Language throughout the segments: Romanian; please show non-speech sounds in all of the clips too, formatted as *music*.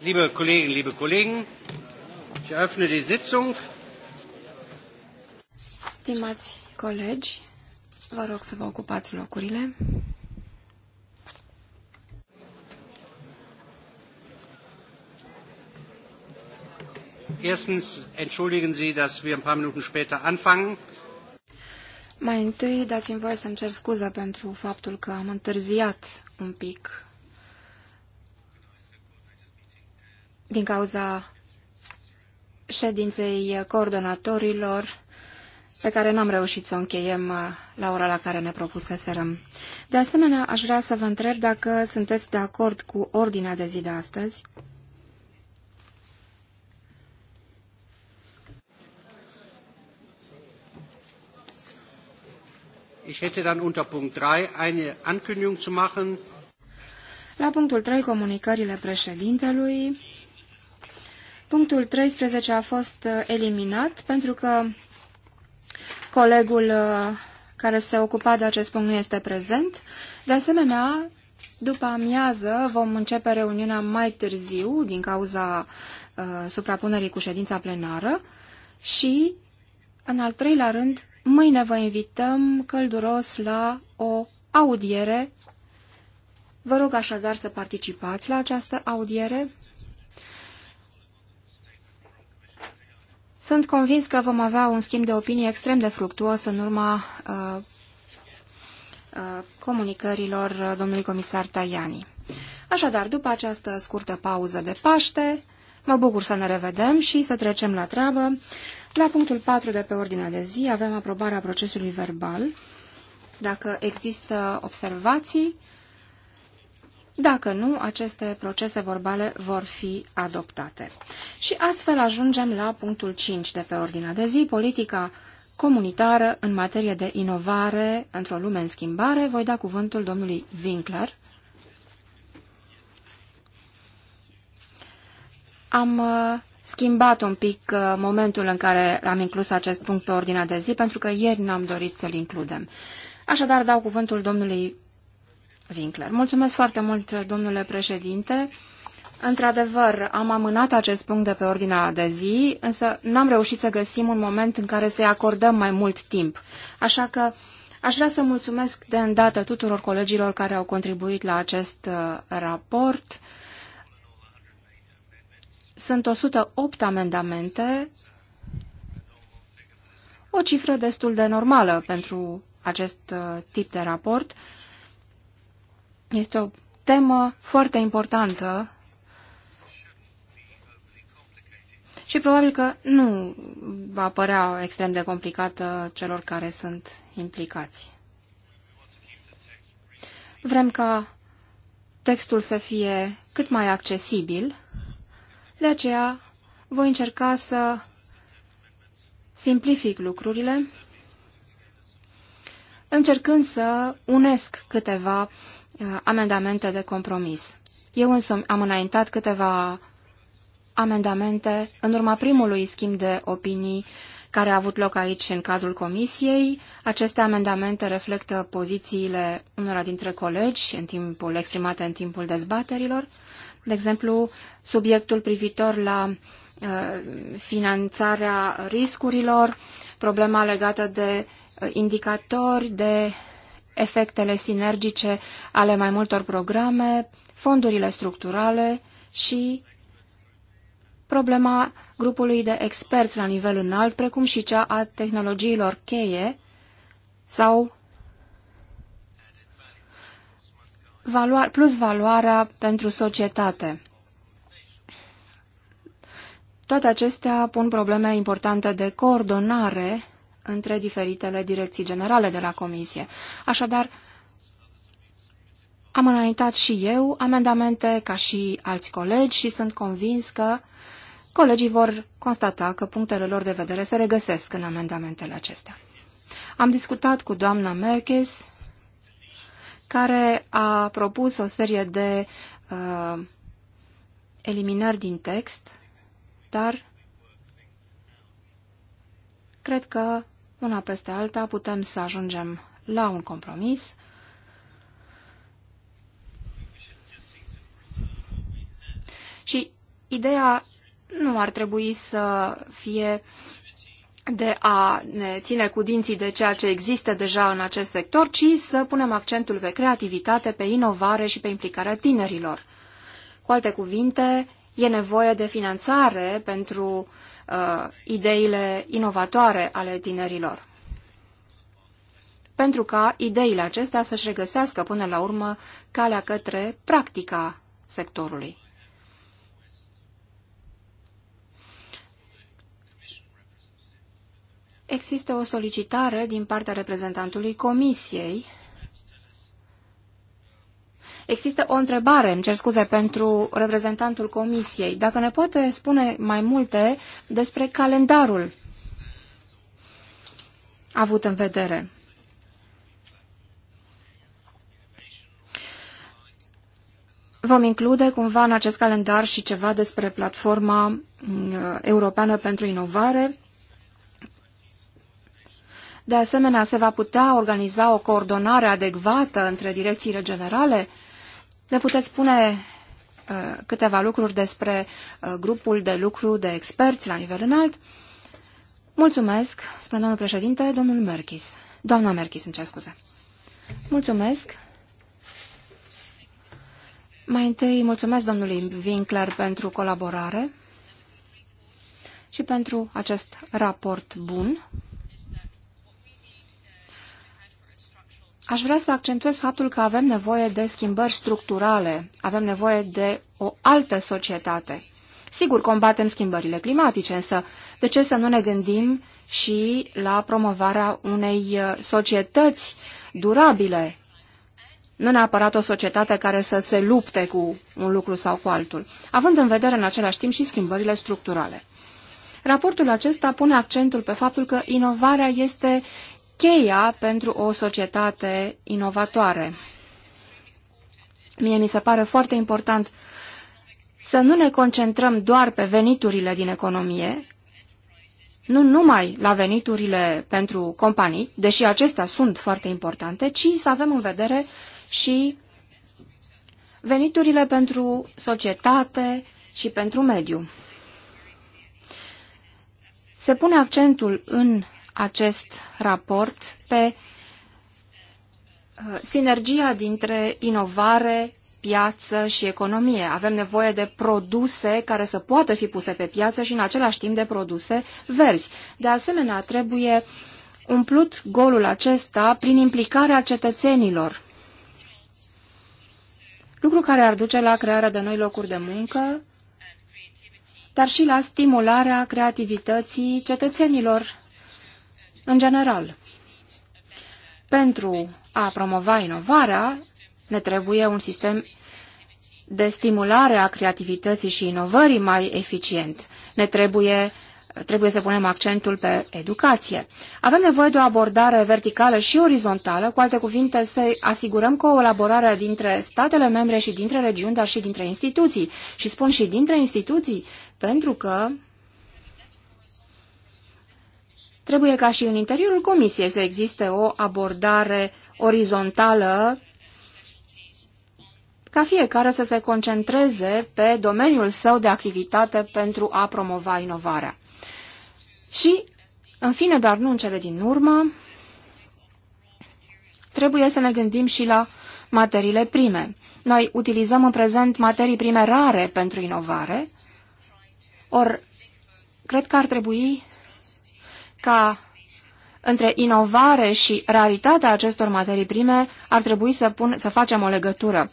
Liebe Kolleginnen, liebe Kollegen, ich eröffne die Sitzung. Stimați colegi, vă rog să vă ocupați locurile. Erstens entschuldigen Sie, dass wir ein paar Minuten später anfangen. Mai întâi dați-mi voie să-mi cer scuze pentru faptul că am întârziat un pic din cauza ședinței coordonatorilor pe care n-am reușit să o încheiem uh, la ora la care ne propuseserăm. De asemenea, aș vrea să vă întreb dacă sunteți de acord cu ordinea de zi de astăzi. Ich hätte dann unter Punkt 3 eine Ankündigung zu machen. La punctul 3, comunicările președintelui, Punctul 13 a fost uh, eliminat pentru că colegul uh, care se ocupa de acest punct nu este prezent. De asemenea, după amiază vom începe reuniunea mai târziu din cauza uh, suprapunerii cu ședința plenară și, în al treilea rând, mâine vă invităm călduros la o audiere. Vă rog așadar să participați la această audiere. Sunt convins că vom avea un schimb de opinie extrem de fructuos în urma uh, uh, comunicărilor domnului comisar Tajani. Așadar, după această scurtă pauză de Paște, mă bucur să ne revedem și să trecem la treabă. La punctul 4 de pe ordinea de zi avem aprobarea procesului verbal. Dacă există observații, dacă nu, aceste procese verbale vor fi adoptate. Și astfel ajungem la punctul 5 de pe ordinea de zi, politica comunitară în materie de inovare într-o lume în schimbare. Voi da cuvântul domnului Winkler. Am uh, schimbat un pic uh, momentul în care am inclus acest punct pe ordinea de zi, pentru că ieri n-am dorit să-l includem. Așadar, dau cuvântul domnului Winkler. Mulțumesc foarte mult, domnule președinte. Într-adevăr, am amânat acest punct de pe ordinea de zi, însă n-am reușit să găsim un moment în care să-i acordăm mai mult timp. Așa că aș vrea să mulțumesc de îndată tuturor colegilor care au contribuit la acest uh, raport. Sunt 108 amendamente, o cifră destul de normală pentru acest uh, tip de raport este o temă foarte importantă și probabil că nu va apărea extrem de complicată celor care sunt implicați. Vrem ca textul să fie cât mai accesibil, de aceea voi încerca să simplific lucrurile, încercând să unesc câteva Uh, amendamente de compromis. Eu însumi am înaintat câteva amendamente în urma primului schimb de opinii care a avut loc aici în cadrul comisiei. Aceste amendamente reflectă pozițiile unora dintre colegi în timpul exprimate în timpul dezbaterilor. De exemplu, subiectul privitor la uh, finanțarea riscurilor, problema legată de uh, indicatori, de efectele sinergice ale mai multor programe, fondurile structurale și problema grupului de experți la nivel înalt, precum și cea a tehnologiilor cheie sau valoar, plus valoarea pentru societate. Toate acestea pun probleme importante de coordonare între diferitele direcții generale de la Comisie. Așadar, am înaintat și eu amendamente ca și alți colegi și sunt convins că colegii vor constata că punctele lor de vedere se regăsesc în amendamentele acestea. Am discutat cu doamna Merkes, care a propus o serie de uh, eliminări din text, dar cred că una peste alta, putem să ajungem la un compromis. Și ideea nu ar trebui să fie de a ne ține cu dinții de ceea ce există deja în acest sector, ci să punem accentul pe creativitate, pe inovare și pe implicarea tinerilor. Cu alte cuvinte, e nevoie de finanțare pentru uh, ideile inovatoare ale tinerilor. Pentru ca ideile acestea să-și regăsească până la urmă calea către practica sectorului. Există o solicitare din partea reprezentantului Comisiei Există o întrebare, îmi cer scuze, pentru reprezentantul Comisiei. Dacă ne poate spune mai multe despre calendarul avut în vedere. Vom include cumva în acest calendar și ceva despre platforma mm, europeană pentru inovare. De asemenea, se va putea organiza o coordonare adecvată între direcțiile generale ne puteți spune uh, câteva lucruri despre uh, grupul de lucru de experți la nivel înalt? Mulțumesc, spune domnul președinte, domnul Merchis. Doamna Merchis, îmi cer scuze. Mulțumesc. Mai întâi mulțumesc domnului Winkler pentru colaborare și pentru acest raport bun. Aș vrea să accentuez faptul că avem nevoie de schimbări structurale, avem nevoie de o altă societate. Sigur, combatem schimbările climatice, însă de ce să nu ne gândim și la promovarea unei uh, societăți durabile, nu neapărat o societate care să se lupte cu un lucru sau cu altul, având în vedere în același timp și schimbările structurale. Raportul acesta pune accentul pe faptul că inovarea este cheia pentru o societate inovatoare. Mie mi se pare foarte important să nu ne concentrăm doar pe veniturile din economie, nu numai la veniturile pentru companii, deși acestea sunt foarte importante, ci să avem în vedere și veniturile pentru societate și pentru mediu. Se pune accentul în acest raport pe uh, sinergia dintre inovare, piață și economie. Avem nevoie de produse care să poată fi puse pe piață și în același timp de produse verzi. De asemenea, trebuie umplut golul acesta prin implicarea cetățenilor. Lucru care ar duce la crearea de noi locuri de muncă, dar și la stimularea creativității cetățenilor în general, pentru a promova inovarea, ne trebuie un sistem de stimulare a creativității și inovării mai eficient. Ne trebuie trebuie să punem accentul pe educație. Avem nevoie de o abordare verticală și orizontală, cu alte cuvinte să asigurăm colaborarea dintre statele membre și dintre regiuni, dar și dintre instituții. Și spun și dintre instituții, pentru că Trebuie ca și în interiorul comisiei să existe o abordare orizontală ca fiecare să se concentreze pe domeniul său de activitate pentru a promova inovarea. Și, în fine, dar nu în cele din urmă, trebuie să ne gândim și la materiile prime. Noi utilizăm în prezent materii prime rare pentru inovare, or cred că ar trebui ca între inovare și raritatea acestor materii prime ar trebui să, pun, să facem o legătură.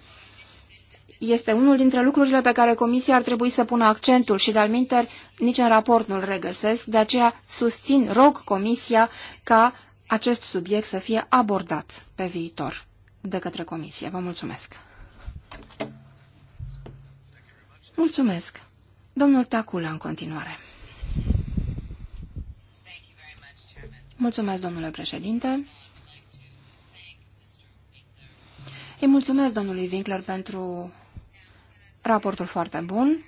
Este unul dintre lucrurile pe care Comisia ar trebui să pună accentul și, de-al minter, nici în raport nu-l regăsesc, de aceea susțin, rog Comisia ca acest subiect să fie abordat pe viitor de către Comisie. Vă mulțumesc! Mulțumesc! Domnul Tacula în continuare. Mulțumesc, domnule președinte. Îi mulțumesc domnului Winkler pentru raportul foarte bun.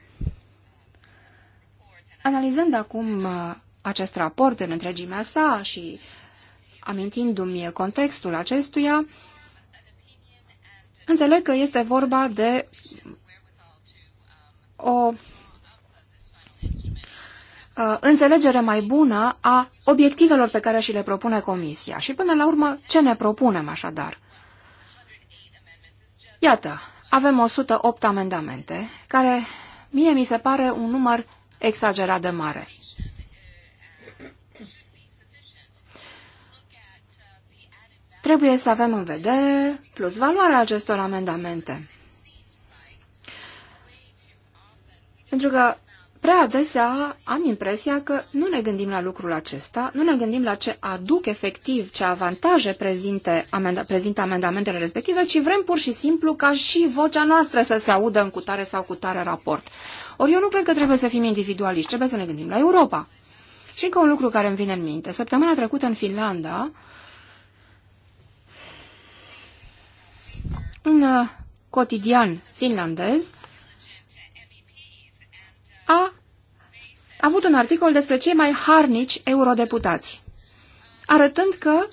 Analizând acum uh, acest raport în întregimea sa și amintindu-mi contextul acestuia, înțeleg că este vorba de o Uh, înțelegere mai bună a obiectivelor pe care și le propune Comisia. Și până la urmă, ce ne propunem așadar? Iată, avem 108 amendamente, care mie mi se pare un număr exagerat de mare. Trebuie să avem în vedere plus valoarea acestor amendamente. Pentru că Prea adesea am impresia că nu ne gândim la lucrul acesta, nu ne gândim la ce aduc efectiv, ce avantaje prezinte, amenda, prezintă amendamentele respective, ci vrem pur și simplu ca și vocea noastră să se audă în cutare sau cutare raport. Ori eu nu cred că trebuie să fim individualiști, trebuie să ne gândim la Europa. Și încă un lucru care îmi vine în minte. Săptămâna trecută în Finlanda, un uh, cotidian finlandez a avut un articol despre cei mai harnici eurodeputați, arătând că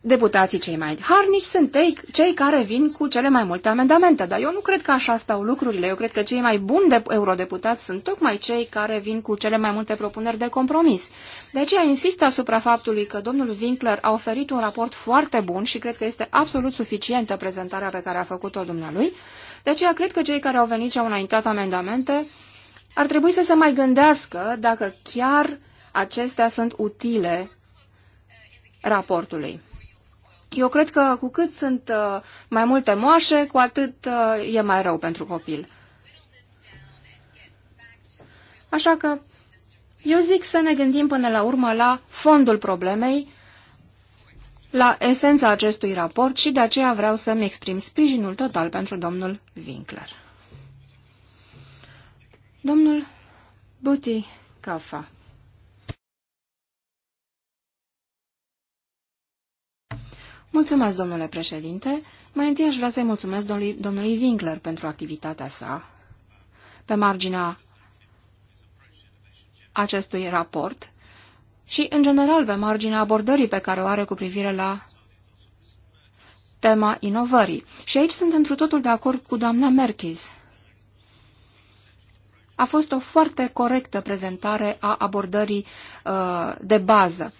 deputații cei mai harnici sunt ei, cei care vin cu cele mai multe amendamente, dar eu nu cred că așa stau lucrurile. Eu cred că cei mai buni de eurodeputați sunt tocmai cei care vin cu cele mai multe propuneri de compromis. De aceea insist asupra faptului că domnul Winkler a oferit un raport foarte bun și cred că este absolut suficientă prezentarea pe care a făcut-o dumnealui de aceea cred că cei care au venit și au înaintat amendamente ar trebui să se mai gândească dacă chiar acestea sunt utile raportului. Eu cred că cu cât sunt uh, mai multe moașe, cu atât uh, e mai rău pentru copil. Așa că eu zic să ne gândim până la urmă la fondul problemei la esența acestui raport și de aceea vreau să-mi exprim sprijinul total pentru domnul Winkler. Domnul Buti Kafa. Mulțumesc, domnule președinte. Mai întâi aș vrea să-i mulțumesc domnului, domnului Winkler pentru activitatea sa. Pe marginea acestui raport, și, în general, pe marginea abordării pe care o are cu privire la tema inovării. Și aici sunt întru totul de acord cu doamna Merkis. A fost o foarte corectă prezentare a abordării uh, de bază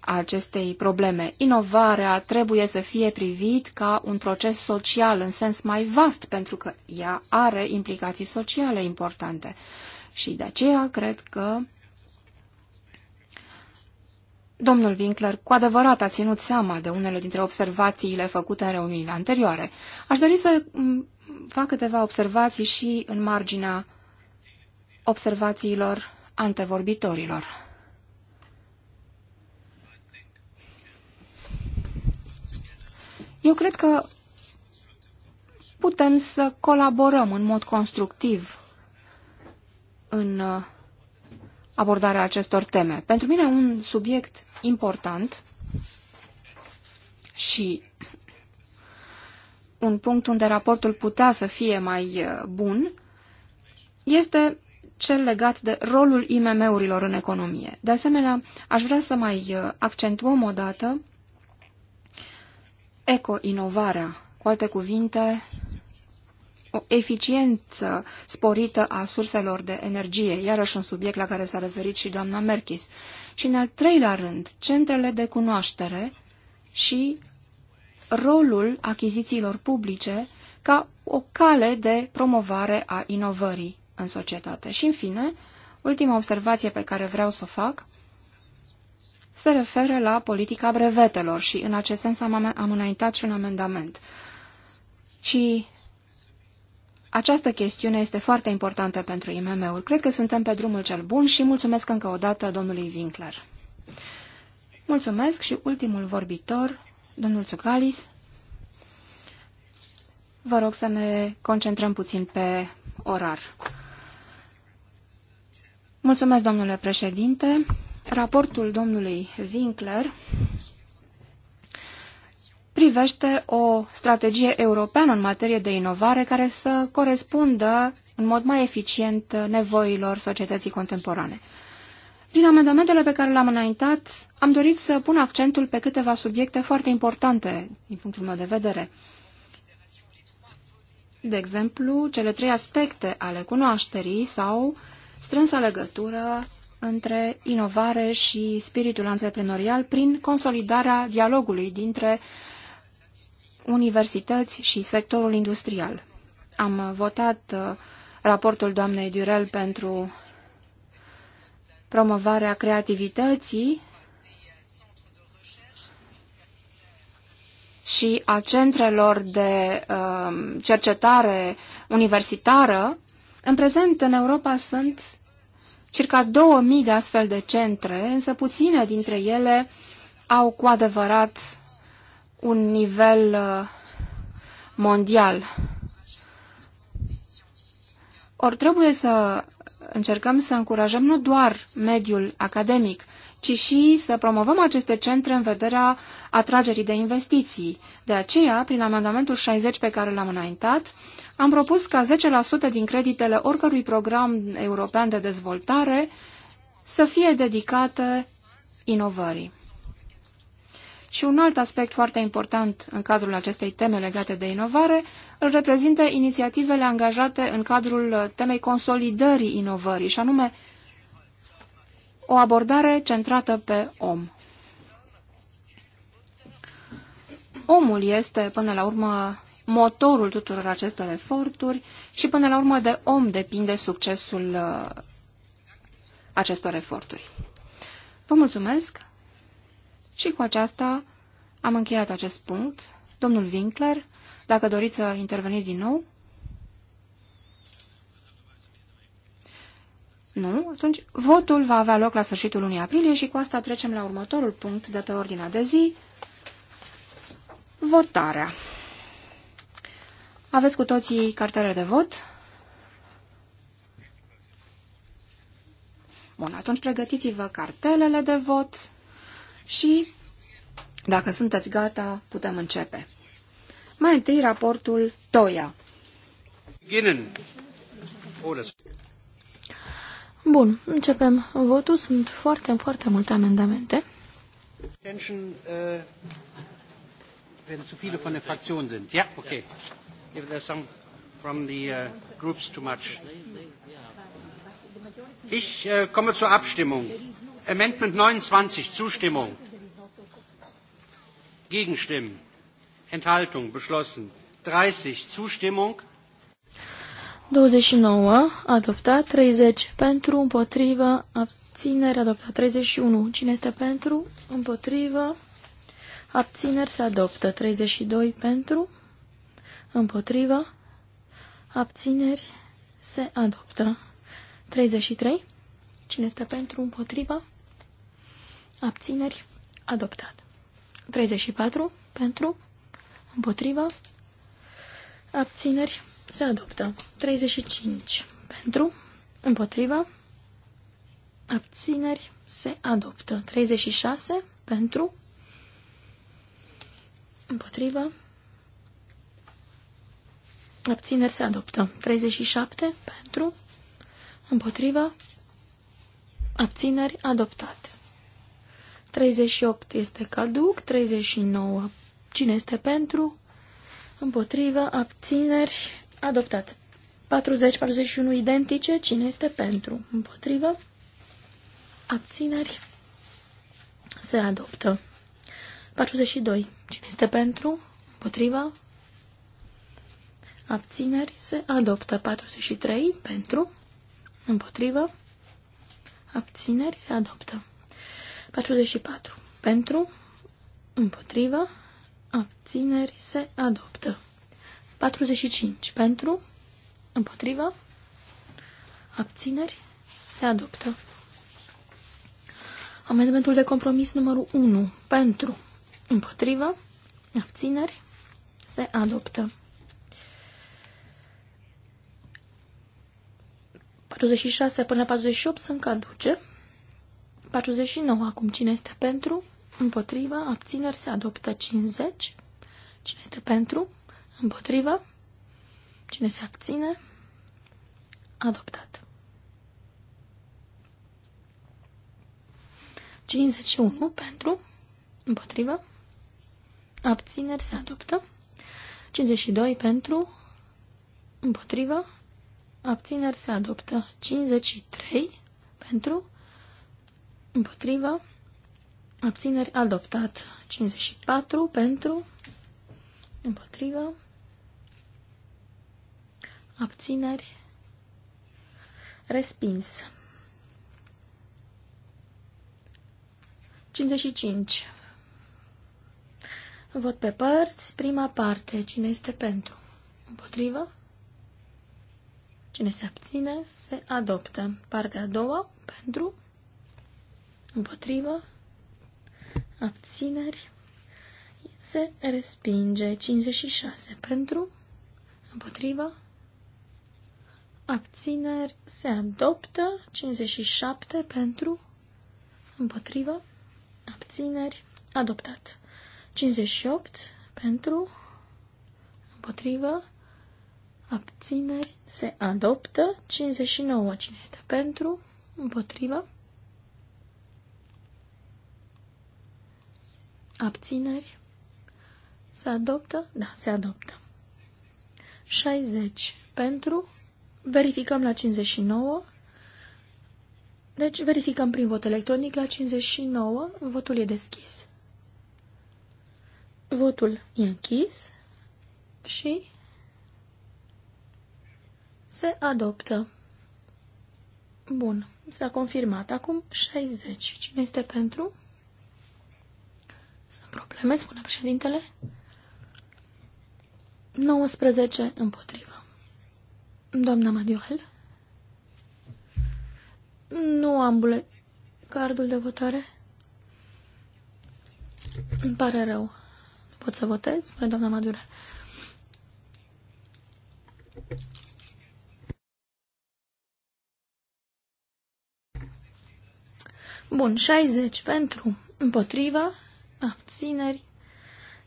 a acestei probleme. Inovarea trebuie să fie privit ca un proces social în sens mai vast, pentru că ea are implicații sociale importante. Și de aceea cred că Domnul Winkler, cu adevărat a ținut seama de unele dintre observațiile făcute în reuniunile anterioare. Aș dori să mm, fac câteva observații și în marginea observațiilor antevorbitorilor. Eu cred că putem să colaborăm în mod constructiv în uh, abordarea acestor teme. Pentru mine un subiect important și un punct unde raportul putea să fie mai uh, bun este cel legat de rolul IMM-urilor în economie. De asemenea, aș vrea să mai uh, accentuăm o dată eco-inovarea. Cu alte cuvinte, o eficiență sporită a surselor de energie, iarăși un subiect la care s-a referit și doamna Merkis. Și în al treilea rând, centrele de cunoaștere și rolul achizițiilor publice ca o cale de promovare a inovării în societate. Și, în fine, ultima observație pe care vreau să o fac se referă la politica brevetelor și, în acest sens, am, am înaintat și un amendament. Și această chestiune este foarte importantă pentru imm ul Cred că suntem pe drumul cel bun și mulțumesc încă o dată domnului Winkler. Mulțumesc și ultimul vorbitor, domnul Tsukalis. Vă rog să ne concentrăm puțin pe orar. Mulțumesc, domnule președinte. Raportul domnului Winkler privește o strategie europeană în materie de inovare care să corespundă în mod mai eficient nevoilor societății contemporane. Prin amendamentele pe care le-am înaintat, am dorit să pun accentul pe câteva subiecte foarte importante din punctul meu de vedere. De exemplu, cele trei aspecte ale cunoașterii sau strânsa legătură între inovare și spiritul antreprenorial prin consolidarea dialogului dintre uh, universități și sectorul industrial. Am votat uh, raportul doamnei Durel pentru promovarea creativității și a centrelor de uh, cercetare universitară. În prezent, în Europa sunt circa 2000 de astfel de centre, însă puține dintre ele au cu adevărat un nivel uh, mondial. Ori trebuie să încercăm să încurajăm nu doar mediul academic, ci și să promovăm aceste centre în vederea atragerii de investiții. De aceea, prin amendamentul 60 pe care l-am înaintat, am propus ca 10% din creditele oricărui program european de dezvoltare să fie dedicate inovării. Și un alt aspect foarte important în cadrul acestei teme legate de inovare îl reprezintă inițiativele angajate în cadrul temei consolidării inovării, și anume o abordare centrată pe om. Omul este, până la urmă, motorul tuturor acestor eforturi și, până la urmă, de om depinde succesul uh, acestor eforturi. Vă mulțumesc! Și cu aceasta am încheiat acest punct. Domnul Winkler, dacă doriți să interveniți din nou? Nu? Atunci votul va avea loc la sfârșitul lunii aprilie și cu asta trecem la următorul punct de pe ordinea de zi. Votarea. Aveți cu toții cartele de vot? Bun, atunci pregătiți-vă cartelele de vot și, dacă sunteți gata, putem începe. Mai întâi, raportul TOIA. Oh, Bun, începem votul. Sunt foarte, foarte multe amendamente. Uh, wenn zu viele von der Fraktion sind. Ja, okay. If there's some from the uh, groups too much. Ich uh, komme zur Abstimmung. Amendment 29, Zustimmung. Gegenstimmen. Enthaltung beschlossen. 30, Zustimmung. 29, adoptat. 30, pentru, împotrivă, abțineri, adoptat. 31, cine este pentru, împotrivă, abțineri, se adoptă. 32, pentru, împotrivă, abțineri, se adoptă. 33, cine este pentru, împotrivă, abțineri, adoptat. 34 pentru, împotriva, abțineri, se adoptă. 35 pentru, împotriva, abțineri, se adoptă. 36 pentru, împotriva, abțineri, se adoptă. 37 pentru, împotriva, abțineri, adoptate. 38 este caduc, 39 cine este pentru, împotrivă, abțineri, adoptat. 40-41 identice, cine este pentru, împotrivă, abțineri, se adoptă. 42, cine este pentru, împotrivă, abțineri, se adoptă. 43, pentru, împotrivă, abțineri, se adoptă. 44. Pentru, împotrivă, abțineri se adoptă. 45. Pentru, împotrivă, abțineri se adoptă. Amendamentul de compromis numărul 1. Pentru, împotrivă, abțineri se adoptă. 46 până la 48 sunt caduce. 49 acum. Cine este pentru? Împotrivă. Abțineri se adoptă 50. Cine este pentru? Împotrivă. Cine se abține? Adoptat. 51 pentru, împotrivă, abțineri se adoptă, 52 pentru, împotrivă, abțineri se adoptă, 53 pentru, împotrivă, abțineri, adoptat. 54 pentru, împotrivă, abțineri, respins. 55. Vot pe părți, prima parte. Cine este pentru? Împotrivă? Cine se abține, se adoptă. Partea a doua, pentru? Împotrivă. Abțineri. Se respinge. 56 pentru. Împotrivă. Abțineri. Se adoptă. 57 pentru. Împotrivă. Abțineri. Adoptat. 58 pentru. Împotrivă. Abțineri. Se adoptă. 59. Cine este pentru? Împotrivă. Abțineri. Se adoptă? Da, se adoptă. 60 pentru. Verificăm la 59. Deci verificăm prin vot electronic la 59. Votul e deschis. Votul e închis și se adoptă. Bun, s-a confirmat. Acum 60. Cine este pentru? Sunt probleme, spune președintele. 19 împotrivă. Doamna Madioel? Nu am bule... cardul de votare. Îmi pare rău. Nu pot să votez, spune doamna Madioel. Bun, 60 pentru, împotriva, abțineri,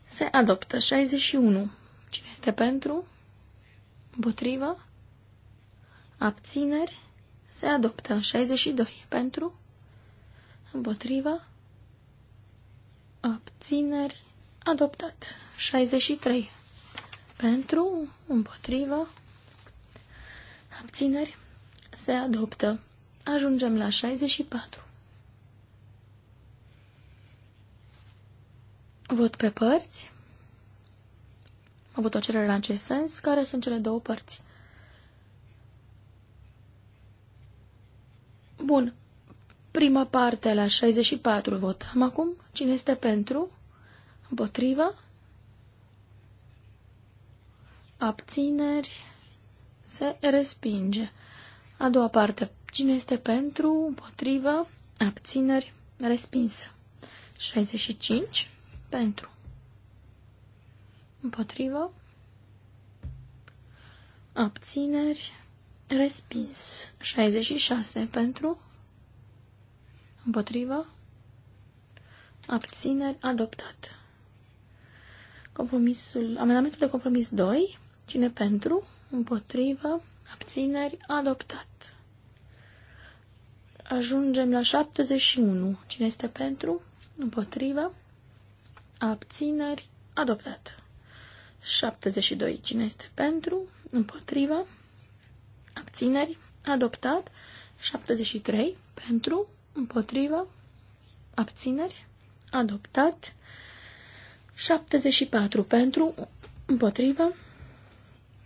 se adoptă. 61. Cine este pentru? Împotrivă? Abțineri? Se adoptă. 62. Pentru? Împotrivă? Abțineri? Adoptat. 63. Pentru? Împotrivă? Abțineri? Se adoptă. Ajungem la 64. Vot pe părți. Am avut o cerere în acest sens. Care sunt cele două părți? Bun. Prima parte la 64 votăm acum. Cine este pentru? Împotrivă? Abțineri? Se respinge. A doua parte. Cine este pentru? Împotrivă? Abțineri? Respins. 65 pentru. Împotrivă. Abțineri. Respins. 66 pentru. Împotrivă. Abțineri. Adoptat. Compromisul, amendamentul de compromis 2. Cine pentru? Împotrivă. Abțineri. Adoptat. Ajungem la 71. Cine este pentru? Împotrivă abțineri, adoptat. 72. Cine este pentru? Împotrivă. Abțineri. Adoptat. 73. Pentru. Împotrivă. Abțineri. Adoptat. 74. Pentru. Împotrivă.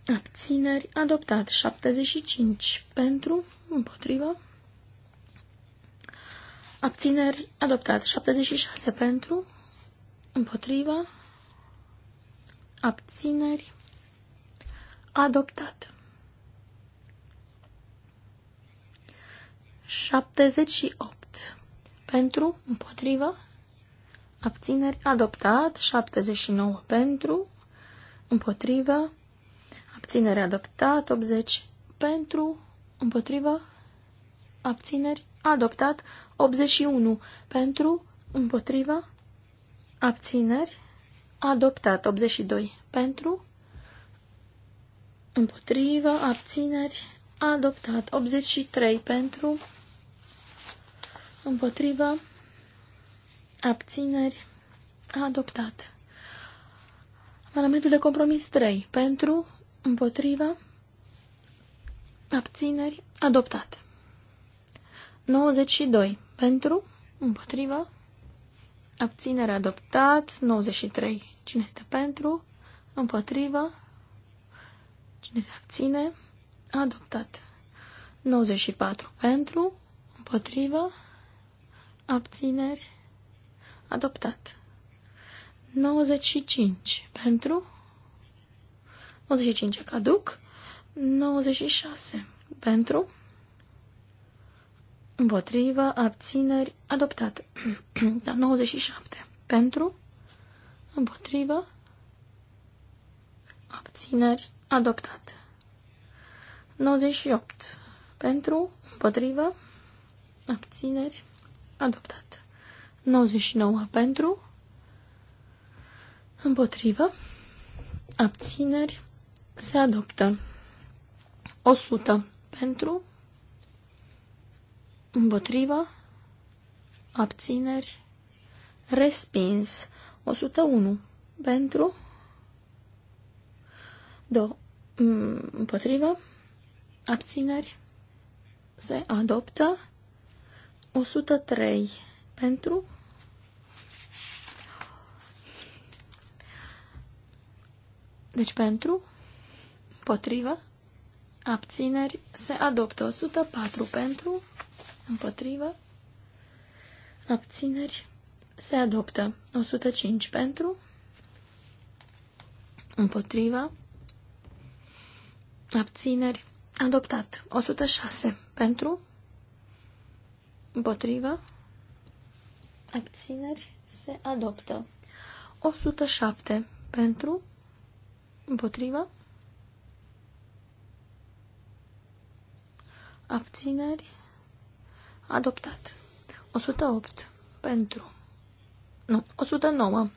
Abțineri. Adoptat. 75. Pentru. Împotrivă. Abțineri. Adoptat. 76. Pentru. Împotrivă. Abțineri. Adoptat. 78. Pentru, împotrivă, abțineri, adoptat, 79 pentru, împotrivă, abținere adoptat, 80 pentru, împotrivă, abțineri, adoptat, 81 pentru, împotrivă, abțineri, adoptat. 82 pentru, împotrivă, abțineri, adoptat. 83 pentru, împotrivă, abțineri, adoptat. Amendamentul de compromis 3 pentru, împotrivă, abțineri, adoptat. 92 pentru, împotrivă, Abținere adoptat. 93. Cine este pentru? Împotrivă. Cine se abține? Adoptat. 94. Pentru. Împotrivă. Abțineri. Adoptat. 95. Pentru. 95 caduc. 96. Pentru. Împotrivă, abțineri, adoptat. da, *clears throat* 97. Pentru, împotrivă, abțineri, adoptat. 98. Pentru, împotrivă, abțineri, adoptat. 99. Pentru, împotrivă, abțineri, se adoptă. 100. Pentru, împotrivă, abțineri, respins. 101 pentru, 2 mm, împotrivă, abțineri, se adoptă. 103 pentru, deci pentru, împotrivă, abțineri, se adoptă. 104 pentru, Împotrivă. Abțineri. Se adoptă. 105 pentru. Împotrivă. Abțineri. Adoptat. 106 pentru. Împotrivă. Abțineri. Se adoptă. 107 pentru. Împotrivă. Abțineri. Adoptat. 108 pentru. Nu, 109.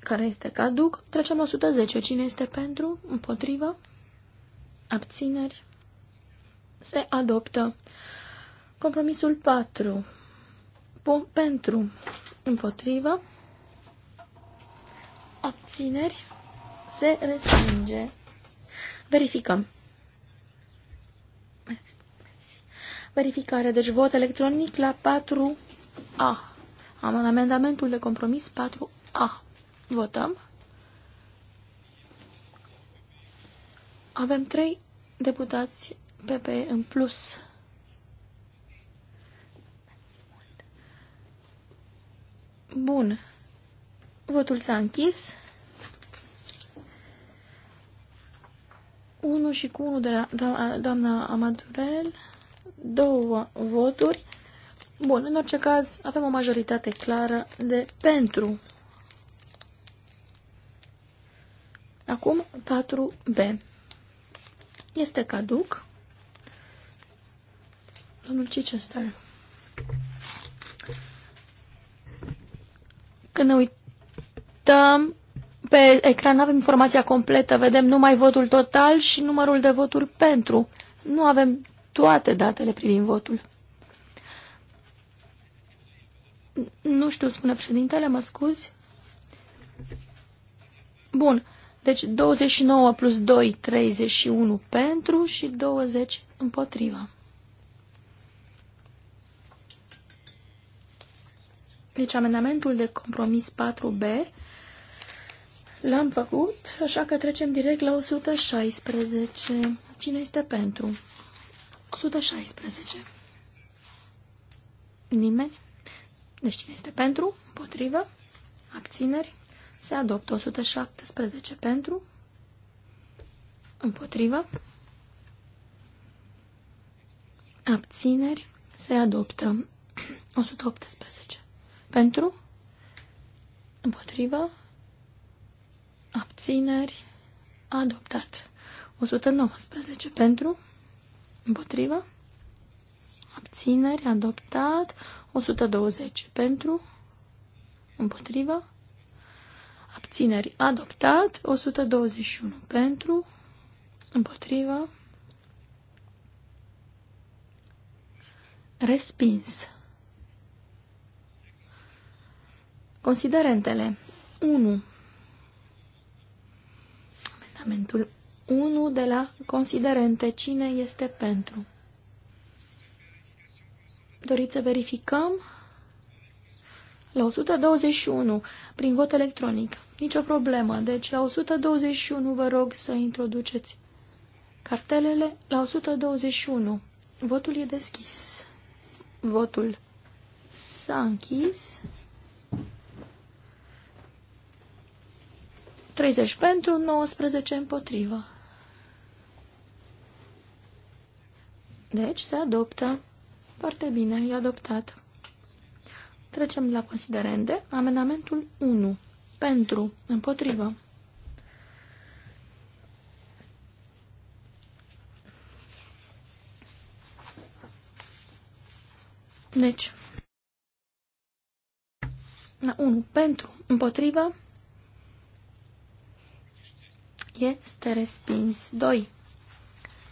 Care este caduc? Trecem la 110. Cine este pentru? Împotrivă? Abțineri? Se adoptă. Compromisul 4. P pentru. Împotrivă? Abțineri? Se respinge. Verificăm. Verificare. Deci vot electronic la 4A. Am în amendamentul de compromis 4A. Votăm. Avem trei deputați PP în plus. Bun. Votul s-a închis. 1 și cu 1 de la doamna Amadurel două voturi. Bun, în orice caz, avem o majoritate clară de pentru. Acum 4B. Este caduc. Domnul Chichester. Când ne uităm pe ecran, avem informația completă, vedem numai votul total și numărul de voturi pentru. Nu avem toate datele privind votul. Nu știu, spune președintele, mă scuzi. Bun, deci 29 plus 2, 31 pentru și 20 împotriva. Deci amendamentul de compromis 4B l-am făcut, așa că trecem direct la 116. Cine este pentru? 116. Nimeni? Deci cine este pentru? Împotrivă? Abțineri? Se adoptă 117 pentru? Împotrivă? Abțineri? Se adoptă 118. Pentru? Împotrivă? Abțineri? Adoptat. 119 pentru? Împotrivă. Abțineri. Adoptat. 120. Pentru. Împotrivă. Abțineri. Adoptat. 121. Pentru. Împotrivă. Respins. Considerentele. 1. Amendamentul 1 de la considerente. Cine este pentru? Doriți să verificăm? La 121, prin vot electronic. Nicio problemă. Deci la 121 vă rog să introduceți cartelele. La 121. Votul e deschis. Votul s-a închis. 30 pentru, 19 împotrivă. Deci se adoptă. Foarte bine, e adoptat. Trecem la considerente. Amendamentul 1. Pentru. Împotrivă. Deci, la 1. Pentru. Împotrivă. Este respins. 2.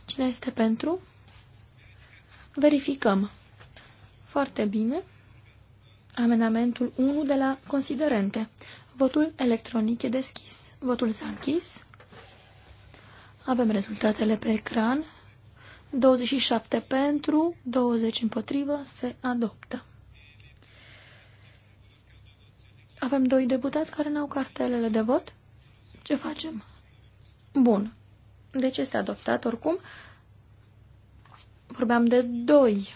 Cine este pentru? Verificăm. Foarte bine. Amendamentul 1 de la considerente. Votul electronic e deschis. Votul s-a închis. Avem rezultatele pe ecran. 27 pentru, 20 împotrivă, se adoptă. Avem doi deputați care n-au cartelele de vot. Ce facem? Bun. Deci este adoptat oricum. Vorbeam de doi.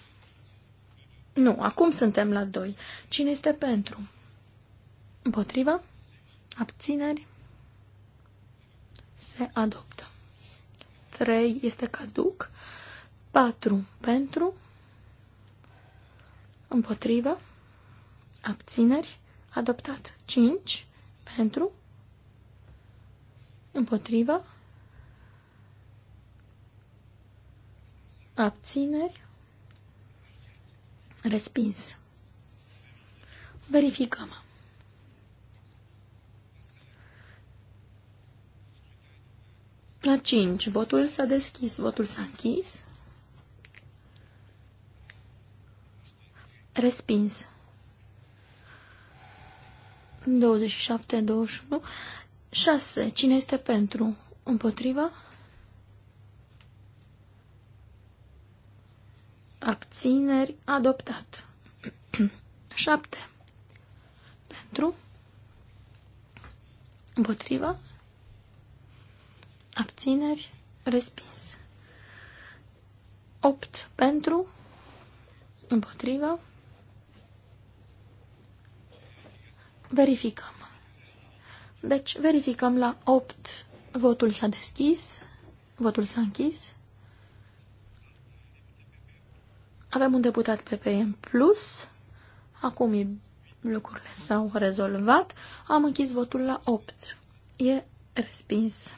Nu, acum suntem la doi. Cine este pentru? Împotriva? Abțineri? Se adoptă. 3 este caduc. 4 pentru. Împotrivă. Abțineri? Adoptat. 5 pentru. Împotrivă. Abțineri. Respins. Verificăm. La 5, votul s-a deschis, votul s-a închis. Respins. 27, 21, 6. Cine este pentru? Împotriva? abțineri, adoptat. 7. *clears throat* Pentru, împotriva, abțineri, respins. 8 pentru, împotriva, verificăm. Deci verificăm la 8, votul s-a deschis, votul s-a închis, Avem un deputat PP în plus. Acum lucrurile s-au rezolvat. Am închis votul la 8. E respins.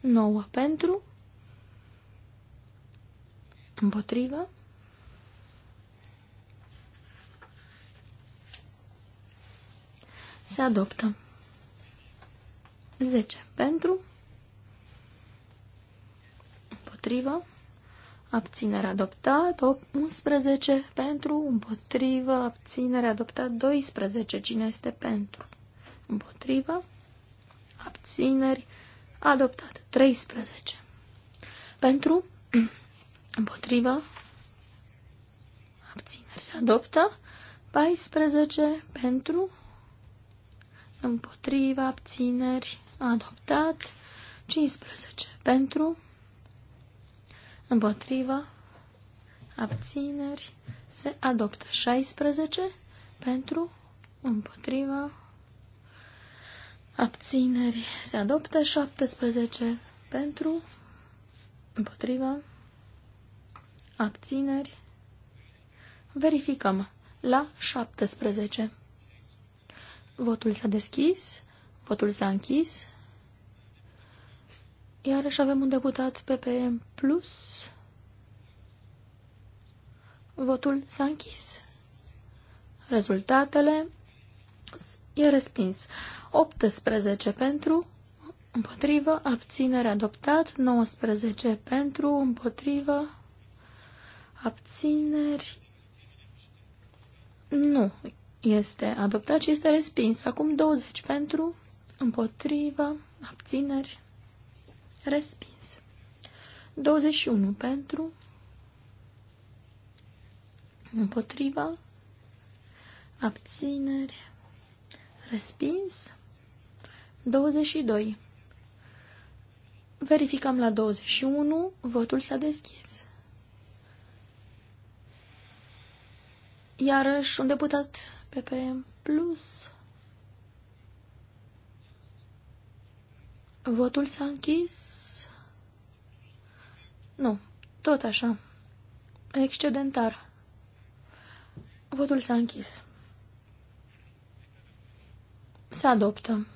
9 pentru. Împotrivă. Se adoptă. 10 pentru. Împotrivă abținere adoptat, 11 pentru, împotrivă, abținere adoptat, 12, cine este pentru, împotrivă, abțineri, adoptat, 13. Pentru, *clears throat* împotrivă, abțineri se adoptă, 14 pentru, împotriva, abțineri, adoptat, 15 pentru, împotrivă, abțineri, se adoptă 16 pentru, împotrivă, abțineri, se adoptă 17 pentru, împotrivă, abțineri, verificăm la 17. Votul s-a deschis, votul s-a închis, Iarăși avem un deputat PPM+. Plus. Votul s-a închis. Rezultatele e respins. 18 pentru, împotrivă, abținere adoptat, 19 pentru, împotrivă, abțineri, nu este adoptat și este respins. Acum 20 pentru, împotrivă, abțineri, Respins. 21 pentru. Împotriva. Abțineri. Respins. 22. Verificăm la 21. Votul s-a deschis. Iarăși un deputat PPM plus. Votul s-a închis. Nu, tot așa. Excedentar. Votul s-a închis. Se adoptă.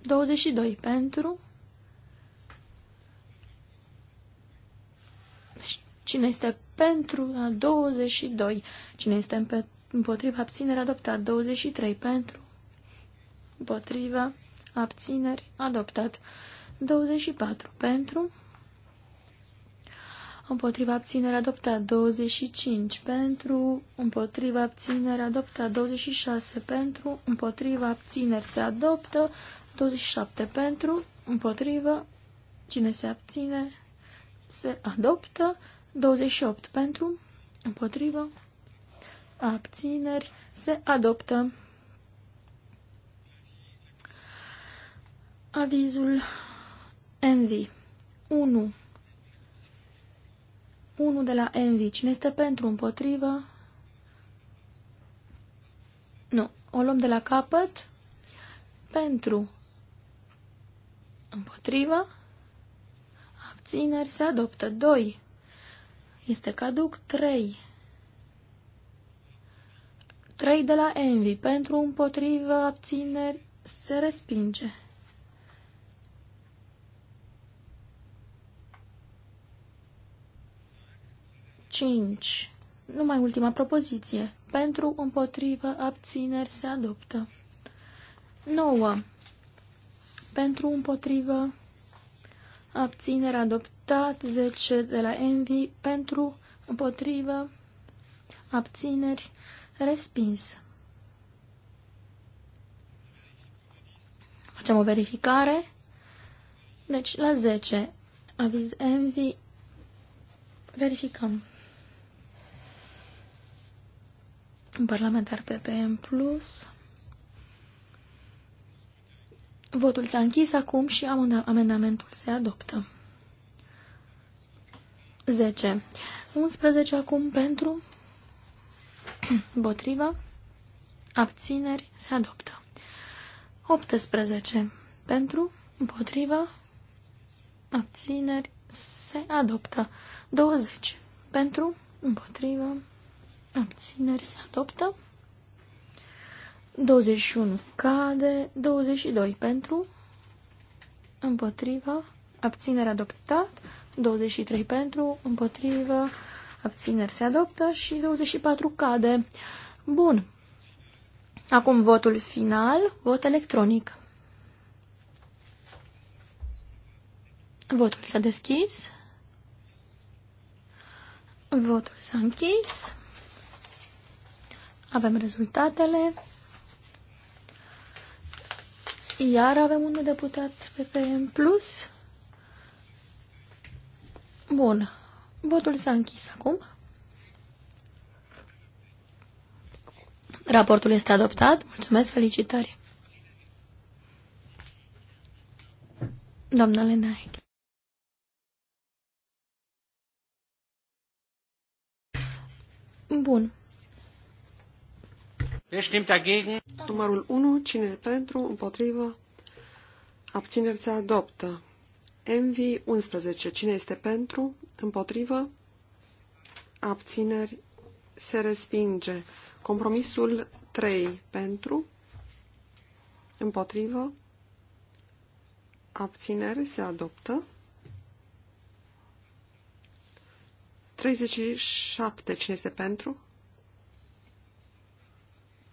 22 pentru. Deci, cine este pentru la 22? Cine este împotriva Abțineri adoptat? 23 pentru. Împotriva abțineri adoptat. 24 pentru împotriva abținerea adoptat 25 pentru, împotriva abținerea adoptat 26 pentru, împotriva abțineri se adoptă 27 pentru, împotriva cine se abține se adoptă 28 pentru, împotriva abțineri se adoptă. Avizul MV 1 1 de la Envy. Cine este pentru, împotrivă? Nu. O luăm de la capăt. Pentru. Împotrivă. Abțineri se adoptă. 2. Este caduc 3. 3 de la Envy. Pentru, împotrivă, abțineri se respinge. 5. Numai ultima propoziție. Pentru, împotrivă, abțineri se adoptă. 9. Pentru, împotrivă, abțineri adoptat. 10 de la Envy. Pentru, împotrivă, abțineri respins. Facem o verificare. Deci, la 10, aviz Envy, verificăm. un parlamentar PPM+. Plus. Votul s-a închis acum și amendamentul se adoptă. 10. 11 acum pentru, botrivă. abțineri, se adoptă. 18 pentru, împotriva, abțineri, se adoptă. 20 pentru, împotrivă. Abțineri se adoptă. 21 cade. 22 pentru. Împotriva. Abținere adoptat. 23 pentru. Împotrivă. Abțineri se adoptă. Și 24 cade. Bun. Acum votul final. Vot electronic. Votul s-a deschis. Votul s-a închis. Avem rezultatele. Iar avem un deputat în Plus. Bun. Votul s-a închis acum. Raportul este adoptat. Mulțumesc, felicitări. Doamna Lenaik. Bun. Numărul 1, cine pentru, împotrivă, abțineri se adoptă. MV 11, cine este pentru, împotrivă, abțineri se respinge. Compromisul 3, pentru, împotrivă, abțineri se adoptă. 37, cine este pentru,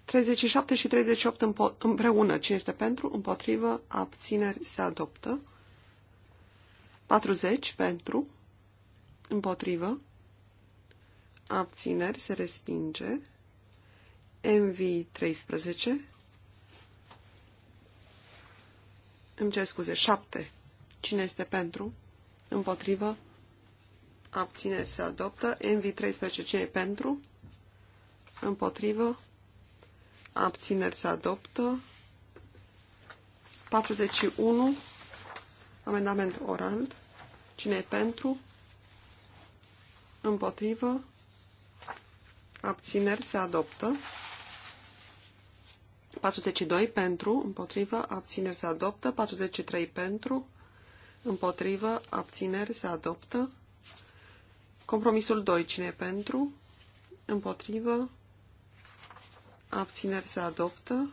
37 și 38 împreună. Ce este pentru? Împotrivă. Abțineri se adoptă. 40 pentru. Împotrivă. Abțineri se respinge. MV 13. Îmi cer scuze. 7. Cine este pentru? Împotrivă. Abțineri se adoptă. MV 13. Ce e pentru? Împotrivă abțineri se adoptă. 41, amendament oral. Cine e pentru? Împotrivă. Abțineri se adoptă. 42 pentru, împotrivă, abțineri se adoptă. 43 pentru, împotrivă, abțineri se adoptă. Compromisul 2, cine e pentru? Împotrivă, abțineri se adoptă.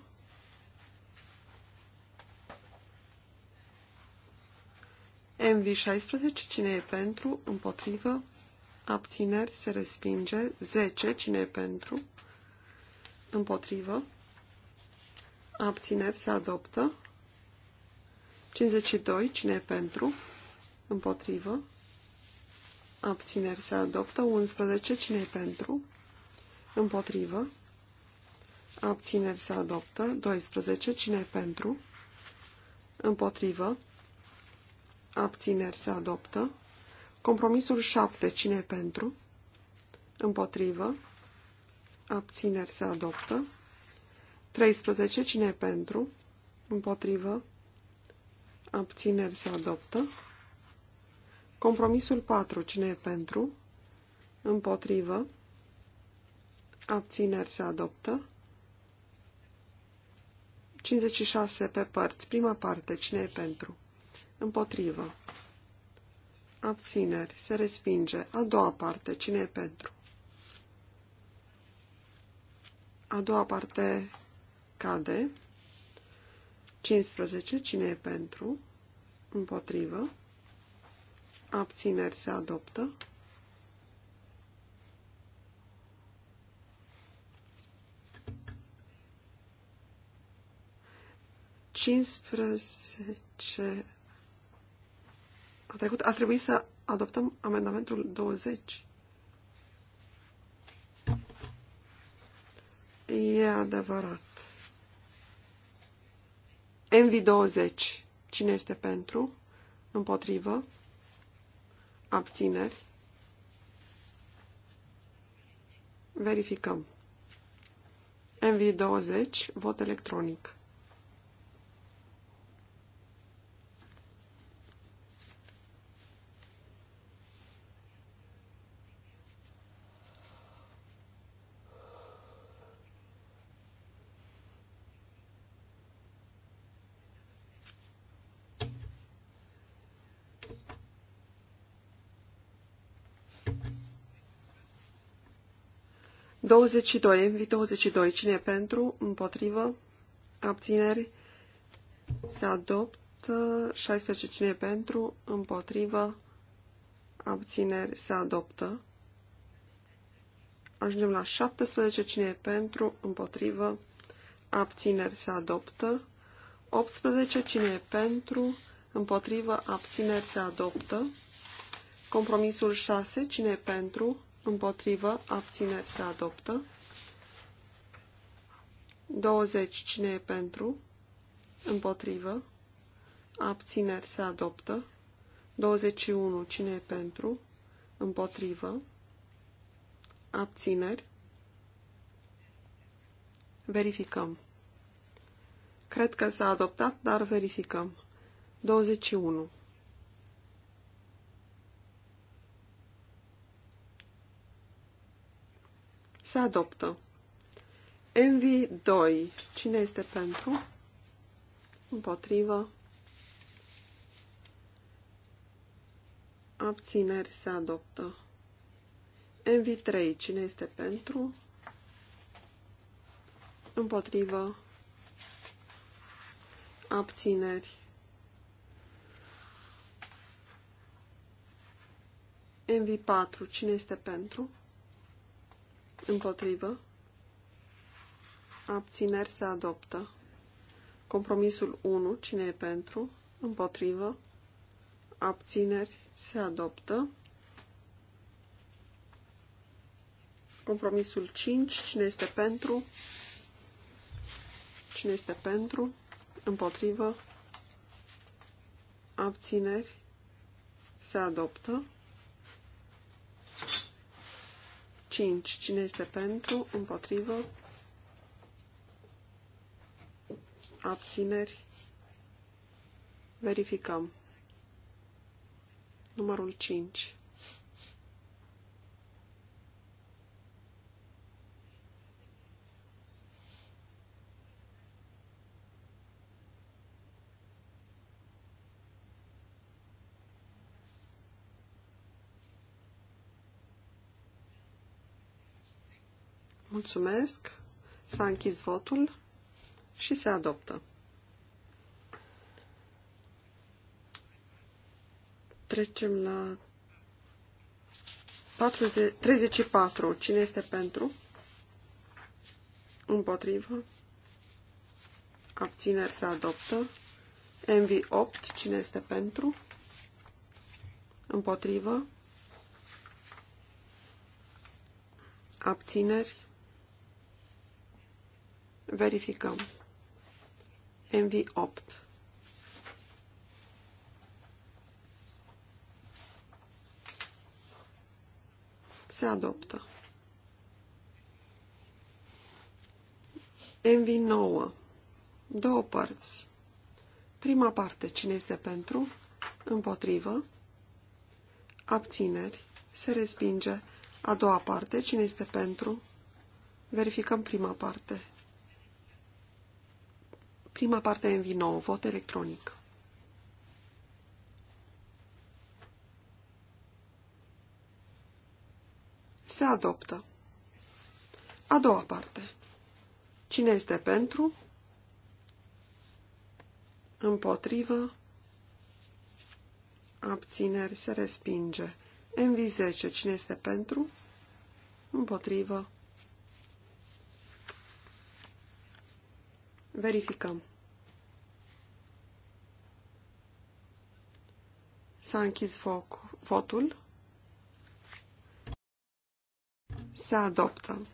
MV16, cine e pentru, împotrivă, abțineri se respinge. 10, cine e pentru, împotrivă, abțineri se adoptă. 52, cine e pentru, împotrivă, abțineri se adoptă. 11, cine e pentru, împotrivă, Abțineri se adoptă. 12. Cine pentru? Împotrivă. Abțineri se adoptă. Compromisul 7. Cine pentru? Împotrivă. Abțineri se adoptă. 13. Cine pentru? Împotrivă. Abțineri se adoptă. Compromisul 4. Cine pentru? Împotrivă. Abțineri se adoptă. 56 pe părți. Prima parte. Cine e pentru? Împotrivă. Abțineri. Se respinge. A doua parte. Cine e pentru? A doua parte cade. 15. Cine e pentru? Împotrivă. Abțineri se adoptă. 15 a trecut, A trebuit să adoptăm amendamentul 20. E adevărat. MV20. Cine este pentru? Împotrivă? Abțineri? Verificăm. MV20. Vot electronic. 22, MV22, cine e pentru, împotrivă, abțineri, se adoptă, 16, cine e pentru, împotrivă, abțineri, se adoptă. Ajungem la 17, cine e pentru, împotrivă, abțineri, se adoptă. 18, cine e pentru, împotrivă, abțineri, se adoptă. Compromisul 6, cine e pentru, împotrivă, abțineri se adoptă. 20. Cine e pentru? Împotrivă. Abțineri se adoptă. 21. Cine e pentru? Împotrivă. Abțineri. Verificăm. Cred că s-a adoptat, dar verificăm. 21. Se adoptă. Envy 2. Cine este pentru? Împotrivă. Abțineri se adoptă. Envy 3. Cine este pentru? Împotrivă. Abțineri. Envy 4. Cine este pentru? Împotrivă. Abțineri se adoptă. Compromisul 1. Cine e pentru? Împotrivă. Abțineri se adoptă. Compromisul 5. Cine este pentru? Cine este pentru? Împotrivă. Abțineri se adoptă. 5. Cine este pentru? Împotrivă? Abțineri? Verificăm. Numărul 5. Mulțumesc. S-a închis votul și se adoptă. la 40, 34. Cine este pentru? Împotrivă. Abțineri se adoptă. MV8. Cine este pentru? Împotrivă. Abțineri. Verificăm. MV8. Se adoptă. MV9. Două părți. Prima parte, cine este pentru, împotrivă, abțineri, se respinge. A doua parte, cine este pentru, verificăm prima parte. Prima parte în 9 vot electronic. Se adoptă. A doua parte. Cine este pentru? Împotrivă. Abțineri se respinge. MV10. Cine este pentru? Împotrivă. Verificăm. S-a închis foc, votul. Se adoptă.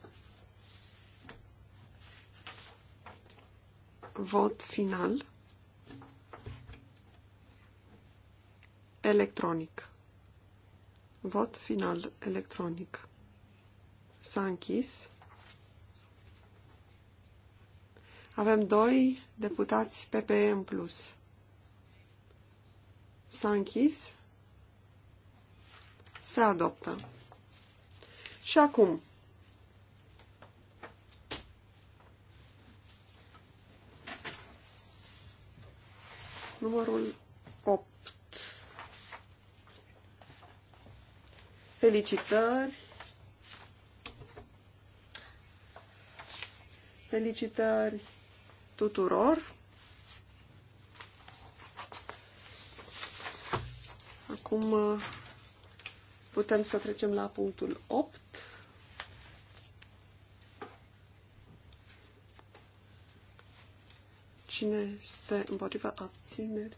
Vot final. Electronic. Vot final electronic. S-a închis. Avem doi deputați PPE în plus. S-a închis. Se adoptă. Și acum, numărul 8. Felicitări! Felicitări tuturor. Acum uh, putem să trecem la punctul 8. Cine este împotriva abțineri?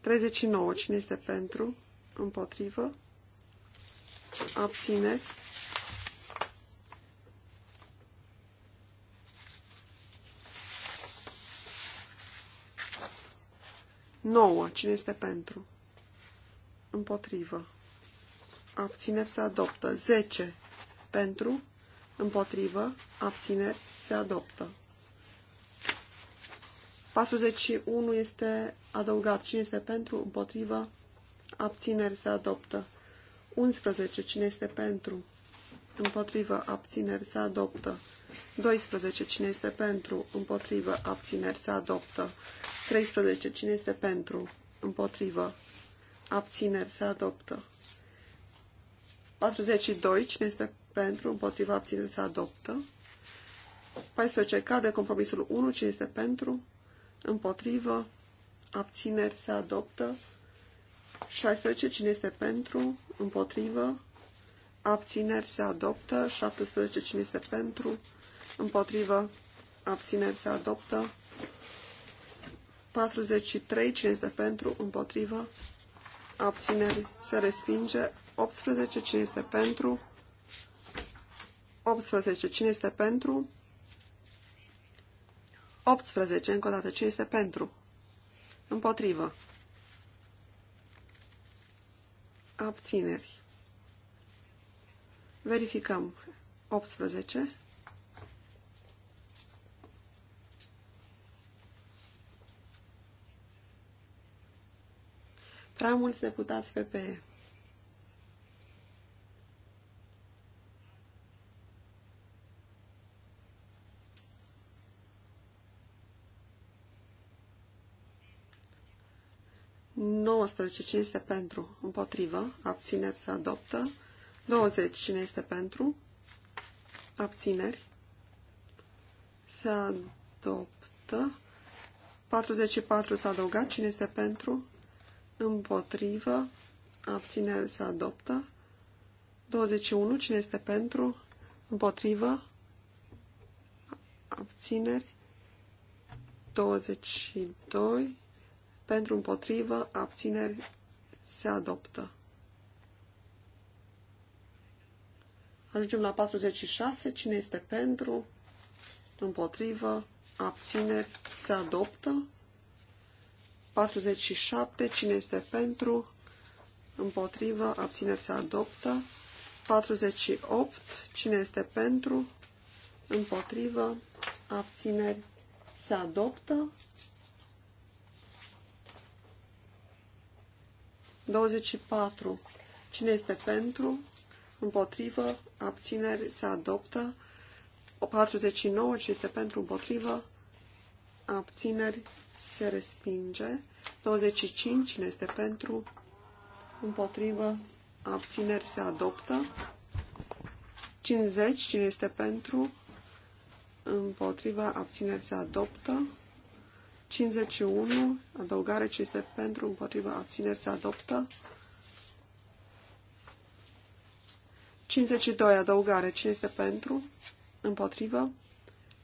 39. Cine este pentru? Împotrivă? Abțineri? 9. Cine este pentru? Împotrivă. Abțineri se adoptă. 10. Pentru. Împotrivă. Abțineri se adoptă. 41 este adăugat. Cine este pentru? Împotrivă. Abțineri se adoptă. 11. Cine este pentru? Împotrivă. Abțineri se adoptă. 12. Cine este pentru? Împotrivă. Abțineri se adoptă. 13. Cine este pentru? Împotrivă. Abțineri. Se adoptă. 42. Cine este pentru? Împotrivă. Abțineri. Se adoptă. 14. Cade compromisul 1. Cine este pentru? Împotrivă. Abțineri. Se adoptă. 16. Cine este pentru? Împotrivă. Abțineri. Se adoptă. 17. Cine este pentru? Împotrivă. Abțineri. Se adoptă. 43, cine este pentru, împotrivă, abțineri, se respinge. 18, cine este pentru, 18, cine este pentru, 18, încă o dată, cine este pentru, împotrivă, abțineri. Verificăm 18. Prea mulți deputați PPE. cine este pentru, împotrivă, abțineri se adoptă. 20, cine este pentru, abțineri se adoptă. 44 s-a adăugat, cine este pentru, împotrivă, abțineri se adoptă. 21. Cine este pentru, împotrivă, abțineri. 22. Pentru, împotrivă, abțineri se adoptă. Ajungem la 46. Cine este pentru, împotrivă, abțineri se adoptă. 47. Cine este pentru? Împotrivă. Abțineri se adoptă. 48. Cine este pentru? Împotrivă. Abțineri se adoptă. 24. Cine este pentru? Împotrivă. Abțineri se adoptă. 49. Cine este pentru? Împotrivă. Abțineri se respinge. 25, cine este pentru, împotrivă, abțineri, se adoptă. 50, cine este pentru, împotrivă, abțineri, se adoptă. 51, adăugare, cine este pentru, împotrivă, abțineri, se adoptă. 52, adăugare, cine este pentru, împotrivă,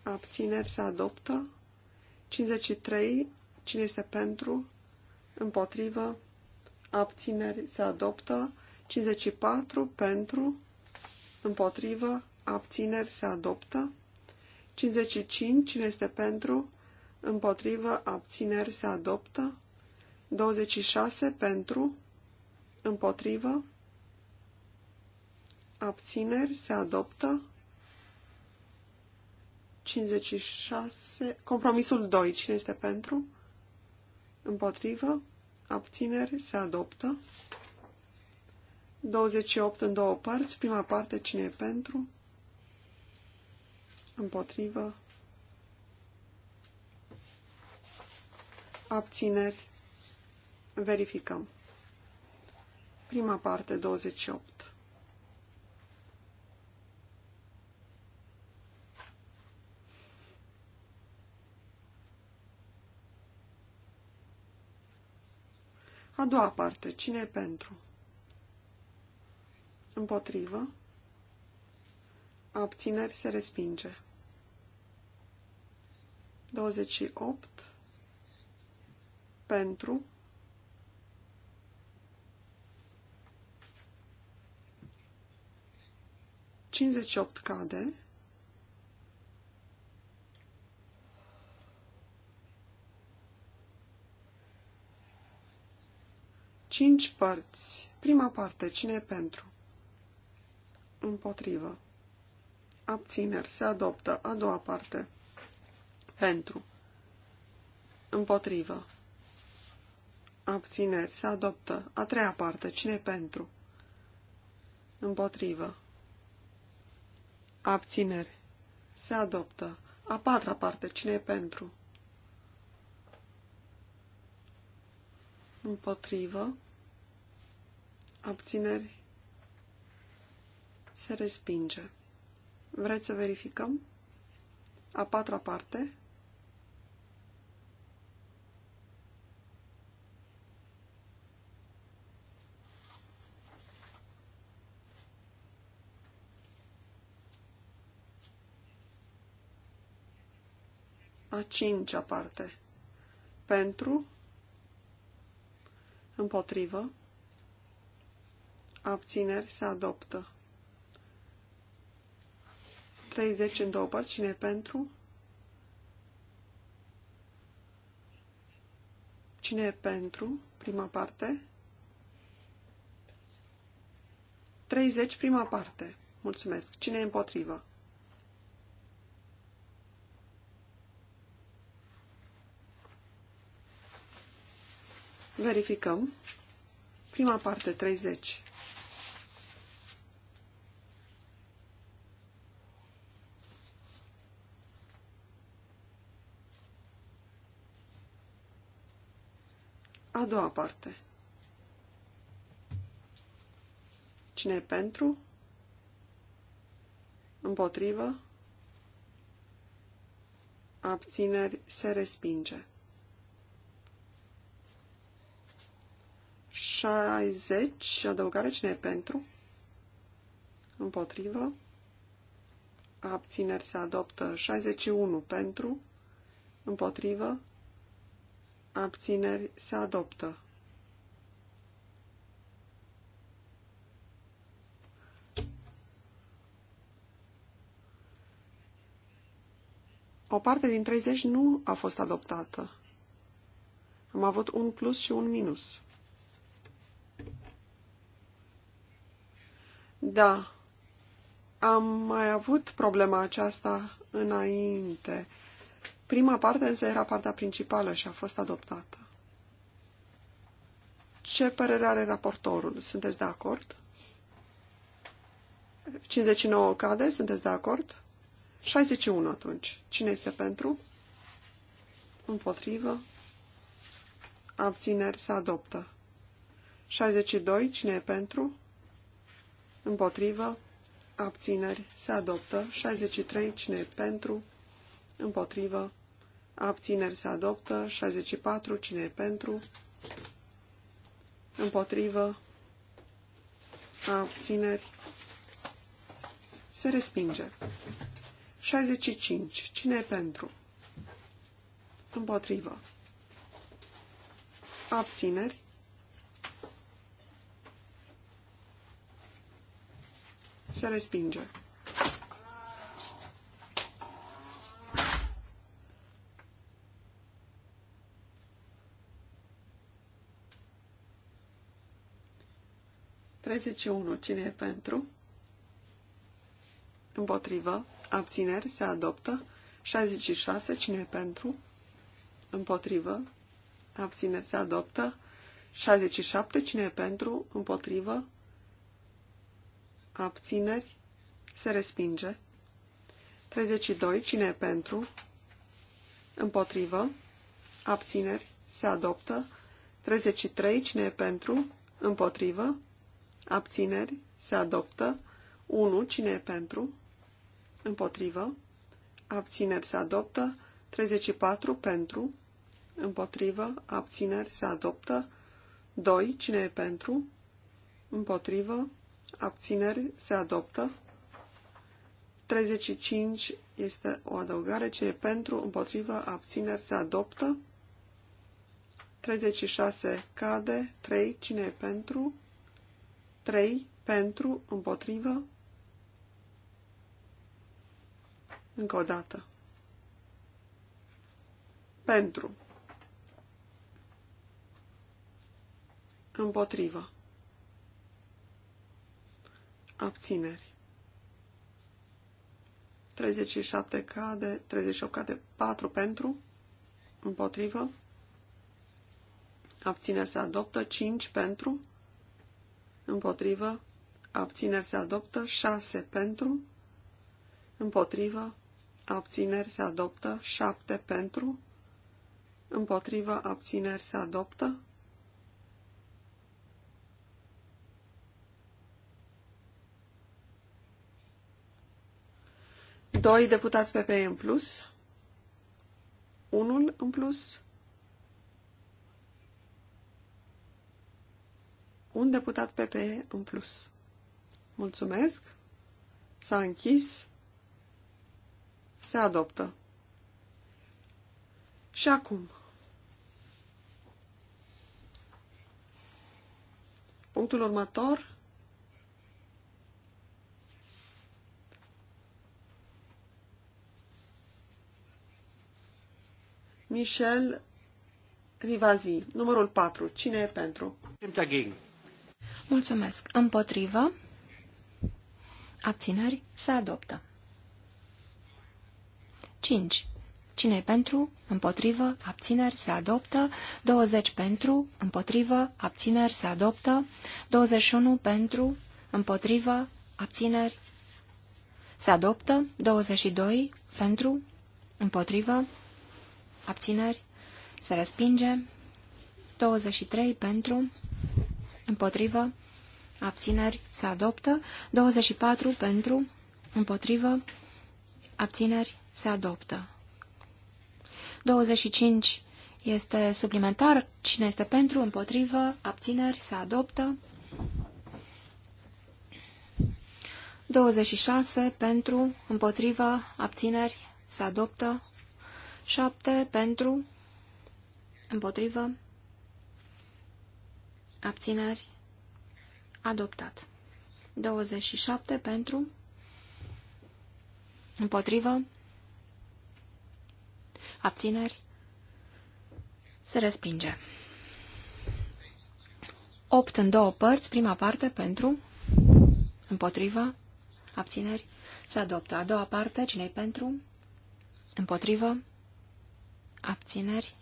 abțineri, se adoptă. 53, Cine este pentru? Împotrivă? Abțineri? Se adoptă. 54 pentru? Împotrivă? Abțineri? Se adoptă. 55. Cine este pentru? Împotrivă? Abțineri? Se adoptă. 26 pentru? Împotrivă? Abțineri? Se adoptă. 56. Compromisul 2. Cine este pentru? împotrivă, abțineri, se adoptă. 28 în două părți, prima parte cine e pentru, împotrivă, abțineri, verificăm. Prima parte, 28. A doua parte, cine e pentru? Împotrivă. Abțineri se respinge. 28. Pentru. Cincizeci opt cade. Cinci părți. Prima parte. Cine e pentru? Împotrivă. Abțineri. Se adoptă. A doua parte. Pentru. Împotrivă. Abțineri. Se adoptă. A treia parte. Cine e pentru? Împotrivă. Abțineri. Se adoptă. A patra parte. Cine e pentru? împotrivă, abțineri, se respinge. Vreți să verificăm? A patra parte. A cincea parte. Pentru Împotrivă. Abțineri se adoptă. 30 în două părți. Cine pentru? Cine e pentru? Prima parte. 30 prima parte. Mulțumesc. Cine e împotrivă? Verificăm. Prima parte, 30. A doua parte. Cine e pentru? Împotrivă? Abțineri se respinge. 60, adăugare, cine e pentru? Împotrivă. Abțineri se adoptă 61 pentru. Împotrivă. Abțineri se adoptă. O parte din 30 nu a fost adoptată. Am avut un plus și un minus. Da, am mai avut problema aceasta înainte. Prima parte însă era partea principală și a fost adoptată. Ce părere are raportorul? Sunteți de acord? 59 cade, sunteți de acord? 61 atunci. Cine este pentru? Împotrivă. Abțineri se adoptă. 62. Cine e pentru? împotrivă, abțineri, se adoptă. 63, cine e pentru, împotrivă, abțineri, se adoptă. 64, cine e pentru, împotrivă, abțineri, se respinge. 65. Cine e pentru? Împotrivă. Abțineri. Se respinge. Treizeci unu. Cine e pentru? Împotrivă. Abțineri. Se adoptă. 66. Cine e pentru? Împotrivă. Abțineri. Se adoptă. 67. Cine e pentru? Împotrivă abțineri, se respinge. 32. Cine e pentru? Împotrivă. Abțineri. Se adoptă. 33. Cine e pentru? Împotrivă. Abțineri. Se adoptă. 1. Cine e pentru? Împotrivă. Abțineri. Se adoptă. 34. Pentru. Împotrivă. Abțineri. Se adoptă. 2. Cine e pentru? Împotrivă abțineri, se adoptă. 35 este o adăugare, ce e pentru, împotrivă, abțineri, se adoptă. 36 cade, 3, cine e pentru? 3, pentru, împotrivă. Încă o dată. Pentru. Împotrivă abțineri. 37 cade, 38 cade, 4 pentru, împotrivă, abțineri se adoptă, 5 pentru, împotrivă, abțineri se adoptă, 6 pentru, împotrivă, abțineri se adoptă, 7 pentru, împotrivă, abțineri se adoptă, Doi deputați PP în plus. Unul în plus. Un deputat PP în plus. Mulțumesc. S-a închis. Se adoptă. Și acum. Punctul următor Michel Rivazi, numărul 4. Cine e pentru? Mulțumesc. Împotrivă. Abțineri. Se adoptă. 5. Cine e pentru? Împotrivă. Abțineri. Se adoptă. 20 pentru. Împotrivă. Abțineri. Se adoptă. 21 pentru. Împotrivă. Abțineri. Se adoptă. 22 pentru. Împotrivă abțineri, se respinge. 23 pentru, împotrivă, abțineri, se adoptă. 24 pentru, împotrivă, abțineri, se adoptă. 25 este suplimentar. Cine este pentru, împotrivă, abțineri, se adoptă. 26 pentru, împotrivă, abțineri, se adoptă. 7 pentru, împotrivă, abțineri, adoptat. 27 pentru, împotrivă, abțineri, se respinge. 8 în două părți, prima parte pentru, împotrivă, abțineri, se adoptă. A doua parte, cine pentru, împotrivă, Abțineri.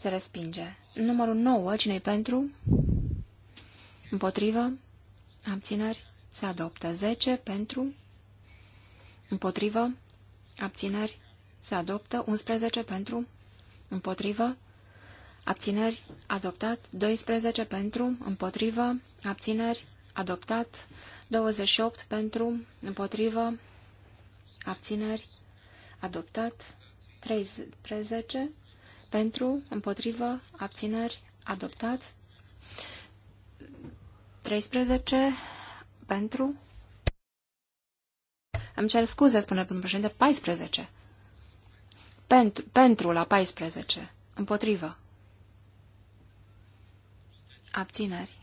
Se respinge. Numărul 9. cine pentru? Împotrivă. Abțineri. Se adoptă. 10. Pentru. Împotrivă. Abțineri. Se adoptă. 11. Pentru. Împotrivă. Abțineri. Adoptat. 12. Pentru. Împotrivă. Abțineri. Adoptat. 28. Pentru. Împotrivă. Abțineri. Adoptat. 13 pentru, împotrivă, abțineri, adoptat. 13 pentru. Îmi cer scuze, spune domnul președinte, 14. Pentru, pentru la 14. Împotrivă. Abțineri.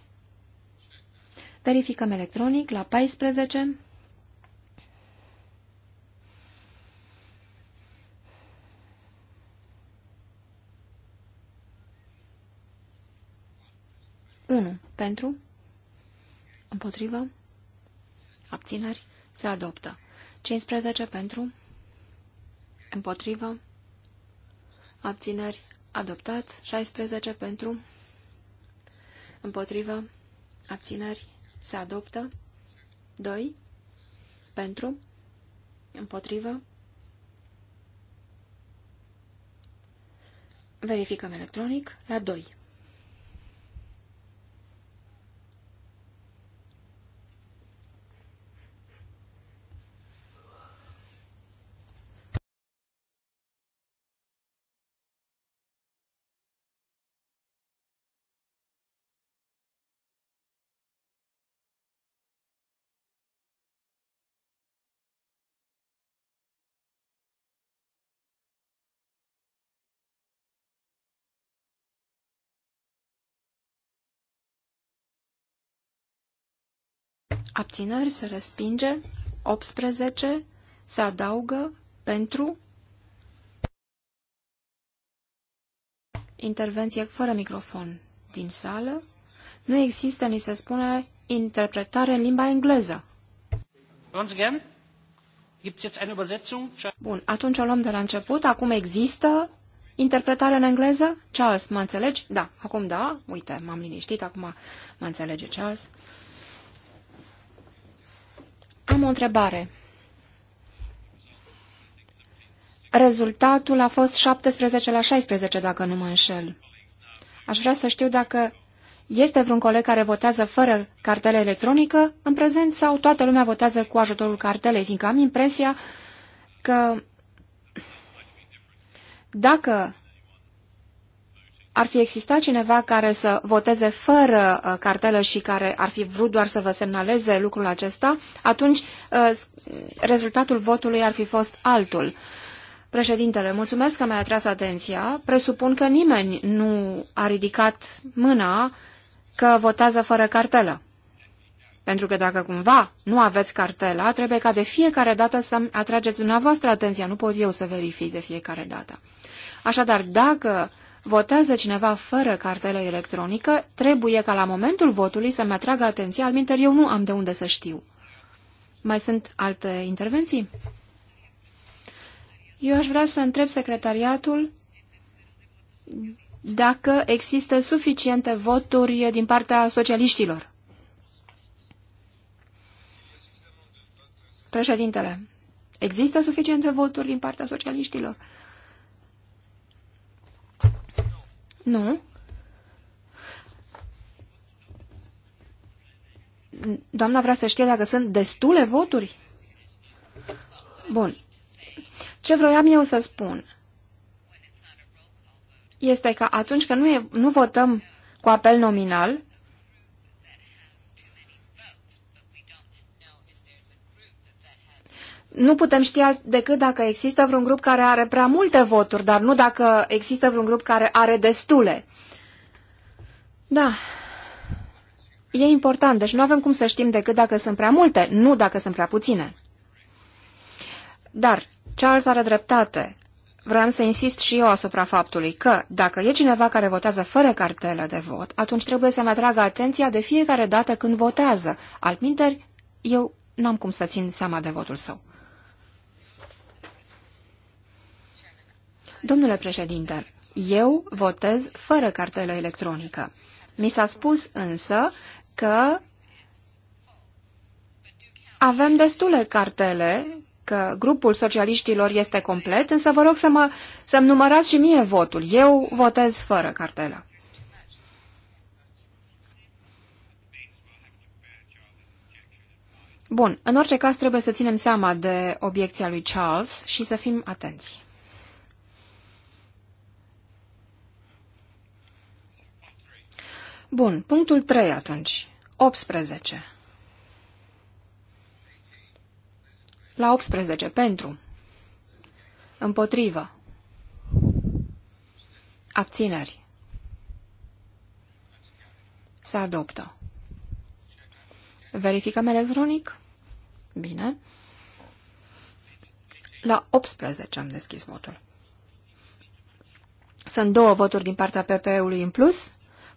Verificăm electronic la 14. 1. Pentru. Împotrivă. Abțineri. Se adoptă. 15. Pentru. Împotrivă. Abțineri. Adoptat. 16. Pentru. Împotrivă. Abțineri. Se adoptă. 2. Pentru. Împotrivă. Verificăm electronic la 2. abțineri se respinge, 18 se adaugă pentru intervenție fără microfon din sală. Nu există, ni se spune, interpretare în limba engleză. Bun, atunci o luăm de la început. Acum există interpretare în engleză? Charles, mă înțelegi? Da, acum da. Uite, m-am liniștit, acum mă înțelege Charles. Am o întrebare. Rezultatul a fost 17 la 16, dacă nu mă înșel. Aș vrea să știu dacă este vreun coleg care votează fără cartele electronică în prezent sau toată lumea votează cu ajutorul cartelei, fiindcă am impresia că dacă ar fi existat cineva care să voteze fără uh, cartelă și care ar fi vrut doar să vă semnaleze lucrul acesta, atunci uh, rezultatul votului ar fi fost altul. Președintele, mulțumesc că mi a atras atenția. Presupun că nimeni nu a ridicat mâna că votează fără cartelă. Pentru că dacă cumva nu aveți cartela, trebuie ca de fiecare dată să atrageți dumneavoastră atenția. Nu pot eu să verific de fiecare dată. Așadar, dacă votează cineva fără cartelă electronică, trebuie ca la momentul votului să-mi atragă atenția, alminter eu nu am de unde să știu. Mai sunt alte intervenții? Eu aș vrea să întreb secretariatul dacă există suficiente voturi din partea socialiștilor. Președintele, există suficiente voturi din partea socialiștilor? Nu. Doamna vrea să știe dacă sunt destule voturi? Bun. Ce vroiam eu să spun este că atunci când nu, e, nu votăm cu apel nominal, nu putem ști decât dacă există vreun grup care are prea multe voturi, dar nu dacă există vreun grup care are destule. Da, e important, deci nu avem cum să știm decât dacă sunt prea multe, nu dacă sunt prea puține. Dar Charles are dreptate. Vreau să insist și eu asupra faptului că, dacă e cineva care votează fără cartelă de vot, atunci trebuie să-mi atragă atenția de fiecare dată când votează. Altminteri, eu n-am cum să țin seama de votul său. Domnule președinte, eu votez fără cartelă electronică. Mi s-a spus însă că avem destule cartele, că grupul socialiștilor este complet, însă vă rog să mă, să-mi numărați și mie votul. Eu votez fără cartelă. Bun, în orice caz trebuie să ținem seama de obiecția lui Charles și să fim atenți. Bun, punctul 3 atunci. 18. La 18, pentru. Împotrivă. Abțineri. Se adoptă. Verificăm electronic? Bine. La 18 am deschis votul. Sunt două voturi din partea PP-ului în plus.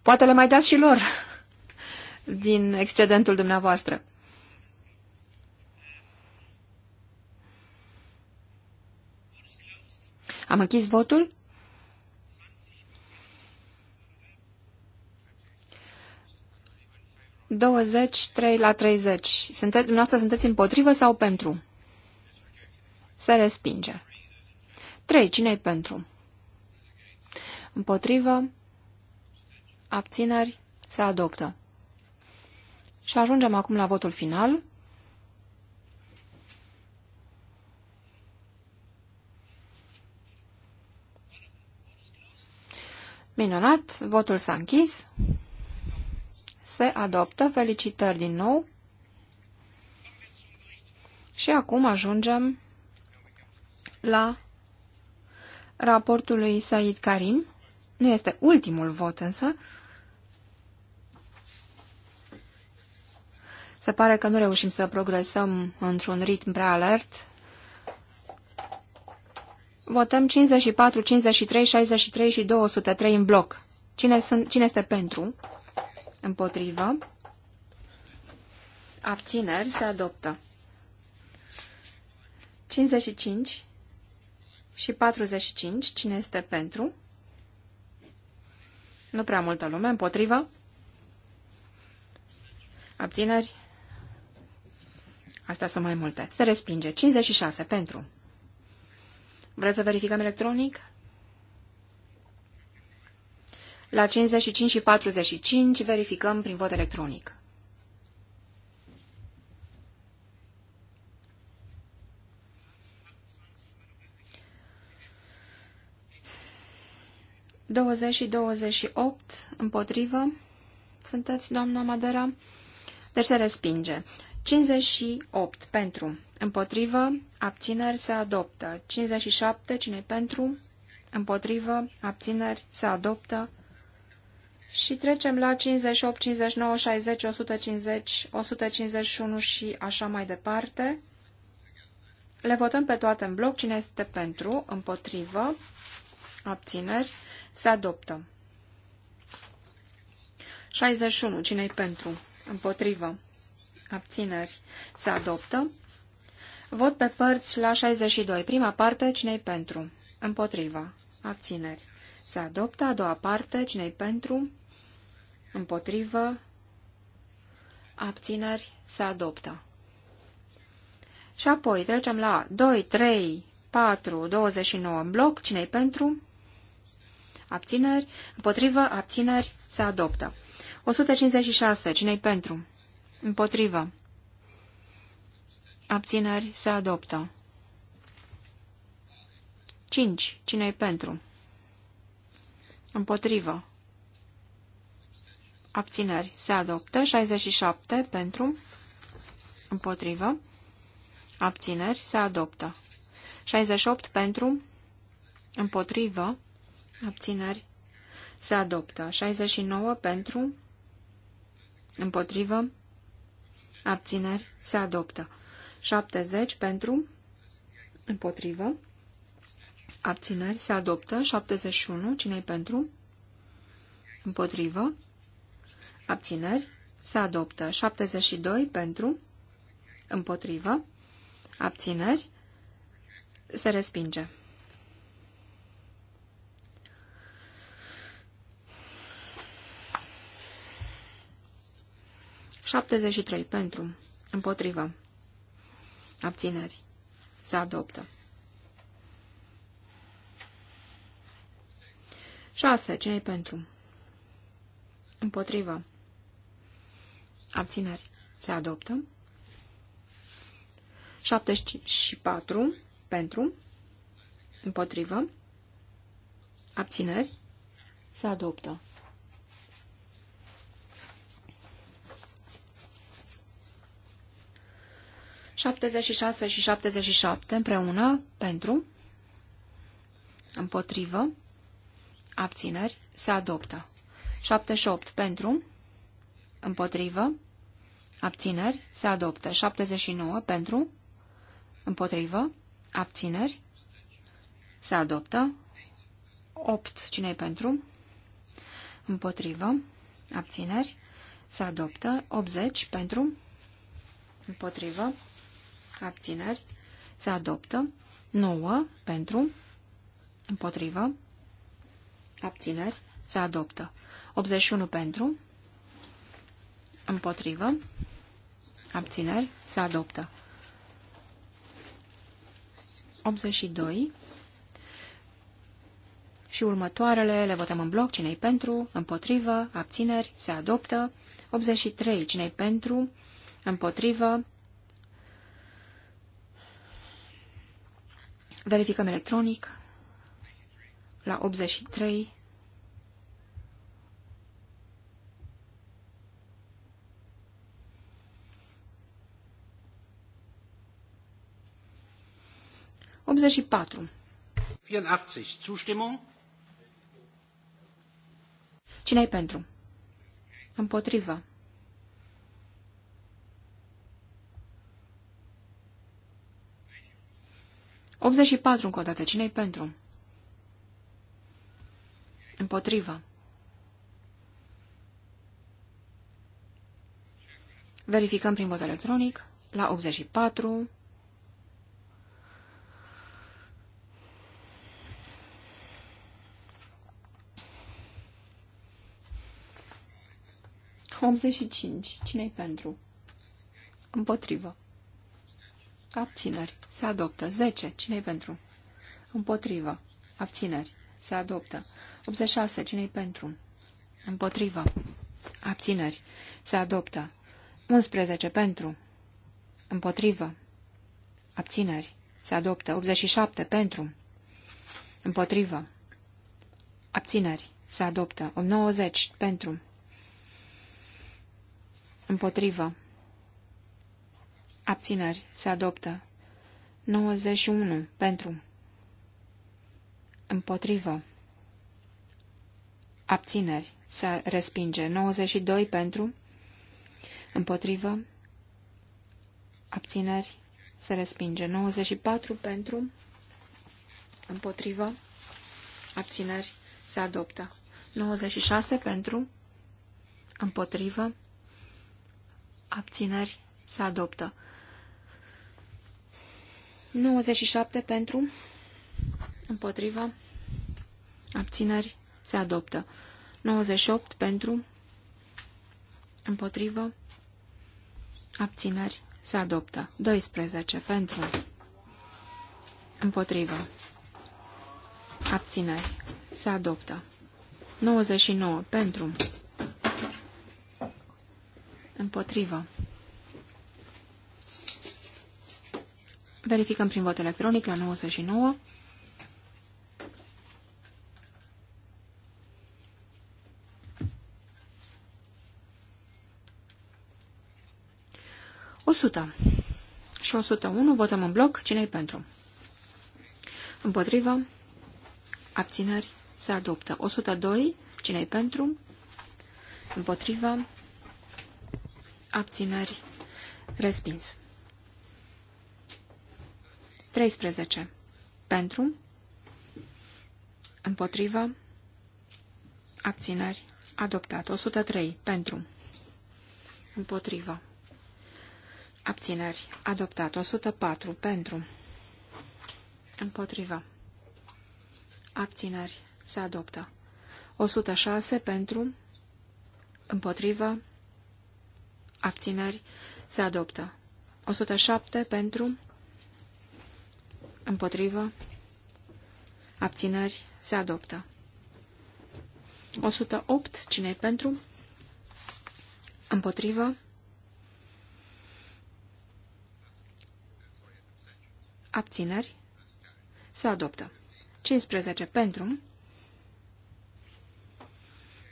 Poate le mai dați și lor din excedentul dumneavoastră. Am închis votul? Douăzeci, trei la treizeci. Sunteți, dumneavoastră sunteți împotrivă sau pentru? Se respinge. Trei, cine e pentru? Împotrivă? abțineri, se adoptă. Și ajungem acum la votul final. Minunat, votul s-a închis. Se adoptă, felicitări din nou. Și acum ajungem la raportul lui Said Karim. Nu este ultimul vot însă. Se pare că nu reușim să progresăm într-un ritm prea alert. Votăm 54, 53, 63 și 203 în bloc. Cine, sunt, cine este pentru? Împotrivă. Abțineri se adoptă. 55 și 45. Cine este pentru? Nu prea multă lume. Împotrivă? Abțineri? Astea sunt mai multe. Se respinge. 56 pentru. Vreți să verificăm electronic? La 55 și 45 verificăm prin vot electronic. 20 și 28 împotrivă sunteți, doamna Madera? Deci se respinge. 58 pentru, împotrivă, abțineri se adoptă. 57, cine pentru, împotrivă, abțineri se adoptă. Și trecem la 58, 59, 60, 150, 151 și așa mai departe. Le votăm pe toate în bloc. Cine este pentru, împotrivă, abțineri, se adoptă. 61. Cine-i pentru? Împotrivă. Abțineri. Se adoptă. Vot pe părți la 62. Prima parte, cine-i pentru? Împotriva. Abțineri. Se adoptă. A doua parte, cine-i pentru? Împotrivă. Abțineri. Se adoptă. Și apoi trecem la 2, 3, 4, 29 în bloc. Cine-i pentru? abțineri, împotrivă, abțineri, se adoptă. 156. Cine-i pentru? Împotrivă. Abțineri, se adoptă. 5. Cine-i pentru? Împotrivă. Abțineri, se adoptă. 67. Pentru? Împotrivă. Abțineri, se adoptă. 68. Pentru? Împotrivă. Abțineri. Se adoptă. 69 pentru. Împotrivă. Abțineri. Se adoptă. 70 pentru. Împotrivă. Abțineri. Se adoptă. 71. Cine-i pentru? Împotrivă. Abțineri. Se adoptă. 72 pentru. Împotrivă. Abțineri. Se respinge. 73. Pentru. Împotrivă. Abțineri. Se adoptă. 6. Cine-i pentru? Împotrivă. Abțineri. Se adoptă. 74. Pentru. Împotrivă. Abțineri. Se adoptă. 76 și 77 împreună pentru, împotrivă, abțineri, se adoptă. 78 pentru, împotrivă, abțineri, se adoptă. 79 pentru, împotrivă, abțineri, se adoptă. 8 cine pentru, împotrivă, abțineri, se adoptă. 80 pentru, împotrivă, abțineri, se adoptă. 9 pentru, împotrivă, abțineri, se adoptă. 81 pentru, împotrivă, abțineri, se adoptă. 82 și următoarele le votăm în bloc, cine pentru, împotrivă, abțineri, se adoptă. 83, cine pentru, împotrivă, Verificăm electronic la 83. Optzeci patru. 84. Zustimmung? Cine-i pentru? Împotrivă. 84 încă o dată. Cine-i pentru? Împotrivă. Verificăm prin vot electronic la 84. Omzeci și cinci. Cine-i pentru? Împotrivă. Abțineri. Se adoptă. 10. Cine-i pentru? Împotrivă. Abțineri. Se adoptă. 86. Cine-i pentru? Împotrivă. Abțineri. Se adoptă. 11. Pentru. Împotrivă. Abțineri. Se adoptă. 87. Pentru. Împotrivă. Abțineri. Se adoptă. 90. Pentru. Împotrivă. Abțineri. Se adoptă. 91. Pentru. Împotrivă. Abțineri. Se respinge. 92. Pentru. Împotrivă. Abțineri. Se respinge. 94. Pentru. Împotrivă. Abțineri. Se adoptă. 96. Pentru. Împotrivă. Abțineri. Se adoptă. 97 pentru, împotriva, abțineri, se adoptă. 98 pentru, împotrivă, abțineri, se adoptă. 12 pentru, împotrivă, abțineri, se adoptă. 99 pentru, împotrivă, Verificăm prin vot electronic la 99. O sută și 101 votăm în bloc. cine e pentru? Împotrivă. Abțineri. Se adoptă. 102. cine e pentru? Împotrivă. Abțineri. Respins. 13. Pentru, împotrivă, abțineri, adoptat. 103. Pentru, împotrivă, abțineri, adoptat. 104. Pentru, împotrivă, abțineri, se adoptă. 106. Pentru, împotrivă, abțineri, se adoptă. 107. Pentru, Împotrivă. Abțineri. Se adoptă. 108. cine pentru? Împotrivă. Abțineri. Se adoptă. 15. Pentru.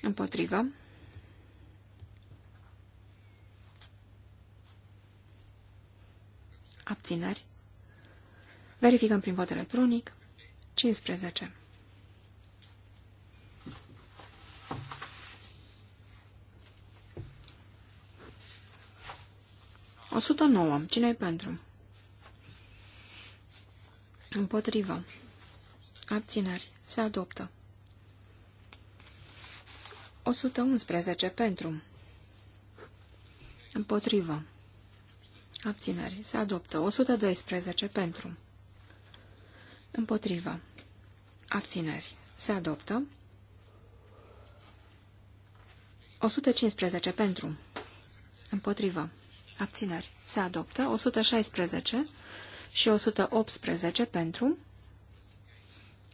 Împotrivă. Abțineri. Verificăm prin vot electronic. 15. O sută nouă. Cine e pentru? Împotrivă. Abțineri. Se adoptă. 111 pentru. Împotrivă. Abțineri. Se adoptă. 112 pentru. Împotrivă. Abțineri. Se adoptă. 115 pentru. Împotrivă. Abțineri. Se adoptă. 116 și 118 pentru.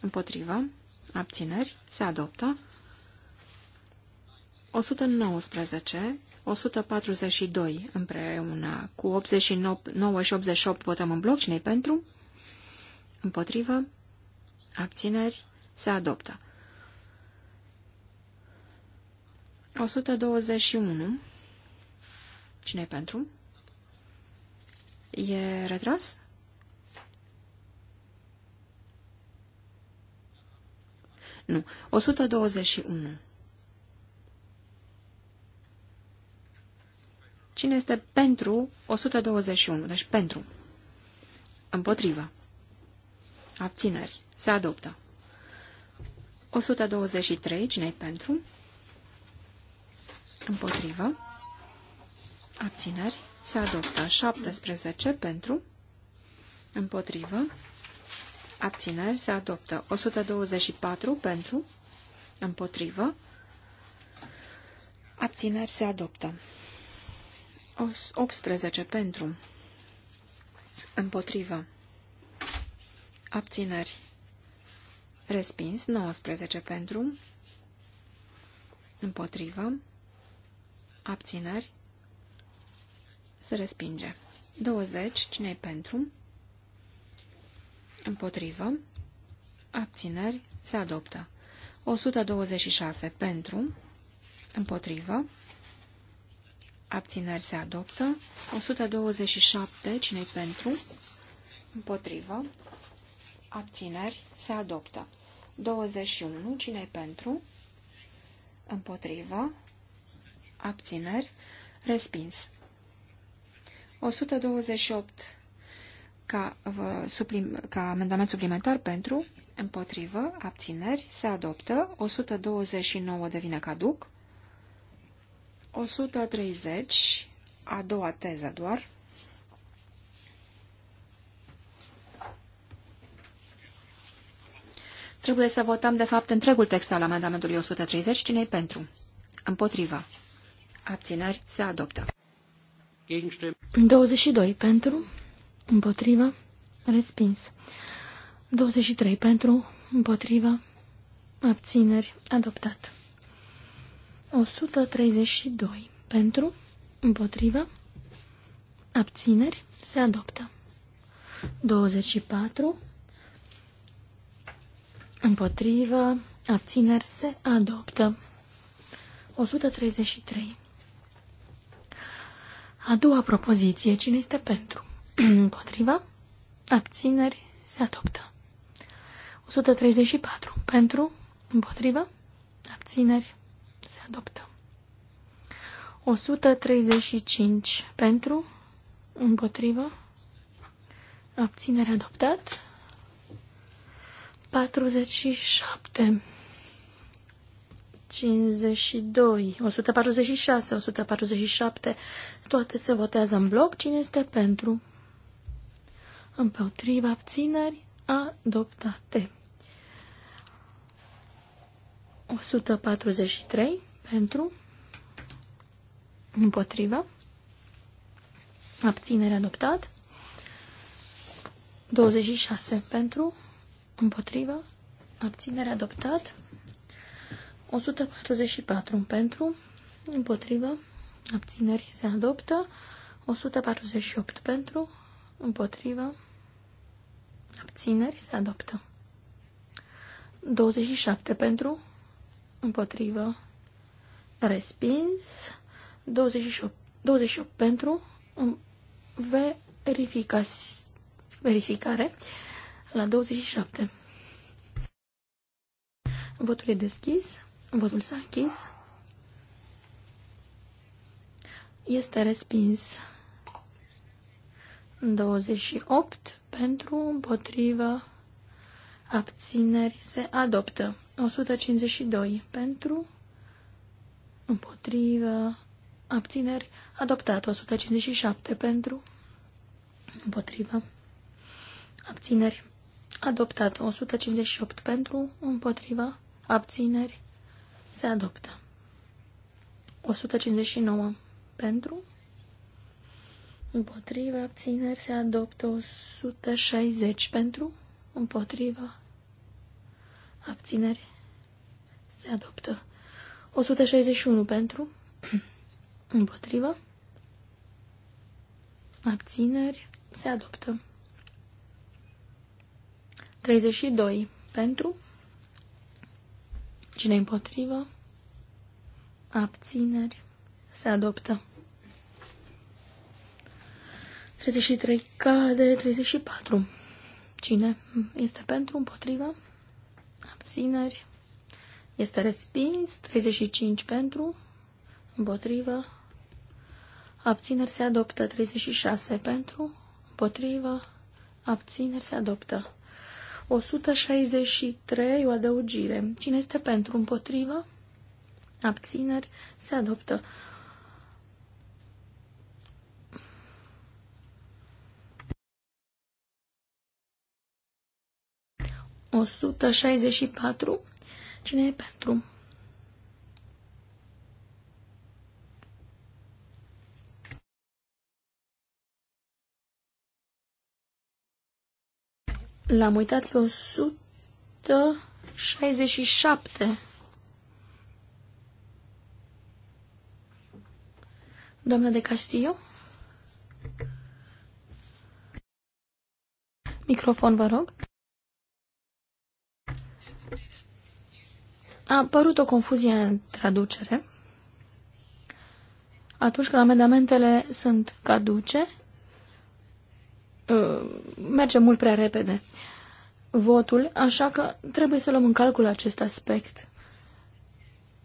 Împotrivă. Abțineri. Se adoptă. 119, 142 împreună cu 89 și 88 votăm în bloc. Cine pentru? Împotrivă. Abțineri. Se adoptă. 121. cine pentru? E retras? Nu. 121. Cine este pentru 121? Deci pentru. Împotriva. Abțineri. Se adoptă. 123. cine pentru? Împotrivă. Abțineri. Se adoptă. 17. Pentru. Împotrivă. Abțineri. Se adoptă. 124. Pentru. Împotrivă. Abțineri. Se adoptă. 18. Pentru. Împotrivă. Abțineri. Respins. 19 pentru. Împotrivă. Abțineri. Se respinge. 20. Cine-i pentru? Împotrivă. Abțineri. Se adoptă. 126. Pentru. Împotrivă. Abțineri se adoptă. 127. Cine-i pentru? Împotrivă abțineri, se adoptă. 21. Cine-i pentru? Împotrivă, abțineri, respins. 128 ca, vă, suplim, ca amendament suplimentar pentru, împotrivă, abțineri, se adoptă, 129 devine caduc, 130, a doua teză doar, Trebuie să votăm, de fapt, întregul text al amendamentului 130. Cine-i pentru? Împotriva. Abțineri se adoptă. 22 pentru, împotriva, respins. 23 pentru, împotriva, abțineri, adoptat. 132 pentru, împotriva, abțineri, se adoptă. 24 împotrivă, abțineri se adoptă. 133. A doua propoziție, cine este pentru? *clears throat* Împotriva? Abțineri se adoptă. 134. Pentru? Împotriva? Abțineri se adoptă. 135. Pentru? Împotriva? Abținere adoptat. 47 52, 146, 147, toate se votează în bloc. Cine este pentru? Împotriva abțineri, adoptate. 143, pentru, împotriva, abținere adoptat. 26, pentru, Împotrivă. Abținere adoptat. 144 pentru. Împotrivă. Abțineri se adoptă. 148 pentru. Împotrivă. Abțineri se adoptă. 27 pentru. Împotrivă. Respins. 28, 28 pentru. verificare la 27. Votul e deschis, votul s-a închis. Este respins 28 pentru, împotrivă, abțineri, se adoptă. 152 pentru, împotrivă, abțineri, adoptat. 157 pentru, împotrivă, abțineri, Adoptat 158 pentru, împotriva, abțineri, se adoptă. 159 pentru, împotriva, abțineri, se adoptă 160 pentru, împotriva, abțineri, se adoptă 161 pentru, *clears throat* împotriva, abțineri, se adoptă. 32 pentru, cine împotrivă, abțineri, se adoptă. 33 cade, 34. Cine este pentru, împotrivă, abțineri, este respins, 35 pentru, împotrivă, abțineri se adoptă, 36 pentru, împotrivă, abțineri se adoptă. 163, o adăugire. Cine este pentru? Împotrivă? Abțineri? Se adoptă. O 164. Cine e pentru? L-am uitat pe 167. Doamna de Castillo? Microfon, vă rog. A apărut o confuzie în traducere. Atunci când amendamentele sunt caduce, Uh, merge mult prea repede votul, așa că trebuie să luăm în calcul acest aspect.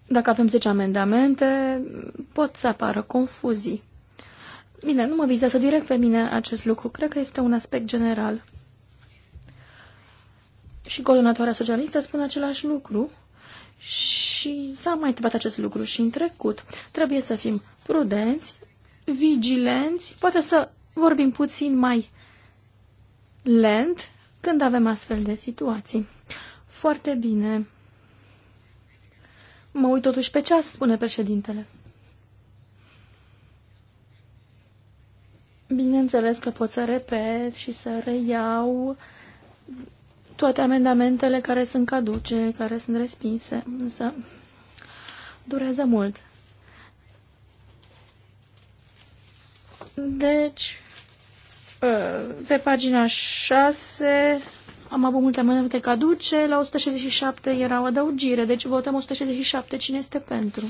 Dacă avem 10 amendamente, pot să apară confuzii. Bine, nu mă vizează direct pe mine acest lucru. Cred că este un aspect general. Și coordonatoarea socialistă spune același lucru și s-a mai întâmplat acest lucru și în trecut. Trebuie să fim prudenți, vigilenți, poate să vorbim puțin mai lent când avem astfel de situații. Foarte bine. Mă uit totuși pe ceas, spune președintele. Bineînțeles că pot să repet și să reiau toate amendamentele care sunt caduce, care sunt respinse, însă durează mult. Deci, Ă, pe pagina 6 am avut multe amendamente caduce, la 167 era o adăugire, deci votăm 167, cine este pentru?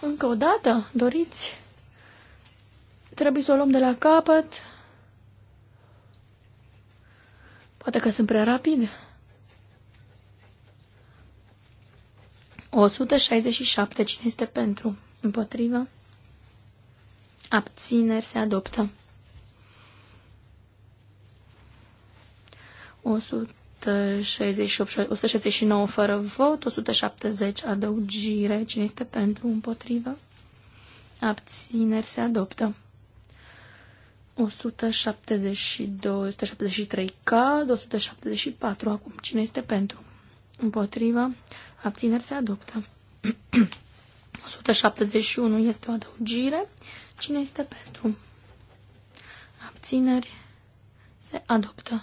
Încă o dată, doriți? Trebuie să o luăm de la capăt. Poate că sunt prea rapid. 167, cine este pentru? Împotrivă? abțineri se adoptă. 168, 169 fără vot, 170 adăugire, cine este pentru, împotrivă, abțineri se adoptă. 172, 173 cad, 174 acum, cine este pentru, împotrivă, abțineri se adoptă. 171 *clears throat* este o adăugire, Cine este pentru? Abțineri. Se adoptă.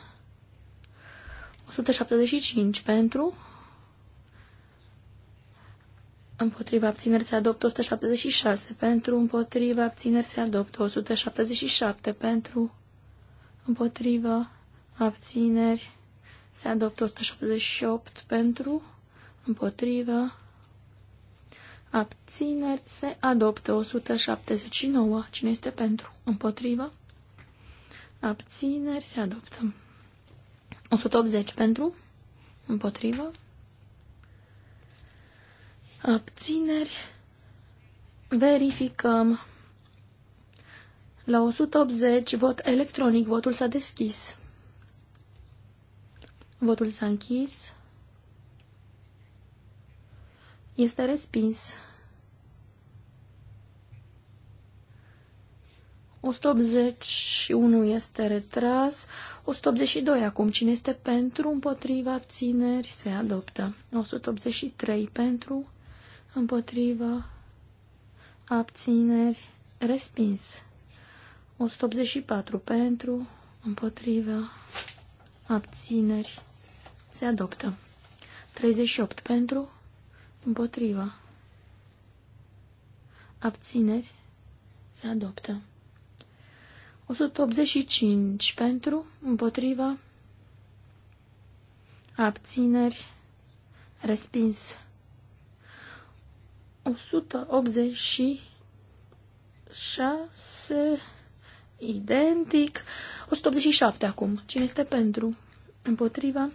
175 pentru. Împotriva abțineri se adoptă 176 pentru. Împotriva abțineri se adoptă 177 pentru. Împotriva abțineri se adoptă 178 pentru. Împotriva Abțineri se adoptă 179. Cine este pentru? Împotrivă? Abțineri se adoptă. 180 pentru? Împotrivă? Abțineri. Verificăm. La 180 vot electronic. Votul s-a deschis. Votul s-a închis. Este respins. 181 este retras, 182 acum. Cine este pentru, împotriva, abțineri, se adoptă. 183 pentru, împotriva, abțineri, respins. 184 pentru, împotriva, abțineri, se adoptă. 38 pentru, Împotriva. Abțineri. Se adoptă. 185 pentru, împotriva, abțineri, respins. 186, identic. 187 acum. Cine este pentru? Împotriva,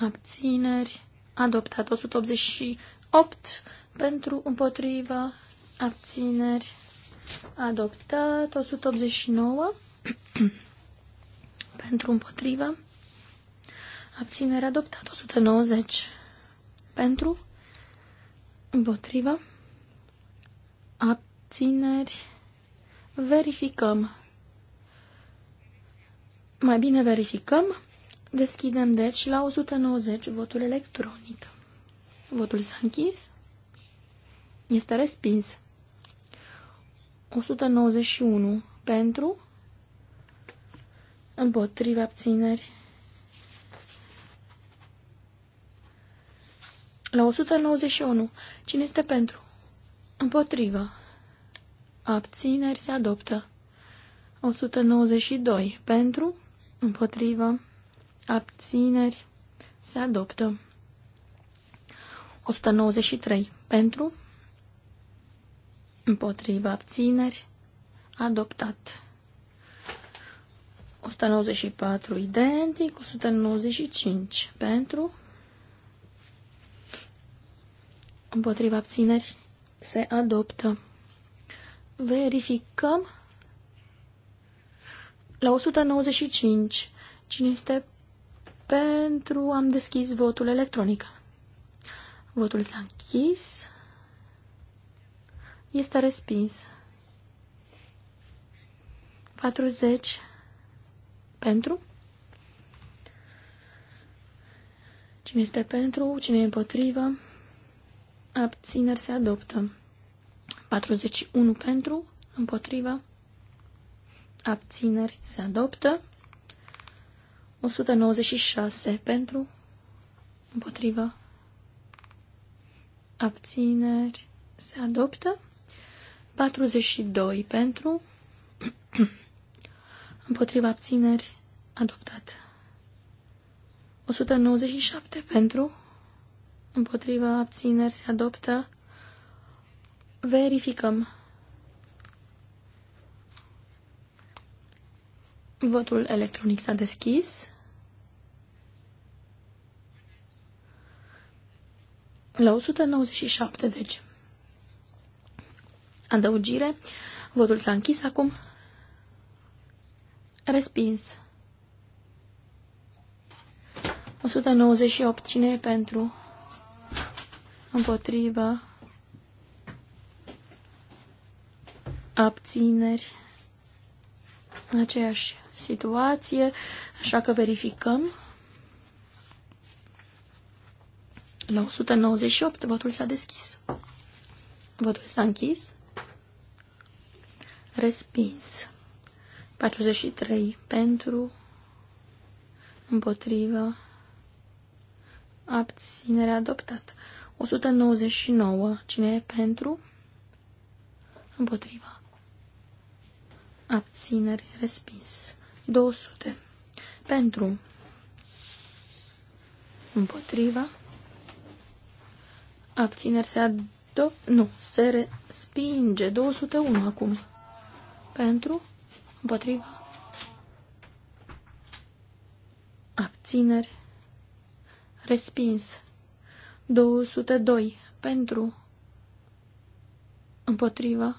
abțineri, adoptat 188 pentru împotriva abțineri adoptat 189 *clears throat* pentru împotriva abținere adoptat 190 pentru împotriva abțineri verificăm mai bine verificăm Deschidem, deci, la 190 votul electronic. Votul s-a închis. Este respins. 191 pentru, împotriva abțineri. La 191. Cine este pentru? Împotriva. Abțineri se adoptă. 192. Pentru? Împotriva abțineri, se adoptă. 193 pentru, împotriva abțineri, adoptat. 194 identic, 195 pentru, împotriva abțineri, se adoptă. Verificăm la 195 cine este pentru am deschis votul electronic. Votul s-a închis. Este respins. 40 pentru. Cine este pentru, cine e împotrivă, abțineri se adoptă. 41 pentru, împotrivă, abțineri se adoptă. 196 pentru, împotriva, abțineri, se adoptă. 42 pentru, *clears throat* împotriva abțineri, adoptat. 197 pentru, împotriva abțineri, se adoptă. Verificăm. Votul electronic s-a deschis. La 197, deci. Adăugire. Votul s-a închis acum. Respins. 198. Cine e pentru? Împotrivă. Abțineri. Aceeași situație. Așa că verificăm. La 198, votul s-a deschis. Votul s-a închis. Respins. 43 pentru, împotrivă, abținere adoptat. 199, cine e pentru, împotrivă, abținere respins. 200, pentru, împotriva, Abțineri se adoptă. Nu, se respinge. 201 acum. Pentru. Împotriva. Abțineri. Respins. 202. Pentru. Împotriva.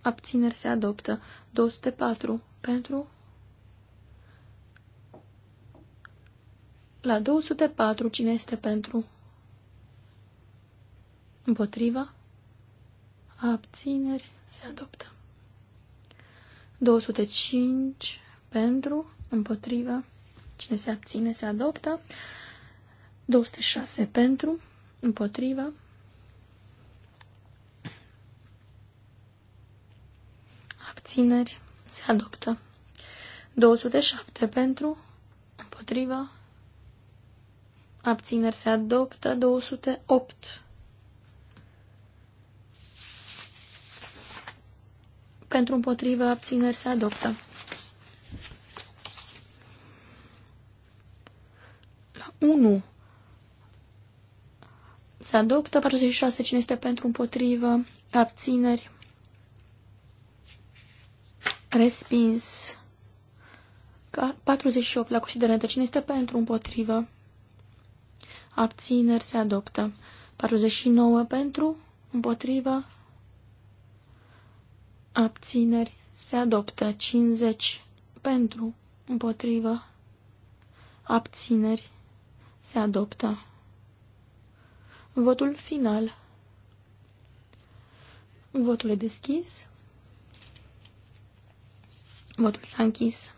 Abțineri se adoptă. 204. Pentru. La 204, cine este pentru? Împotriva. Abțineri. Se adoptă. 205 pentru. Împotriva. Cine se abține se adoptă. 206 pentru. Împotriva. Abțineri. Se adoptă. 207 pentru. Împotriva. Abțineri se adoptă 208 pentru împotrivă abțineri se adoptă. La 1 se adoptă, 46 cine este pentru împotrivă, abțineri, respins. 48 la considerente cine este pentru împotrivă, abțineri se adoptă. 49 pentru împotrivă, abțineri, se adoptă 50 pentru, împotrivă, abțineri, se adoptă. Votul final. Votul e deschis. Votul s-a închis.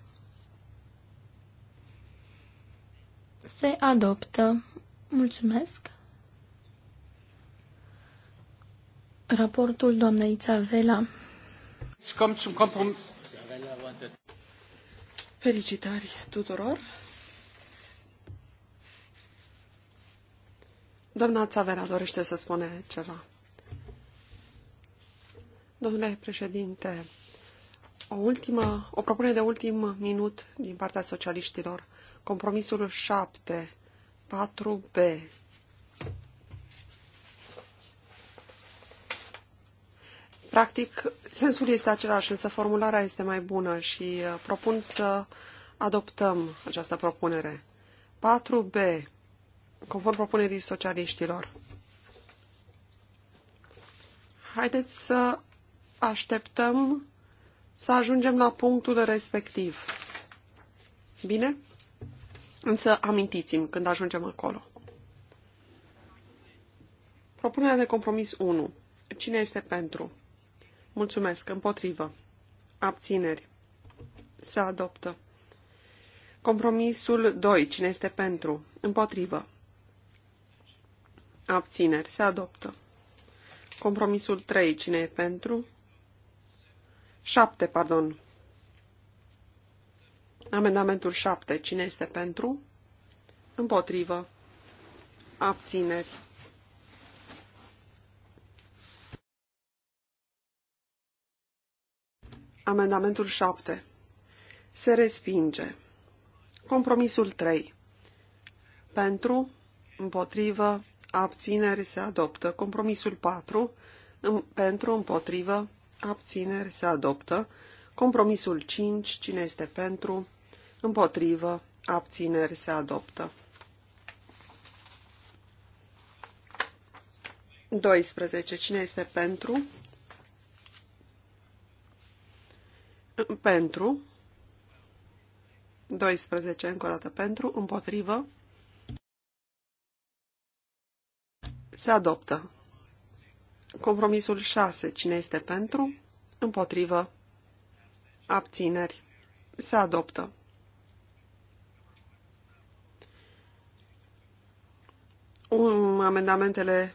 Se adoptă. Mulțumesc. Raportul doamnei Țavela Felicitări tuturor! Doamna Țavera dorește să spune ceva. Domnule președinte, o, ultimă, o propunere de ultim minut din partea socialiștilor. Compromisul 7, 4B. Practic, sensul este același, însă formularea este mai bună și uh, propun să adoptăm această propunere. 4b, conform propunerii socialiștilor. Haideți să așteptăm să ajungem la punctul respectiv. Bine? Însă amintiți-mi când ajungem acolo. Propunerea de compromis 1. Cine este pentru? Mulțumesc. Împotrivă. Abțineri. Se adoptă. Compromisul 2. Cine este pentru? Împotrivă. Abțineri. Se adoptă. Compromisul 3. Cine e pentru? 7, pardon. Amendamentul 7. Cine este pentru? Împotrivă. Abțineri. Amendamentul 7. Se respinge. Compromisul 3. Pentru, împotrivă, abțineri se adoptă. Compromisul 4. Pentru, împotrivă, abțineri se adoptă. Compromisul 5. Cine este pentru, împotrivă, abțineri se adoptă. 12. Cine este pentru, pentru, 12 încă o dată pentru, împotrivă, se adoptă. Compromisul 6, cine este pentru, împotrivă, abțineri, se adoptă. Um, amendamentele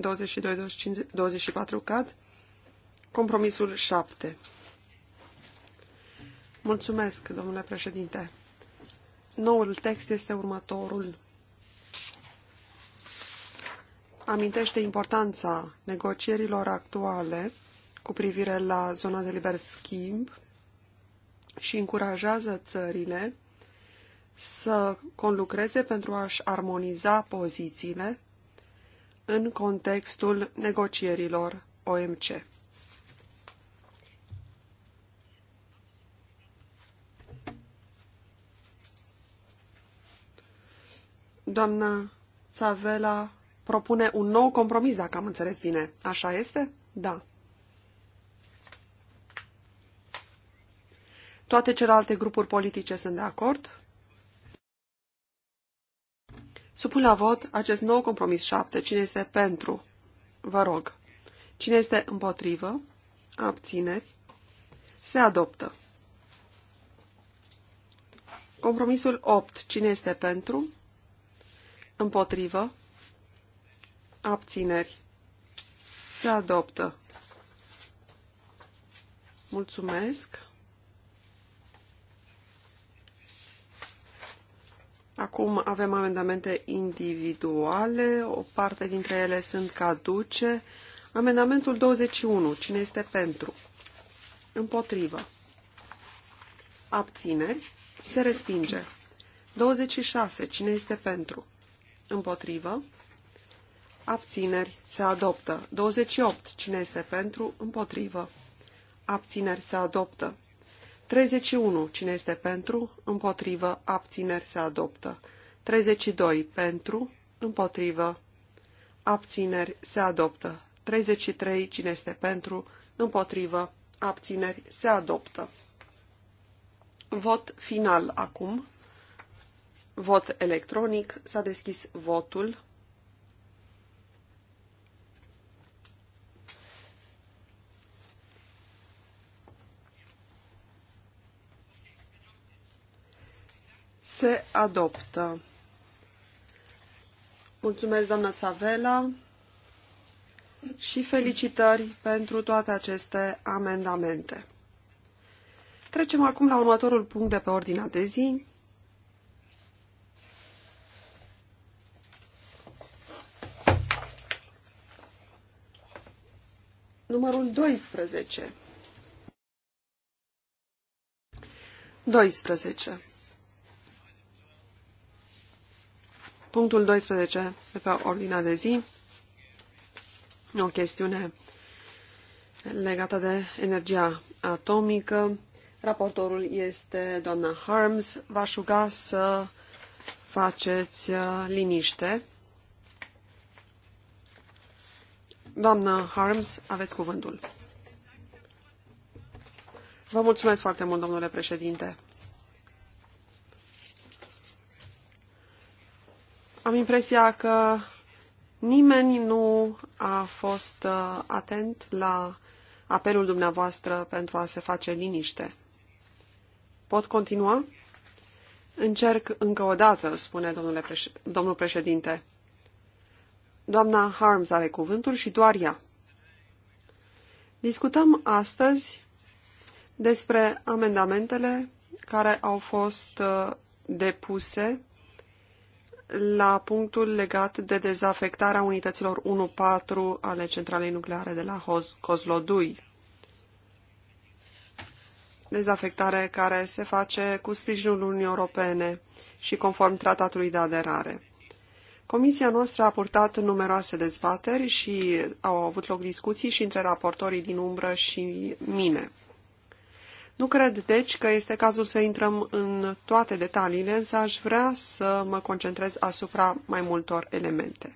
22-24 cad. Compromisul 7. Mulțumesc, domnule președinte. Noul text este următorul. Amintește importanța negocierilor actuale cu privire la zona de liber schimb și încurajează țările să conlucreze pentru a-și armoniza pozițiile în contextul negocierilor OMC. Doamna Țavela propune un nou compromis, dacă am înțeles bine. Așa este? Da. Toate celelalte grupuri politice sunt de acord? Supun la vot acest nou compromis 7. Cine este pentru? Vă rog. Cine este împotrivă? Abțineri. Se adoptă. Compromisul 8. Cine este pentru? Împotrivă. Abțineri. Se adoptă. Mulțumesc. Acum avem amendamente individuale, o parte dintre ele sunt caduce. Amendamentul 21. Cine este pentru? Împotrivă. Abțineri. Se respinge. 26. Cine este pentru? Împotrivă. Abțineri. Se adoptă. 28. Cine este pentru? Împotrivă. Abțineri. Se adoptă. 31. Cine este pentru? Împotrivă. Abțineri. Se adoptă. 32. Pentru? Împotrivă. Abțineri. Se adoptă. 33. Cine este pentru? Împotrivă. Abțineri. Se adoptă. Vot final acum. Vot electronic. S-a deschis votul. Se adoptă. Mulțumesc, doamna Țavela, și felicitări pentru toate aceste amendamente. Trecem acum la următorul punct de pe ordinea de zi, Numărul 12. 12. Punctul 12 de pe ordinea de zi, o chestiune legată de energia atomică. Raportorul este doamna Harms. V-aș ruga să faceți uh, liniște. Doamnă Harms, aveți cuvântul. Vă mulțumesc foarte mult, domnule președinte. Am impresia că nimeni nu a fost uh, atent la apelul dumneavoastră pentru a se face liniște. Pot continua? Încerc încă o dată, spune domnule domnul președinte. Doamna Harms are cuvântul și doar ea. Discutăm astăzi despre amendamentele care au fost uh, depuse la punctul legat de dezafectarea unităților 1-4 ale centralei nucleare de la Kozlodui. Dezafectare care se face cu sprijinul Uniunii Europene și conform tratatului de aderare. Comisia noastră a purtat numeroase dezbateri și au avut loc discuții și între raportorii din umbră și mine. Nu cred, deci, că este cazul să intrăm în toate detaliile, însă aș vrea să mă concentrez asupra mai multor elemente.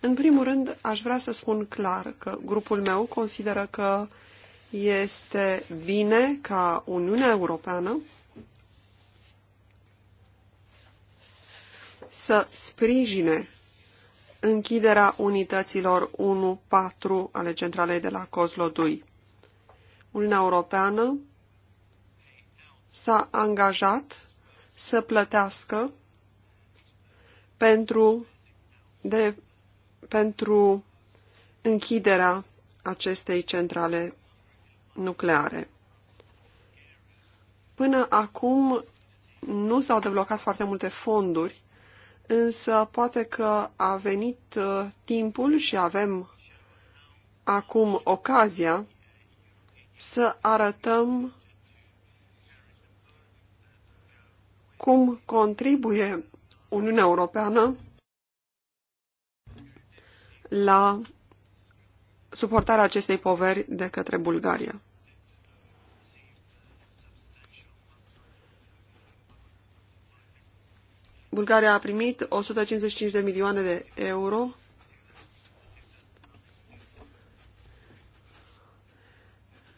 În primul rând, aș vrea să spun clar că grupul meu consideră că este bine ca Uniunea Europeană să sprijine închiderea unităților 1-4 ale centralei de la Cozlodui. Uniunea Europeană s-a angajat să plătească pentru, de, pentru închiderea acestei centrale nucleare. Până acum nu s-au deblocat foarte multe fonduri însă poate că a venit uh, timpul și avem acum ocazia să arătăm cum contribuie Uniunea Europeană la suportarea acestei poveri de către Bulgaria. Bulgaria a primit 155 de milioane de euro.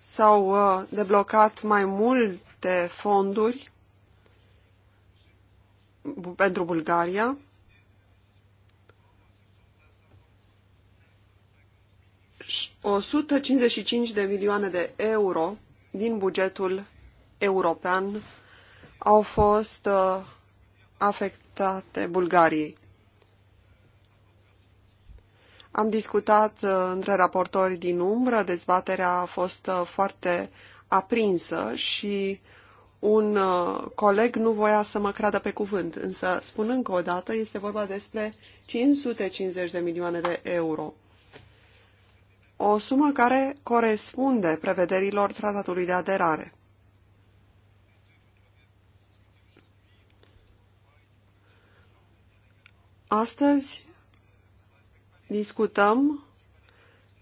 S-au uh, deblocat mai multe fonduri pentru Bulgaria. Și 155 de milioane de euro din bugetul european au fost uh, afectate Bulgariei. Am discutat uh, între raportori din umbră, dezbaterea a fost uh, foarte aprinsă și un uh, coleg nu voia să mă creadă pe cuvânt, însă spun încă o dată, este vorba despre 550 de milioane de euro. O sumă care corespunde prevederilor tratatului de aderare. Astăzi discutăm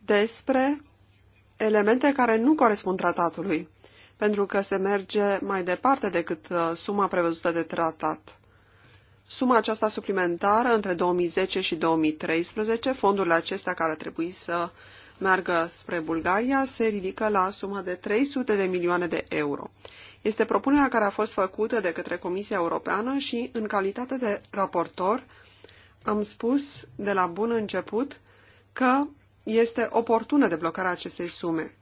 despre elemente care nu corespund tratatului, pentru că se merge mai departe decât uh, suma prevăzută de tratat. Suma aceasta suplimentară între 2010 și 2013, fondurile acestea care trebuie să meargă spre Bulgaria, se ridică la suma de 300 de milioane de euro. Este propunerea care a fost făcută de către Comisia Europeană și, în calitate de raportor, am spus de la bun început că este oportună deblocarea acestei sume.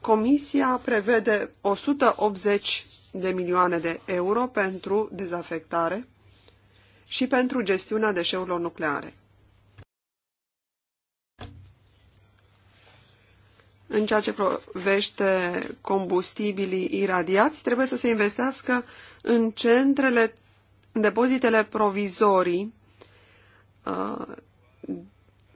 Comisia prevede 180 de milioane de euro pentru dezafectare și pentru gestiunea deșeurilor nucleare. În ceea ce privește combustibilii iradiați, trebuie să se investească în centrele depozitele provizorii, uh,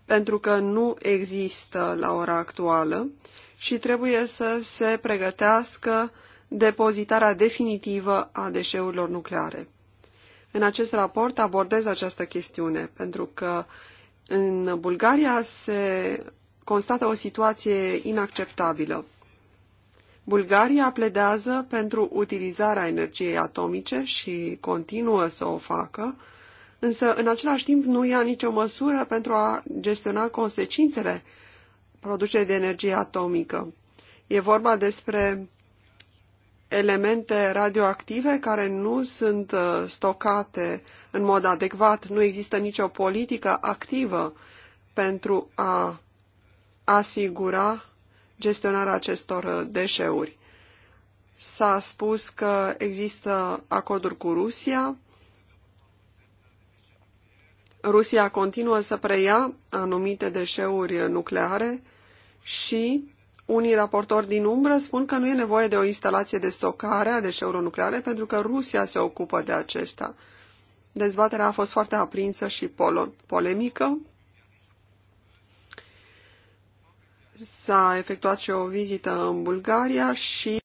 pentru că nu există la ora actuală și trebuie să se pregătească depozitarea definitivă a deșeurilor nucleare. În acest raport abordez această chestiune, pentru că în Bulgaria se constată o situație inacceptabilă. Bulgaria pledează pentru utilizarea energiei atomice și continuă să o facă, însă în același timp nu ia nicio măsură pentru a gestiona consecințele producerii de energie atomică. E vorba despre elemente radioactive care nu sunt uh, stocate în mod adecvat, nu există nicio politică activă pentru a asigura gestionarea acestor uh, deșeuri. S-a spus că există acorduri cu Rusia. Rusia continuă să preia anumite deșeuri nucleare și unii raportori din umbră spun că nu e nevoie de o instalație de stocare a deșeurilor nucleare pentru că Rusia se ocupă de acesta. Dezbaterea a fost foarte aprinsă și polemică. s-a efectuat și o vizită în Bulgaria și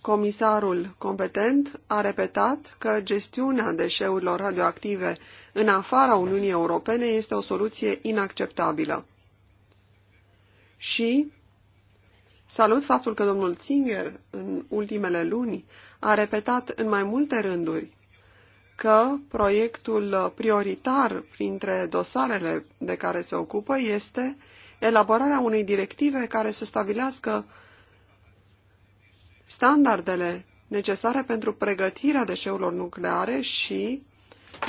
comisarul competent a repetat că gestiunea deșeurilor radioactive în afara Uniunii Europene este o soluție inacceptabilă. Și salut faptul că domnul Singer în ultimele luni a repetat în mai multe rânduri că proiectul prioritar printre dosarele de care se ocupă este elaborarea unei directive care să stabilească standardele necesare pentru pregătirea deșeurilor nucleare și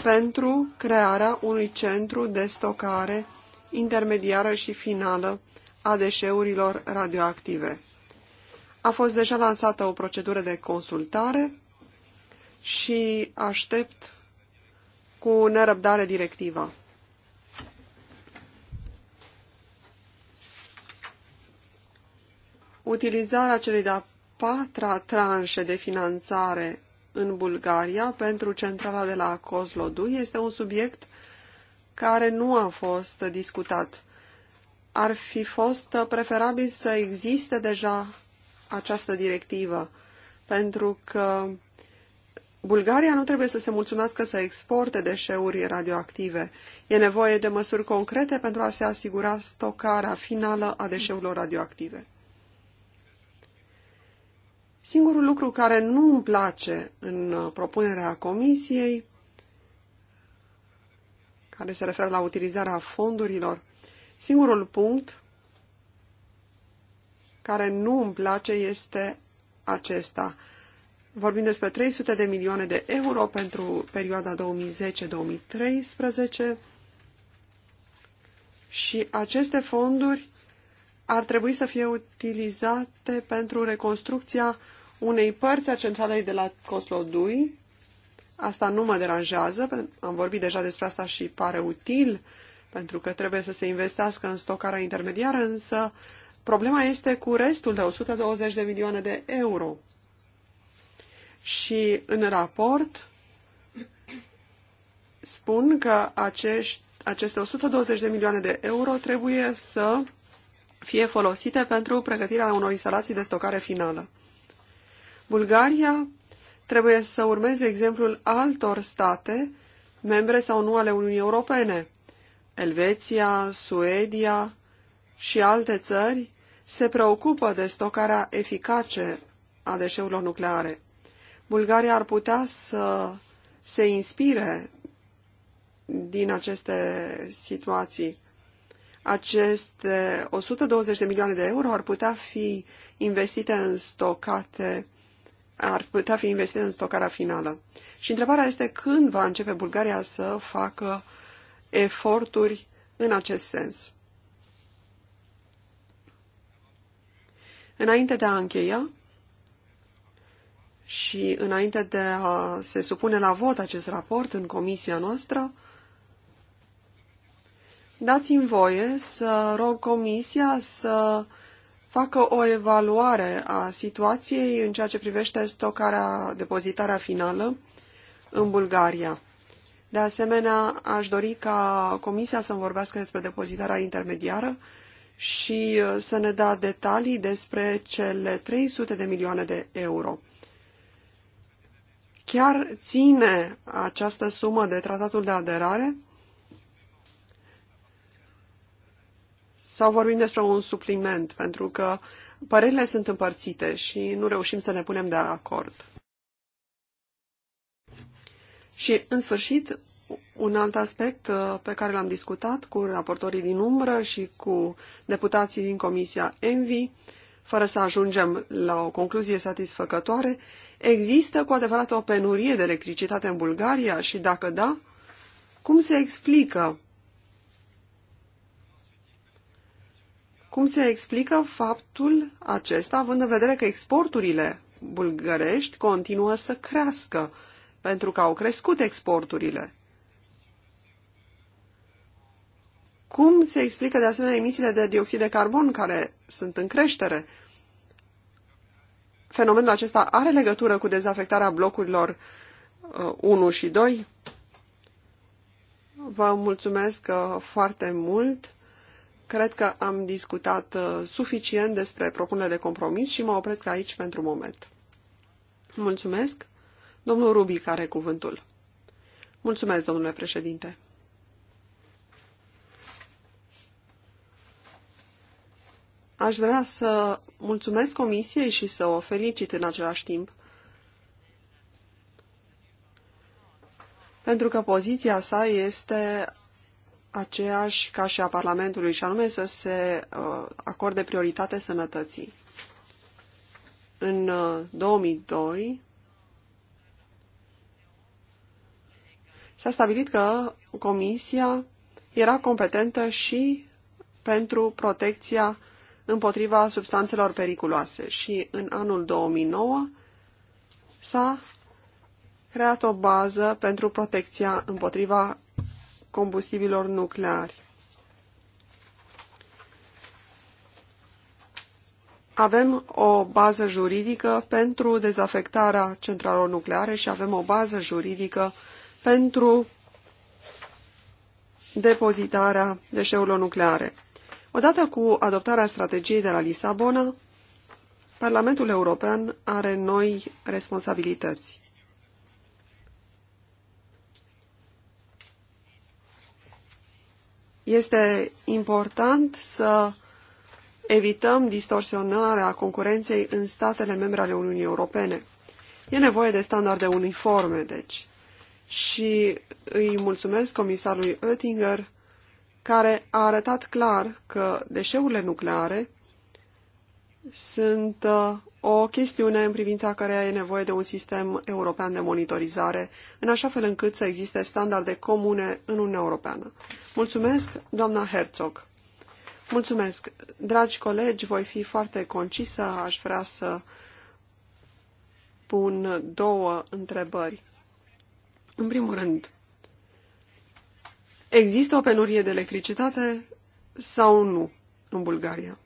pentru crearea unui centru de stocare intermediară și finală a deșeurilor radioactive. A fost deja lansată o procedură de consultare și aștept cu nerăbdare directiva. Utilizarea celei de-a patra tranșe de finanțare în Bulgaria pentru centrala de la Kozlodu este un subiect care nu a fost discutat. Ar fi fost preferabil să existe deja această directivă, pentru că Bulgaria nu trebuie să se mulțumească să exporte deșeuri radioactive. E nevoie de măsuri concrete pentru a se asigura stocarea finală a deșeurilor radioactive. Singurul lucru care nu îmi place în propunerea Comisiei, care se referă la utilizarea fondurilor, singurul punct care nu îmi place este acesta – Vorbim despre 300 de milioane de euro pentru perioada 2010-2013 și aceste fonduri ar trebui să fie utilizate pentru reconstrucția unei părți a centralei de la Coslodui. Asta nu mă deranjează, am vorbit deja despre asta și pare util, pentru că trebuie să se investească în stocarea intermediară, însă problema este cu restul de 120 de milioane de euro și în raport spun că acești, aceste 120 de milioane de euro trebuie să fie folosite pentru pregătirea unor instalații de stocare finală. Bulgaria trebuie să urmeze exemplul altor state, membre sau nu ale Uniunii Europene. Elveția, Suedia și alte țări se preocupă de stocarea eficace a deșeurilor nucleare. Bulgaria ar putea să se inspire din aceste situații. Aceste 120 de milioane de euro ar putea fi investite în stocate ar putea fi investite în stocarea finală. Și întrebarea este când va începe Bulgaria să facă eforturi în acest sens. Înainte de a încheia, și înainte de a se supune la vot acest raport în comisia noastră, dați-mi voie să rog comisia să facă o evaluare a situației în ceea ce privește stocarea, depozitarea finală în Bulgaria. De asemenea, aș dori ca comisia să-mi vorbească despre depozitarea intermediară și uh, să ne dea detalii despre cele 300 de milioane de euro. Chiar ține această sumă de tratatul de aderare? Sau vorbim despre un supliment, pentru că părerile sunt împărțite și nu reușim să ne punem de acord. Și, în sfârșit, un alt aspect uh, pe care l-am discutat cu raportorii din umbră și cu deputații din Comisia ENVI, fără să ajungem la o concluzie satisfăcătoare, Există cu adevărat o penurie de electricitate în Bulgaria și dacă da, cum se explică? Cum se explică faptul acesta, având în vedere că exporturile bulgărești continuă să crească, pentru că au crescut exporturile? Cum se explică de asemenea emisiile de dioxid de carbon care sunt în creștere? fenomenul acesta are legătură cu dezafectarea blocurilor 1 uh, și 2? Vă mulțumesc uh, foarte mult. Cred că am discutat uh, suficient despre propunerea de compromis și mă opresc aici pentru moment. Mulțumesc. Domnul Rubi care cuvântul. Mulțumesc, domnule președinte. Aș vrea să mulțumesc Comisiei și să o felicit în același timp, pentru că poziția sa este aceeași ca și a Parlamentului, și anume să se uh, acorde prioritate sănătății. În 2002 uh, s-a stabilit că Comisia era competentă și pentru protecția împotriva substanțelor periculoase și în anul 2009 s-a creat o bază pentru protecția împotriva combustibilor nucleari. Avem o bază juridică pentru dezafectarea centralelor nucleare și avem o bază juridică pentru depozitarea deșeurilor nucleare. Odată cu adoptarea strategiei de la Lisabona, Parlamentul European are noi responsabilități. Este important să evităm distorsionarea concurenței în statele membre ale Uniunii Europene. E nevoie de standarde uniforme, deci. Și îi mulțumesc comisarului Oettinger care a arătat clar că deșeurile nucleare sunt uh, o chestiune în privința care e nevoie de un sistem european de monitorizare, în așa fel încât să existe standarde comune în Uniunea Europeană. Mulțumesc, doamna Herzog. Mulțumesc. Dragi colegi, voi fi foarte concisă. Aș vrea să pun două întrebări. În primul rând, Există o penurie de electricitate sau nu în Bulgaria?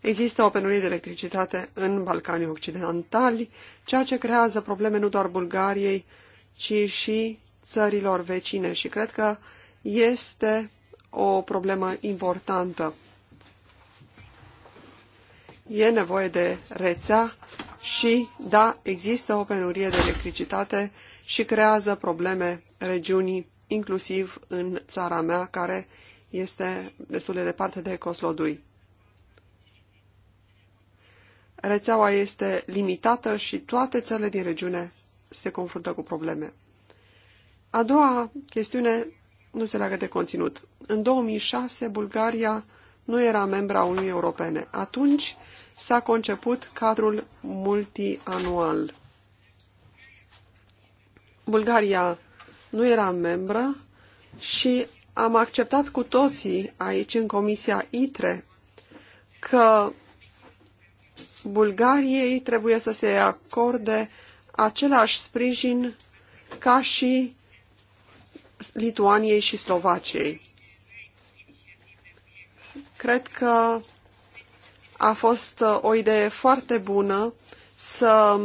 Există o penurie de electricitate în Balcanii Occidentali, ceea ce creează probleme nu doar Bulgariei, ci și țărilor vecine și cred că este o problemă importantă. E nevoie de rețea și, da, există o penurie de electricitate și creează probleme regiunii, inclusiv în țara mea, care este destul de departe de Coslodui. Rețeaua este limitată și toate țările din regiune se confruntă cu probleme. A doua chestiune nu se leagă de conținut. În 2006, Bulgaria nu era membra Uniunii Europene. Atunci s-a conceput cadrul multianual. Bulgaria nu eram membră și am acceptat cu toții aici în Comisia ITRE că Bulgariei trebuie să se acorde același sprijin ca și Lituaniei și Slovaciei. Cred că a fost o idee foarte bună să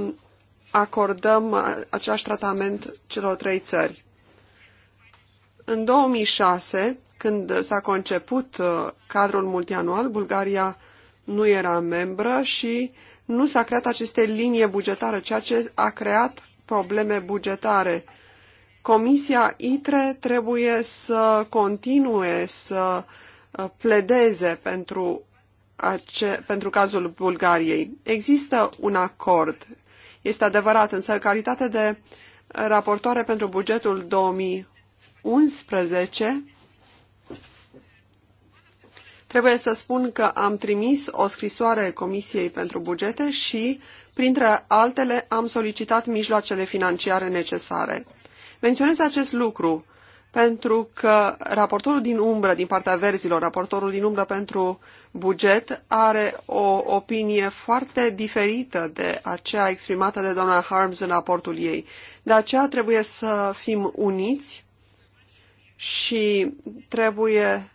acordăm același tratament celor trei țări. În 2006, când s-a conceput uh, cadrul multianual, Bulgaria nu era membră și nu s-a creat aceste linie bugetare, ceea ce a creat probleme bugetare. Comisia ITRE trebuie să continue să uh, pledeze pentru, ace, pentru cazul Bulgariei. Există un acord. Este adevărat, însă în calitate de raportoare pentru bugetul 2000, 11 Trebuie să spun că am trimis o scrisoare Comisiei pentru Bugete și, printre altele, am solicitat mijloacele financiare necesare. Menționez acest lucru pentru că raportorul din umbră, din partea verzilor, raportorul din umbră pentru buget, are o opinie foarte diferită de aceea exprimată de doamna Harms în raportul ei. De aceea trebuie să fim uniți și trebuie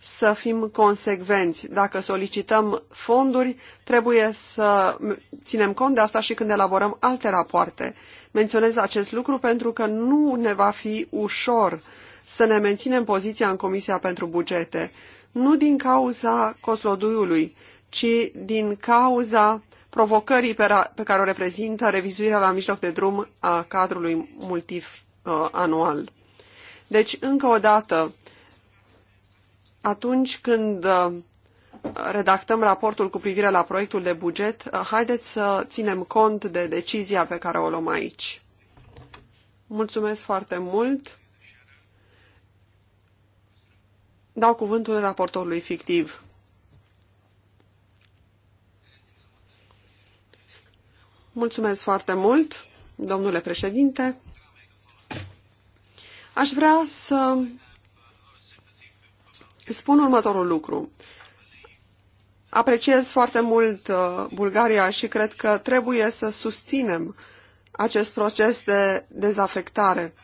să fim consecvenți. Dacă solicităm fonduri, trebuie să ținem cont de asta și când elaborăm alte rapoarte. Menționez acest lucru pentru că nu ne va fi ușor să ne menținem poziția în Comisia pentru Bugete, nu din cauza coslodului, ci din cauza provocării pe care o reprezintă revizuirea la mijloc de drum a cadrului multianual. Deci, încă o dată, atunci când uh, redactăm raportul cu privire la proiectul de buget, uh, haideți să ținem cont de decizia pe care o luăm aici. Mulțumesc foarte mult. Dau cuvântul raportorului fictiv. Mulțumesc foarte mult, domnule președinte. Aș vrea să spun următorul lucru. Apreciez foarte mult uh, Bulgaria și cred că trebuie să susținem acest proces de dezafectare.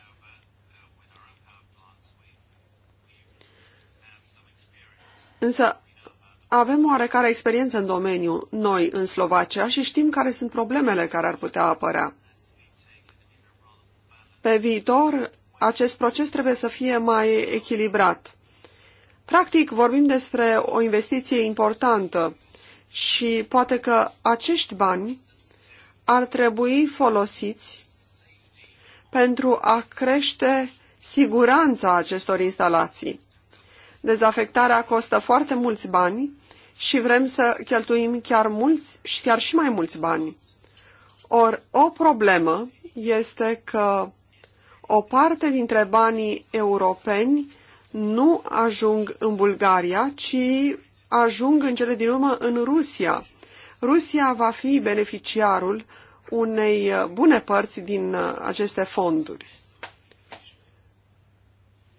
Însă avem oarecare experiență în domeniu, noi, în Slovacia, și știm care sunt problemele care ar putea apărea. Pe viitor acest proces trebuie să fie mai echilibrat. Practic, vorbim despre o investiție importantă și poate că acești bani ar trebui folosiți pentru a crește siguranța acestor instalații. Dezafectarea costă foarte mulți bani și vrem să cheltuim chiar, mulți, și chiar și mai mulți bani. Or, o problemă este că o parte dintre banii europeni nu ajung în Bulgaria, ci ajung în cele din urmă în Rusia. Rusia va fi beneficiarul unei bune părți din aceste fonduri.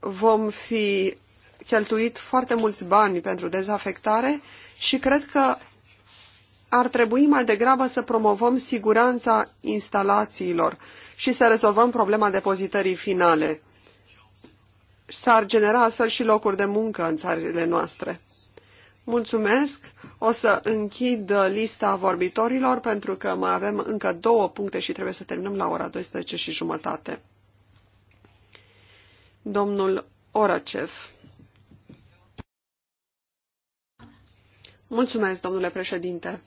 Vom fi cheltuit foarte mulți bani pentru dezafectare și cred că ar trebui mai degrabă să promovăm siguranța instalațiilor și să rezolvăm problema depozitării finale. S-ar genera astfel și locuri de muncă în țările noastre. Mulțumesc! O să închid lista vorbitorilor pentru că mai avem încă două puncte și trebuie să terminăm la ora 12 și jumătate. Domnul Oracev. Mulțumesc, domnule președinte.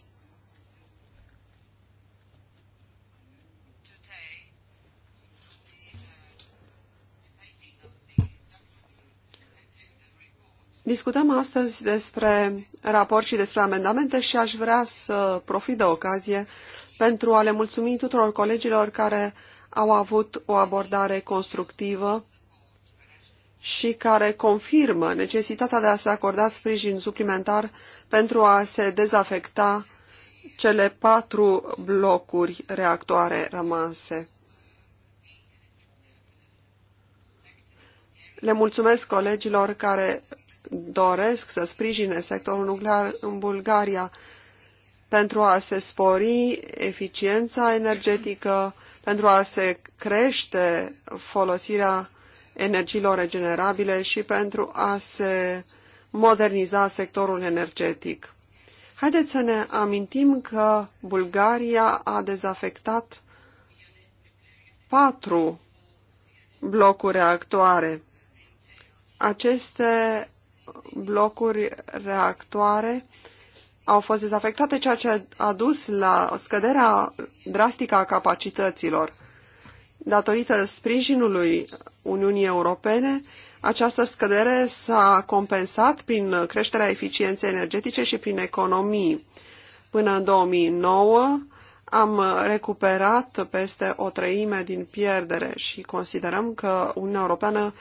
Discutăm astăzi despre raport și despre amendamente și aș vrea să profit de ocazie pentru a le mulțumi tuturor colegilor care au avut o abordare constructivă și care confirmă necesitatea de a se acorda sprijin suplimentar pentru a se dezafecta cele patru blocuri reactoare rămase. Le mulțumesc colegilor care doresc să sprijine sectorul nuclear în Bulgaria pentru a se spori eficiența energetică, pentru a se crește folosirea energiilor regenerabile și pentru a se moderniza sectorul energetic. Haideți să ne amintim că Bulgaria a dezafectat patru blocuri reactoare. Aceste blocuri reactoare au fost dezafectate, ceea ce a dus la scăderea drastică a capacităților. Datorită sprijinului Uniunii Europene, această scădere s-a compensat prin creșterea eficienței energetice și prin economii. Până în 2009 am recuperat peste o treime din pierdere și considerăm că Uniunea Europeană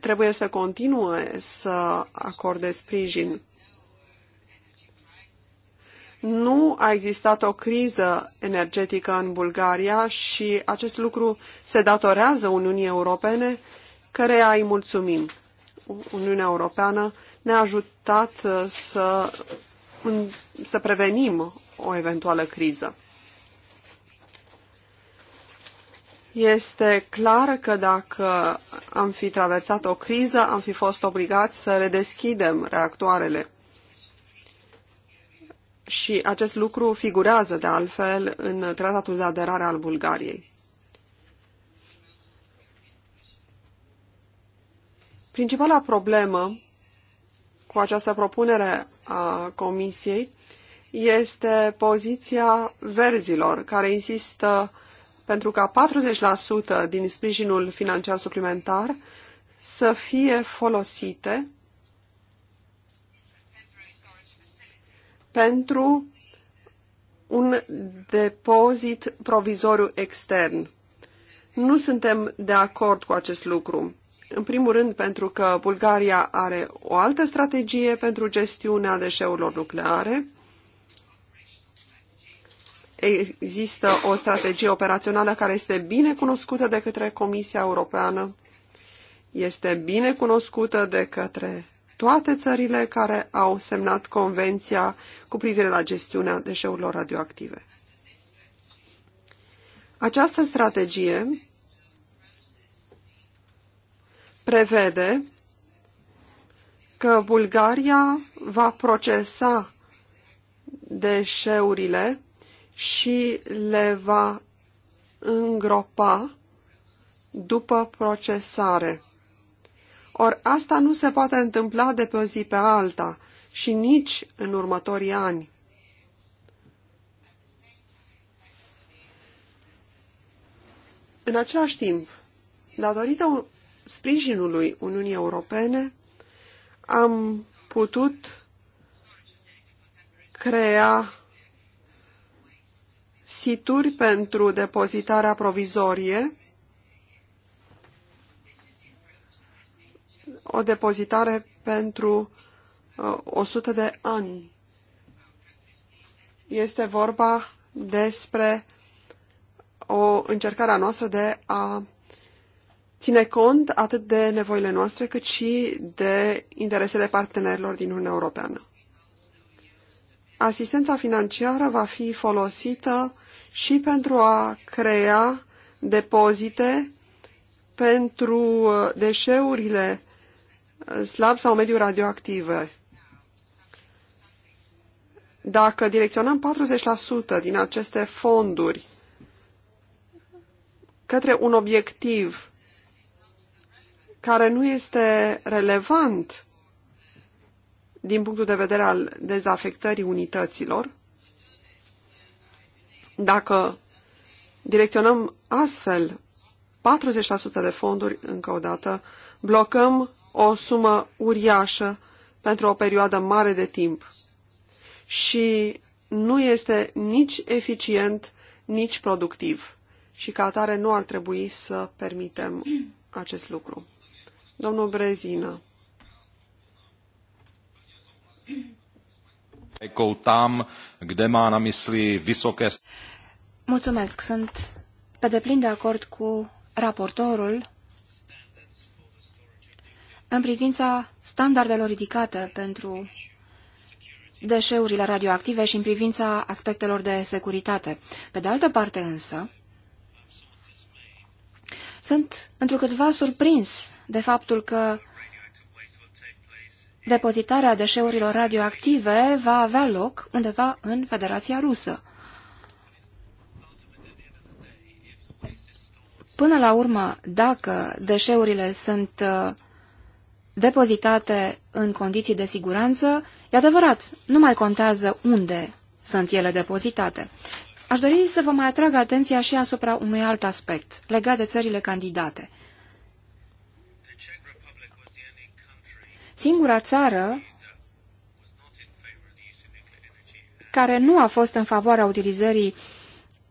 trebuie să continue să acorde sprijin. Nu a existat o criză energetică în Bulgaria și acest lucru se datorează Uniunii Europene, care îi mulțumim. Uniunea Europeană ne-a ajutat să, să prevenim o eventuală criză. Este clar că dacă am fi traversat o criză, am fi fost obligați să redeschidem reactoarele. Și acest lucru figurează, de altfel, în tratatul de aderare al Bulgariei. Principala problemă cu această propunere a Comisiei este poziția verzilor, care insistă pentru ca 40% din sprijinul financiar suplimentar să fie folosite pentru un depozit provizoriu extern. Nu suntem de acord cu acest lucru. În primul rând pentru că Bulgaria are o altă strategie pentru gestiunea deșeurilor nucleare Există o strategie operațională care este bine cunoscută de către Comisia Europeană, este bine cunoscută de către toate țările care au semnat convenția cu privire la gestiunea deșeurilor radioactive. Această strategie prevede că Bulgaria va procesa deșeurile și le va îngropa după procesare. Or, asta nu se poate întâmpla de pe o zi pe alta și nici în următorii ani. În același timp, datorită sprijinului Uniunii Europene, am putut crea situri pentru depozitarea provizorie, o depozitare pentru 100 uh, de ani. Este vorba despre o încercare a noastră de a ține cont atât de nevoile noastre cât și de interesele partenerilor din Uniunea Europeană asistența financiară va fi folosită și pentru a crea depozite pentru uh, deșeurile uh, slab sau mediu radioactive. Dacă direcționăm 40% din aceste fonduri către un obiectiv care nu este relevant din punctul de vedere al dezafectării unităților, dacă direcționăm astfel 40% de fonduri, încă o dată, blocăm o sumă uriașă pentru o perioadă mare de timp. Și nu este nici eficient, nici productiv. Și ca atare nu ar trebui să permitem acest lucru. Domnul Brezină. Tam, kde má na mysli vysoké... Mulțumesc, sunt pe deplin de acord cu raportorul în privința standardelor ridicate pentru deșeurile radioactive și în privința aspectelor de securitate. Pe de altă parte însă, sunt întrucâtva surprins de faptul că depozitarea deșeurilor radioactive va avea loc undeva în Federația Rusă. Până la urmă, dacă deșeurile sunt uh, depozitate în condiții de siguranță, e adevărat, nu mai contează unde sunt ele depozitate. Aș dori să vă mai atrag atenția și asupra unui alt aspect, legat de țările candidate. Singura țară care nu a fost în favoarea utilizării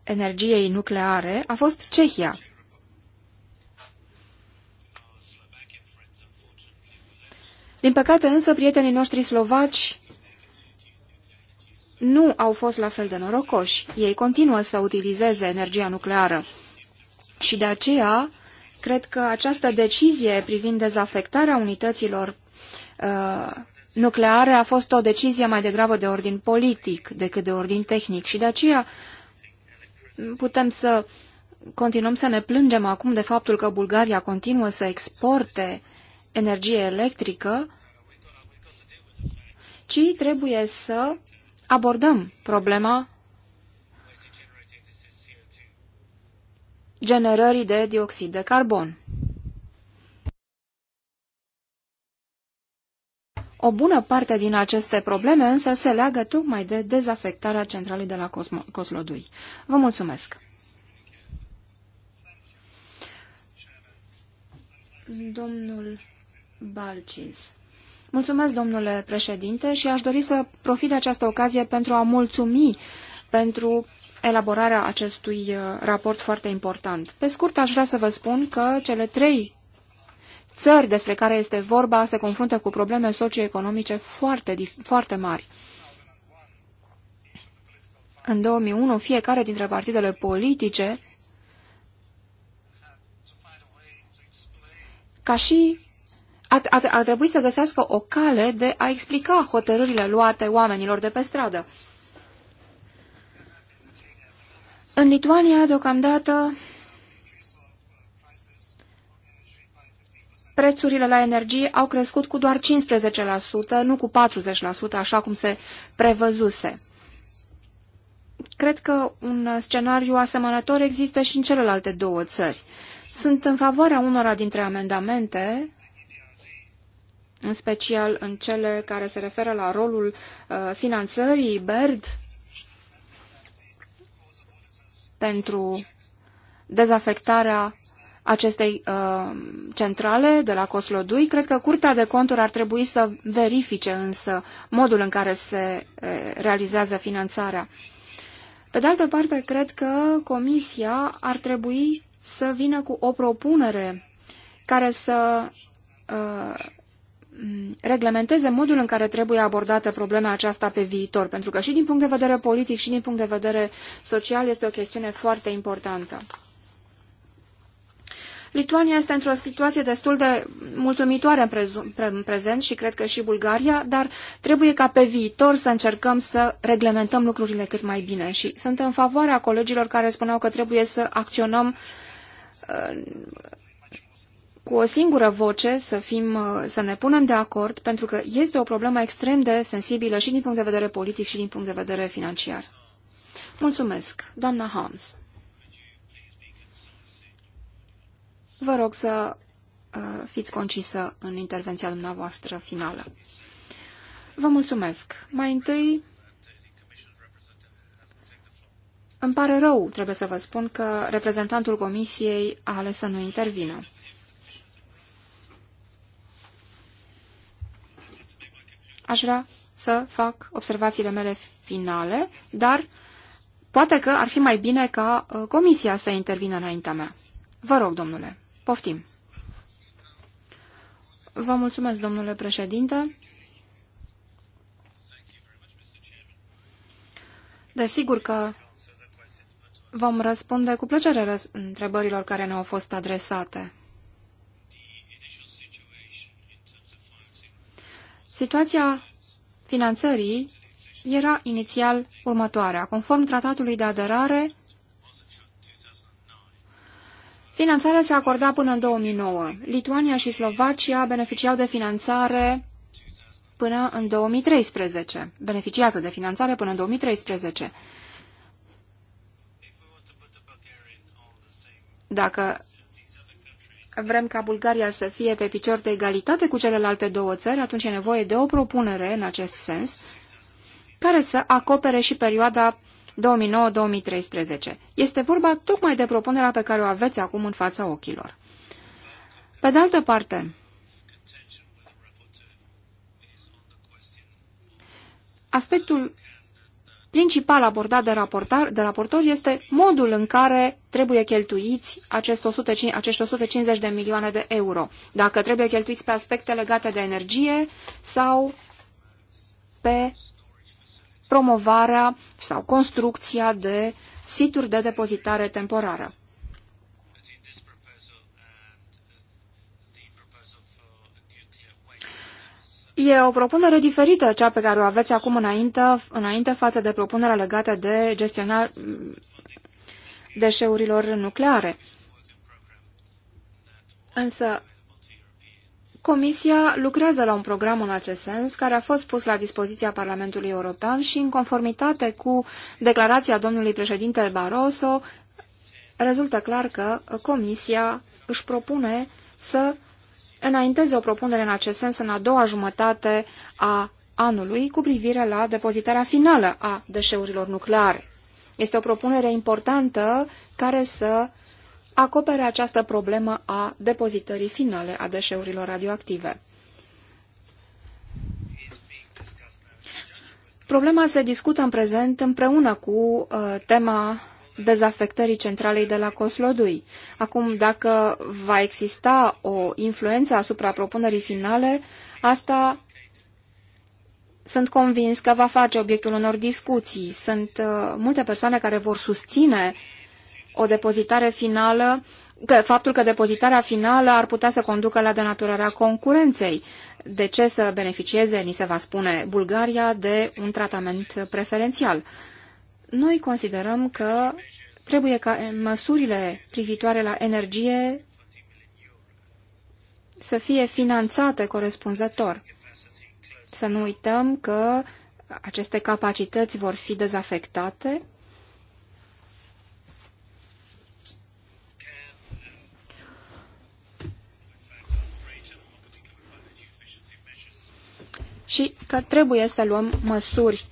energiei nucleare a fost Cehia. Din păcate însă, prietenii noștri slovaci nu au fost la fel de norocoși. Ei continuă să utilizeze energia nucleară. Și de aceea, cred că această decizie privind dezafectarea unităților uh, nucleare a fost o decizie mai degrabă de ordin politic decât de ordin tehnic și de aceea putem să continuăm să ne plângem acum de faptul că Bulgaria continuă să exporte energie electrică, ci trebuie să abordăm problema generării de dioxid de carbon. O bună parte din aceste probleme însă se leagă tocmai de dezafectarea centralei de la Cosmo Coslodui. Vă mulțumesc! Domnul Balcis. Mulțumesc, domnule președinte, și aș dori să profit de această ocazie pentru a mulțumi pentru elaborarea acestui uh, raport foarte important. Pe scurt, aș vrea să vă spun că cele trei țări despre care este vorba se confruntă cu probleme socioeconomice foarte, foarte mari. În 2001, fiecare dintre partidele politice, ca și a, a, a trebuit să găsească o cale de a explica hotărârile luate oamenilor de pe stradă. În Lituania, deocamdată, prețurile la energie au crescut cu doar 15%, nu cu 40%, așa cum se prevăzuse. Cred că un scenariu asemănător există și în celelalte două țări. Sunt în favoarea unora dintre amendamente, în special în cele care se referă la rolul uh, finanțării BERD pentru dezafectarea acestei uh, centrale de la Coslodui. Cred că Curtea de Conturi ar trebui să verifice însă modul în care se uh, realizează finanțarea. Pe de altă parte, cred că Comisia ar trebui să vină cu o propunere care să uh, reglementeze modul în care trebuie abordată problema aceasta pe viitor, pentru că și din punct de vedere politic și din punct de vedere social este o chestiune foarte importantă. Lituania este într-o situație destul de mulțumitoare în, pre în prezent și cred că și Bulgaria, dar trebuie ca pe viitor să încercăm să reglementăm lucrurile cât mai bine și sunt în favoarea colegilor care spuneau că trebuie să acționăm uh, cu o singură voce să, fim, uh, să ne punem de acord, pentru că este o problemă extrem de sensibilă și din punct de vedere politic și din punct de vedere financiar. Mulțumesc, doamna Hans. Vă rog să uh, fiți concisă în intervenția dumneavoastră finală. Vă mulțumesc. Mai întâi, îmi pare rău, trebuie să vă spun, că reprezentantul comisiei a ales să nu intervină. Aș vrea să fac observațiile mele finale, dar poate că ar fi mai bine ca uh, comisia să intervină înaintea mea. Vă rog, domnule. Poftim. Vă mulțumesc, domnule președinte. Desigur că vom răspunde cu plăcere întrebărilor care ne-au fost adresate. Situația finanțării era inițial următoarea. Conform tratatului de aderare, Finanțarea se acorda până în 2009. Lituania și Slovacia beneficiau de finanțare până în 2013. Beneficiază de finanțare până în 2013. Dacă vrem ca Bulgaria să fie pe picior de egalitate cu celelalte două țări, atunci e nevoie de o propunere în acest sens, care să acopere și perioada 2009-2013. Este vorba tocmai de propunerea pe care o aveți acum în fața ochilor. Pe de altă parte, aspectul principal abordat de, raportar, de raportor este modul în care trebuie cheltuiți acești 150 de milioane de euro. Dacă trebuie cheltuiți pe aspecte legate de energie sau pe promovarea sau construcția de situri de depozitare temporară. E o propunere diferită cea pe care o aveți acum înainte, înainte față de propunerea legată de gestionarea mm, deșeurilor nucleare. Însă Comisia lucrează la un program în acest sens, care a fost pus la dispoziția Parlamentului European și, în conformitate cu declarația domnului președinte Barroso, rezultă clar că Comisia își propune să înainteze o propunere în acest sens în a doua jumătate a anului cu privire la depozitarea finală a deșeurilor nucleare. Este o propunere importantă care să acopere această problemă a depozitării finale a deșeurilor radioactive. Problema se discută în prezent împreună cu uh, tema dezafectării centralei de la Coslodui. Acum, dacă va exista o influență asupra propunerii finale, asta sunt convins că va face obiectul unor discuții. Sunt uh, multe persoane care vor susține uh, o depozitare finală, că faptul că depozitarea finală ar putea să conducă la denaturarea concurenței. De ce să beneficieze, ni se va spune, Bulgaria de un tratament preferențial? Noi considerăm că trebuie ca măsurile privitoare la energie să fie finanțate corespunzător. Să nu uităm că aceste capacități vor fi dezafectate și că trebuie să luăm măsuri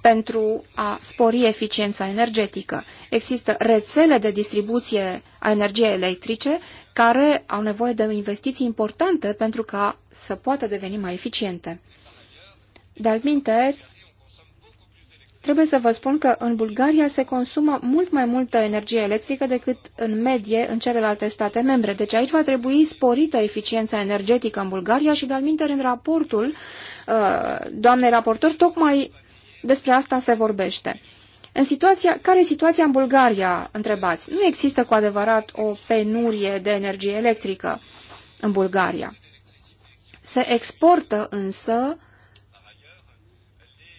pentru a spori eficiența energetică. Există rețele de distribuție a energiei electrice care au nevoie de investiții importante pentru ca să poată deveni mai eficiente. de altminteri, Trebuie să vă spun că în Bulgaria se consumă mult mai multă energie electrică decât în medie în celelalte state membre. Deci aici va trebui sporită eficiența energetică în Bulgaria și, de-al în raportul uh, doamnei raportor, tocmai despre asta se vorbește. În situația, care e situația în Bulgaria, întrebați? Nu există cu adevărat o penurie de energie electrică în Bulgaria. Se exportă însă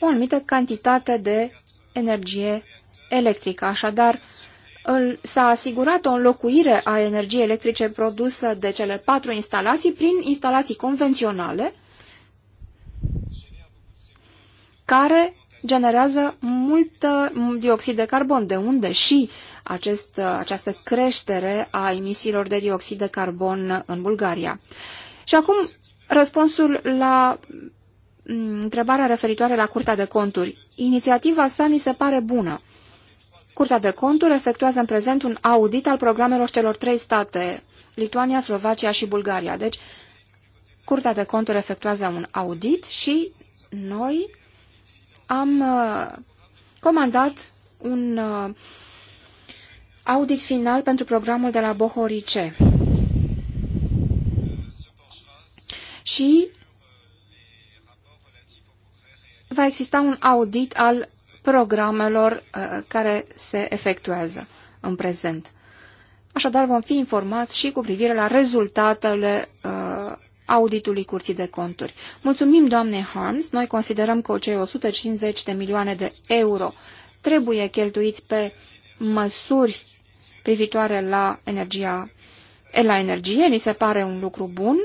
o anumită cantitate de energie electrică. Așadar, s-a asigurat o înlocuire a energiei electrice produsă de cele patru instalații prin instalații convenționale care generează mult dioxid de carbon, de unde și acest, această creștere a emisiilor de dioxid de carbon în Bulgaria. Și acum răspunsul la Mm, întrebarea referitoare la Curtea de Conturi. Inițiativa sa mi se pare bună. Curtea de Conturi efectuează în prezent un audit al programelor celor trei state, Lituania, Slovacia și Bulgaria. Deci, Curtea de Conturi efectuează un audit și noi am uh, comandat un uh, audit final pentru programul de la Bohorice. Și va exista un audit al programelor uh, care se efectuează în prezent. Așadar, vom fi informați și cu privire la rezultatele uh, auditului Curții de Conturi. Mulțumim, doamne Harms, noi considerăm că cei 150 de milioane de euro trebuie cheltuiți pe măsuri privitoare la energia la energie, ni se pare un lucru bun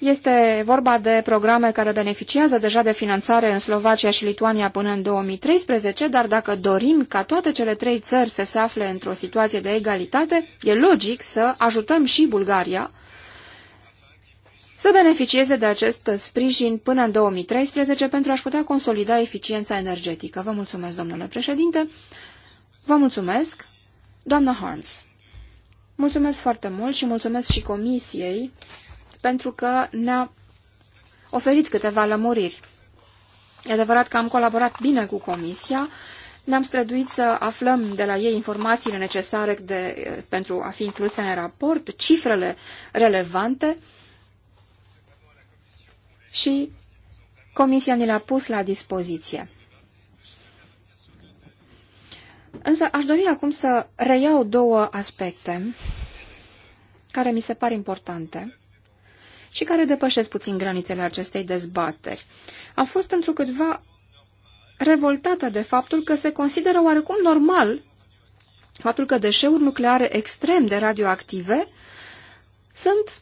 este vorba de programe care beneficiază deja de finanțare în Slovacia și Lituania până în 2013, dar dacă dorim ca toate cele trei țări să se afle într-o situație de egalitate, e logic să ajutăm și Bulgaria să beneficieze de acest sprijin până în 2013 pentru a-și putea consolida eficiența energetică. Vă mulțumesc, domnule președinte. Vă mulțumesc, doamna Harms. Mulțumesc foarte mult și mulțumesc și comisiei pentru că ne-a oferit câteva lămuriri. E adevărat că am colaborat bine cu Comisia, ne-am străduit să aflăm de la ei informațiile necesare de, pentru a fi incluse în raport, cifrele relevante și Comisia ne le-a pus la dispoziție. Însă aș dori acum să reiau două aspecte care mi se par importante și care depășesc puțin granițele acestei dezbateri. Am fost întrucâtva revoltată de faptul că se consideră oarecum normal faptul că deșeuri nucleare extrem de radioactive sunt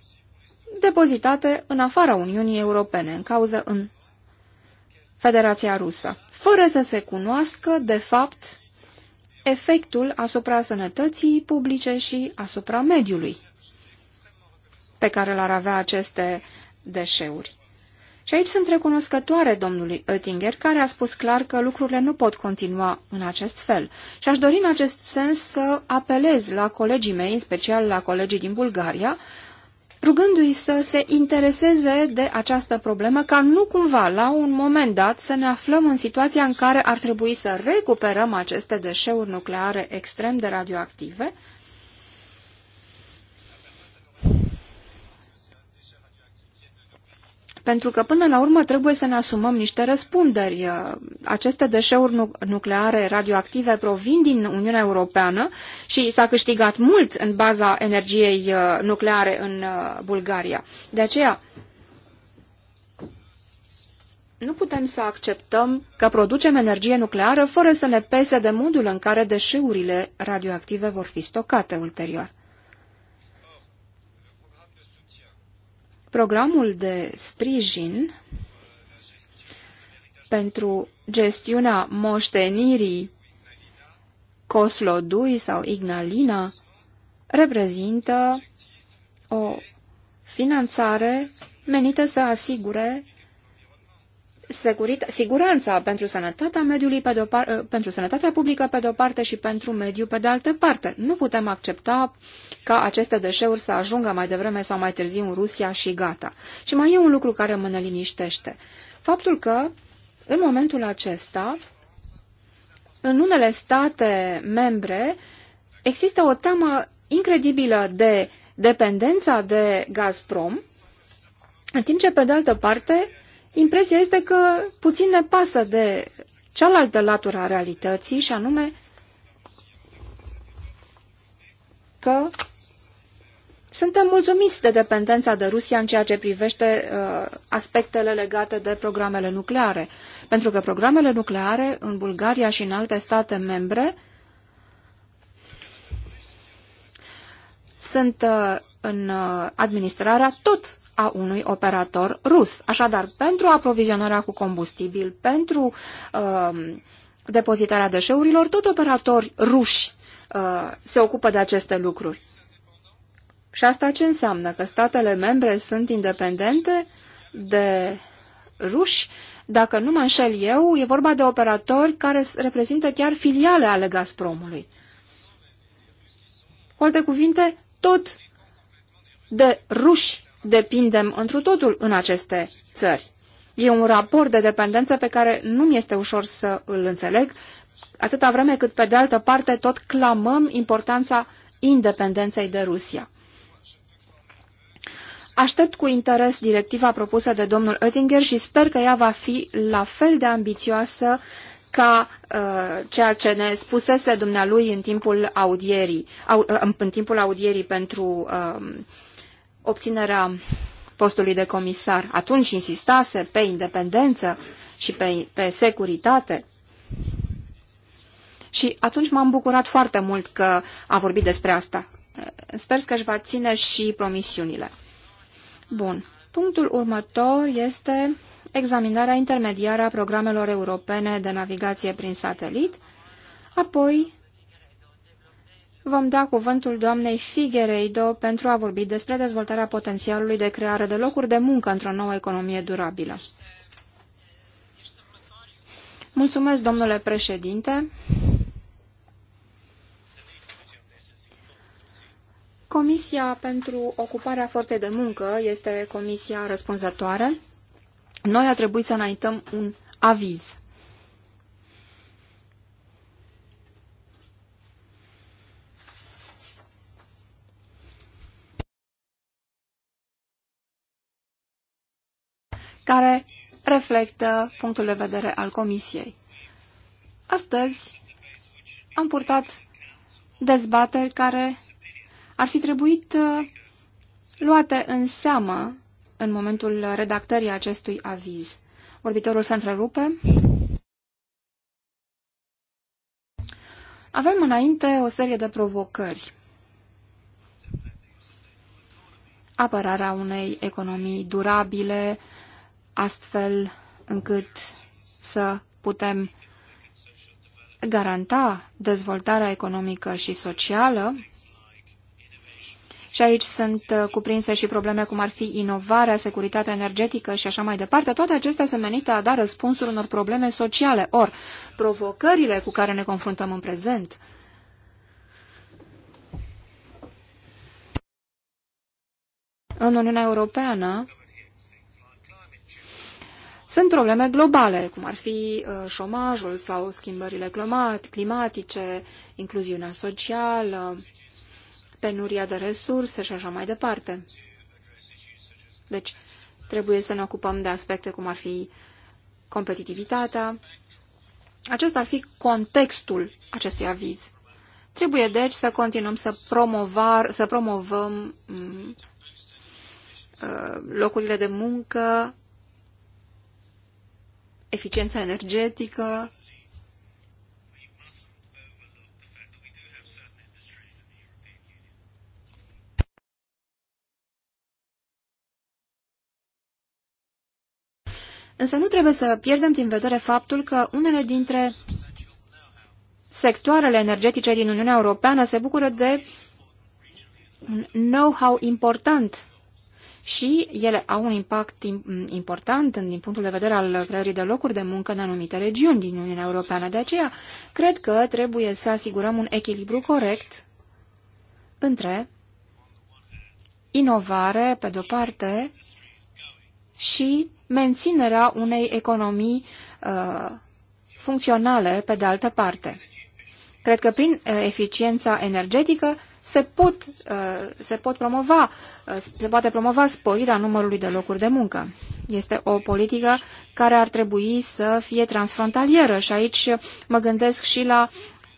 depozitate în afara Uniunii Europene, în cauză în Federația Rusă, fără să se cunoască, de fapt, efectul asupra sănătății publice și asupra mediului pe care l-ar avea aceste deșeuri. Și aici sunt recunoscătoare domnului Oettinger, care a spus clar că lucrurile nu pot continua în acest fel. Și aș dori în acest sens să apelez la colegii mei, în special la colegii din Bulgaria, rugându-i să se intereseze de această problemă, ca nu cumva, la un moment dat, să ne aflăm în situația în care ar trebui să recuperăm aceste deșeuri nucleare extrem de radioactive, pentru că până la urmă trebuie să ne asumăm niște răspunderi. Uh, aceste deșeuri nucleare radioactive provin din Uniunea Europeană și s-a câștigat mult în baza energiei uh, nucleare în uh, Bulgaria. De aceea, nu putem să acceptăm că producem energie nucleară fără să ne pese de modul în care deșeurile radioactive vor fi stocate ulterior. Programul de sprijin pentru gestiunea moștenirii Coslodui sau Ignalina reprezintă o finanțare menită să asigure siguranța pentru sănătatea mediului pe de eh, pentru sănătatea publică pe de-o parte și pentru mediu pe de altă parte. Nu putem accepta ca aceste deșeuri să ajungă mai devreme sau mai târziu în Rusia și gata. Și mai e un lucru care mă neliniștește. Faptul că, în momentul acesta, în unele state membre există o teamă incredibilă de dependența de Gazprom, în timp ce, pe de altă parte, impresia este că puțin ne pasă de cealaltă latură a realității și anume că suntem mulțumiți de dependența de Rusia în ceea ce privește uh, aspectele legate de programele nucleare, pentru că programele nucleare în Bulgaria și în alte state membre sunt uh, în uh, administrarea tot a unui operator rus. Așadar, pentru aprovizionarea cu combustibil, pentru uh, depozitarea deșeurilor, tot operatori ruși uh, se ocupă de aceste lucruri. Și asta ce înseamnă? Că statele membre sunt independente de ruși? Dacă nu mă înșel eu, e vorba de operatori care reprezintă chiar filiale ale Gazpromului. Cu alte cuvinte, tot de ruși depindem întru totul în aceste țări. E un raport de dependență pe care nu mi este ușor să îl înțeleg, atâta vreme cât, pe de altă parte, tot clamăm importanța independenței de Rusia. Aștept cu interes directiva propusă de domnul Oettinger și sper că ea va fi la fel de ambițioasă ca uh, ceea ce ne spusese dumnealui în timpul audierii, au, în, uh, în timpul audierii pentru uh, obținerea postului de comisar. Atunci insistase pe independență și pe, pe securitate. Și atunci m-am bucurat foarte mult că a vorbit despre asta. Sper că își va ține și promisiunile. Bun. Punctul următor este examinarea intermediară a programelor europene de navigație prin satelit, apoi vom da cuvântul doamnei Figueiredo pentru a vorbi despre dezvoltarea potențialului de creare de locuri de muncă într-o nouă economie durabilă. Mulțumesc, domnule președinte. Comisia pentru ocuparea forței de muncă este comisia răspunzătoare. Noi a trebuit să înaintăm un aviz. care reflectă punctul de vedere al Comisiei. Astăzi am purtat dezbateri care ar fi trebuit uh, luate în seamă în momentul redactării acestui aviz. Vorbitorul se întrerupe. Avem înainte o serie de provocări. Apărarea unei economii durabile, astfel încât să putem garanta dezvoltarea economică și socială. Și aici sunt uh, cuprinse și probleme cum ar fi inovarea, securitatea energetică și așa mai departe. Toate acestea se menite a da răspunsuri unor probleme sociale, ori provocările cu care ne confruntăm în prezent. În Uniunea Europeană sunt probleme globale, cum ar fi uh, șomajul sau schimbările climatice, incluziunea socială, penuria de resurse și așa mai departe. Deci, trebuie să ne ocupăm de aspecte cum ar fi competitivitatea. Acesta ar fi contextul acestui aviz. Trebuie, deci, să continuăm să, promovar, să promovăm mm, uh, locurile de muncă eficiența energetică. Însă nu trebuie să pierdem din vedere faptul că unele dintre sectoarele energetice din Uniunea Europeană se bucură de un know-how important și ele au un impact important din punctul de vedere al creării de locuri de muncă în anumite regiuni din Uniunea Europeană. De aceea, cred că trebuie să asigurăm un echilibru corect între inovare, pe de-o parte, și menținerea unei economii uh, funcționale, pe de altă parte. Cred că prin uh, eficiența energetică se pot, uh, se pot promova, uh, se poate promova sporirea numărului de locuri de muncă. Este o politică care ar trebui să fie transfrontalieră și aici mă gândesc și la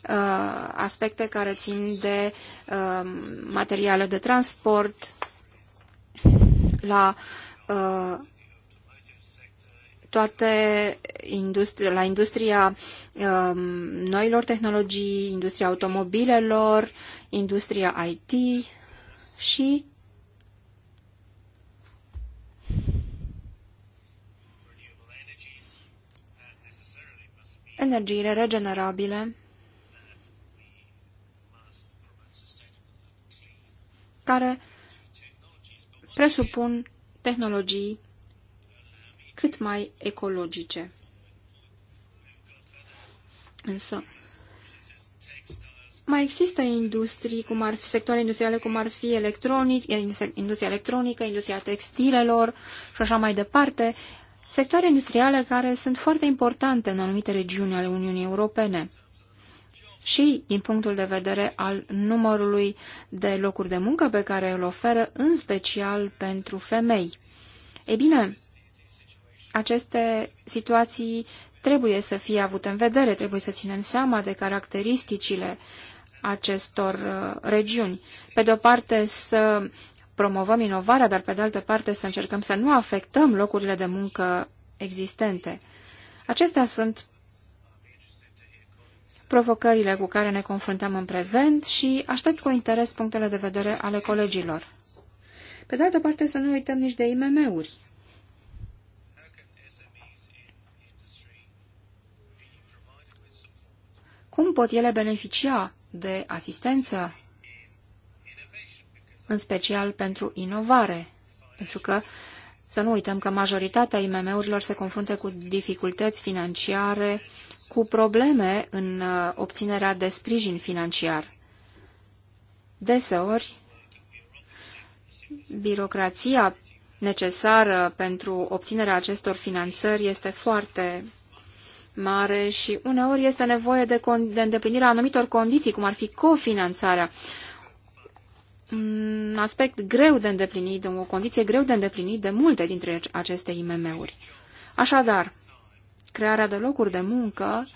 uh, aspecte care țin de materiale de transport, la toate industri- la industria um, noilor tehnologii, industria automobilelor, industria IT și energiile regenerabile care presupun tehnologii cât mai ecologice. Însă, mai există industrii, cum ar fi, sectoare industriale cum ar fi electronic, industria electronică, industria textilelor și așa mai departe, sectoare industriale care sunt foarte importante în anumite regiuni ale Uniunii Europene și din punctul de vedere al numărului de locuri de muncă pe care îl oferă, în special pentru femei. Ei bine, aceste situații trebuie să fie avute în vedere, trebuie să ținem seama de caracteristicile acestor uh, regiuni. Pe de o parte să promovăm inovarea, dar pe de altă parte să încercăm să nu afectăm locurile de muncă existente. Acestea sunt provocările cu care ne confruntăm în prezent și aștept cu interes punctele de vedere ale colegilor. Pe de altă parte, să nu uităm nici de IMM-uri. Cum pot ele beneficia de asistență, în special pentru inovare? Pentru că să nu uităm că majoritatea IMM-urilor se confruntă cu dificultăți financiare, cu probleme în uh, obținerea de sprijin financiar. Deseori, birocrația necesară pentru obținerea acestor finanțări este foarte mare și uneori este nevoie de, de îndeplinirea anumitor condiții, cum ar fi cofinanțarea. Un aspect greu de îndeplinit, o condiție greu de îndeplinit de multe dintre aceste IMM-uri. Așadar, crearea de locuri de muncă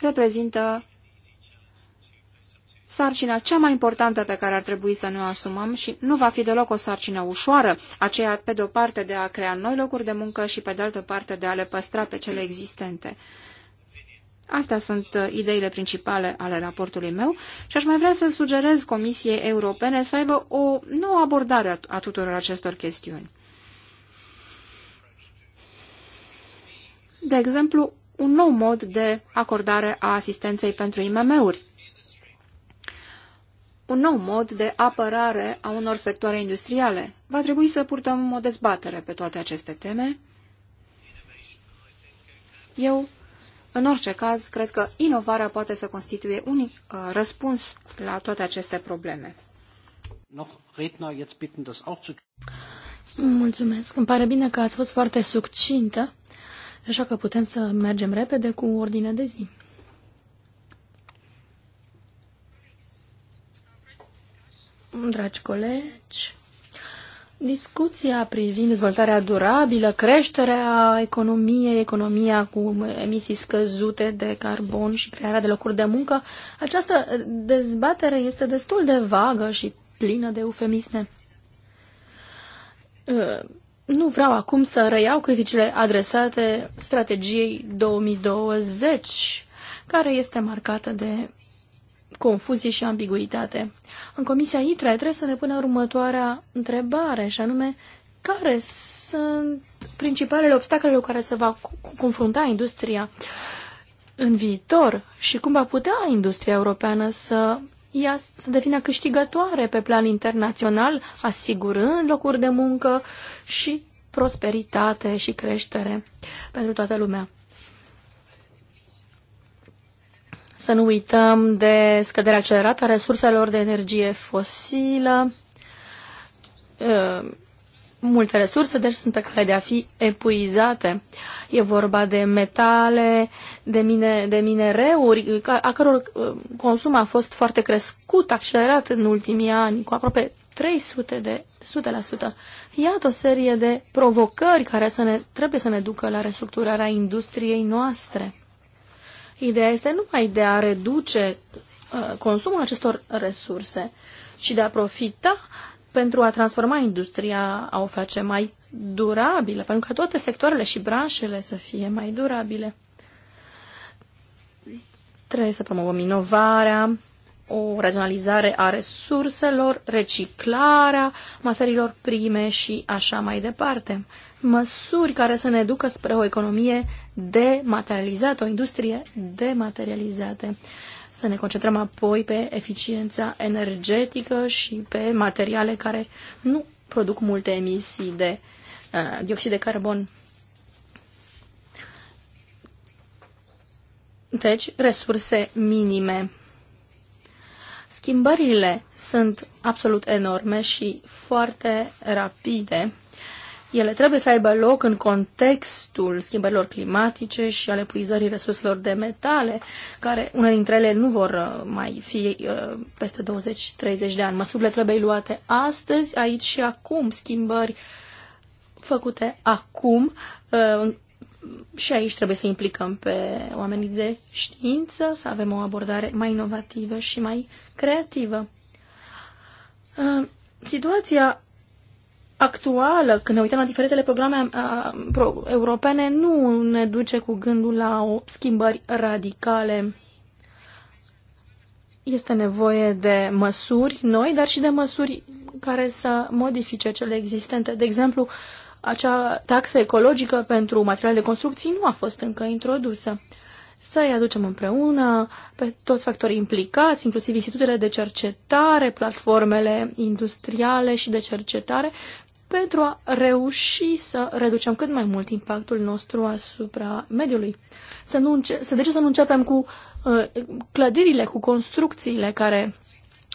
reprezintă sarcina cea mai importantă pe care ar trebui să ne o asumăm și nu va fi deloc o sarcină ușoară, aceea pe de o parte de a crea noi locuri de muncă și pe de altă parte de a le păstra pe cele existente. Astea sunt uh, ideile principale ale raportului meu și aș mai vrea să sugerez Comisiei Europene să aibă o nouă abordare a tuturor acestor chestiuni. De exemplu, un nou mod de acordare a asistenței pentru IMM-uri, un nou mod de apărare a unor sectoare industriale. Va trebui să purtăm o dezbatere pe toate aceste teme. Eu în orice caz, cred că inovarea poate să constituie un uh, răspuns la toate aceste probleme. Mulțumesc. Îmi pare bine că ați fost foarte succintă, așa că putem să mergem repede cu ordinea de zi. Dragi colegi, Discuția privind dezvoltarea durabilă, creșterea economiei, economia cu emisii scăzute de carbon și crearea de locuri de muncă, această dezbatere este destul de vagă și plină de eufemisme. Ă, nu vreau acum să reiau criticile adresate strategiei 2020, care este marcată de confuzie și ambiguitate. În Comisia ITRE trebuie să ne punem următoarea întrebare, și anume, care sunt principalele obstacole cu care se va confrunta industria în viitor și cum va putea industria europeană să ia să devină câștigătoare pe plan internațional, asigurând locuri de muncă și prosperitate și creștere pentru toată lumea. Să nu uităm de scăderea accelerată a resurselor de energie fosilă. Multe resurse, deci, sunt pe cale de a fi epuizate. E vorba de metale, de, mine, de minereuri, a căror consum a fost foarte crescut, accelerat în ultimii ani, cu aproape 300 de 100%. Iată o serie de provocări care să ne, trebuie să ne ducă la restructurarea industriei noastre. Ideea este numai de a reduce uh, consumul acestor resurse, ci de a profita pentru a transforma industria, a o face mai durabilă, pentru ca toate sectoarele și branșele să fie mai durabile. Trebuie să promovăm inovarea, o raționalizare a resurselor, reciclarea materiilor prime și așa mai departe. Măsuri care să ne ducă spre o economie dematerializată, o industrie dematerializată. Să ne concentrăm apoi pe eficiența energetică și pe materiale care nu produc multe emisii de uh, dioxid de carbon. Deci, resurse minime Schimbările sunt absolut enorme și foarte rapide. Ele trebuie să aibă loc în contextul schimbărilor climatice și ale puizării resurselor de metale, care una dintre ele nu vor uh, mai fi uh, peste 20-30 de ani. Măsurile trebuie luate astăzi, aici și acum, schimbări făcute acum uh, și aici trebuie să implicăm pe oamenii de știință, să avem o abordare mai inovativă și mai creativă. Situația actuală, când ne uităm la diferitele programe europene, nu ne duce cu gândul la o schimbări radicale. Este nevoie de măsuri noi, dar și de măsuri care să modifice cele existente. De exemplu, uh, acea taxă ecologică pentru materiale de construcții nu a fost încă introdusă. Să-i aducem împreună pe toți factorii implicați, inclusiv institutele de cercetare, platformele industriale și de cercetare, pentru a reuși să reducem cât mai mult impactul nostru asupra mediului. Să nu înce- să, de ce să nu începem cu uh, clădirile, cu construcțiile care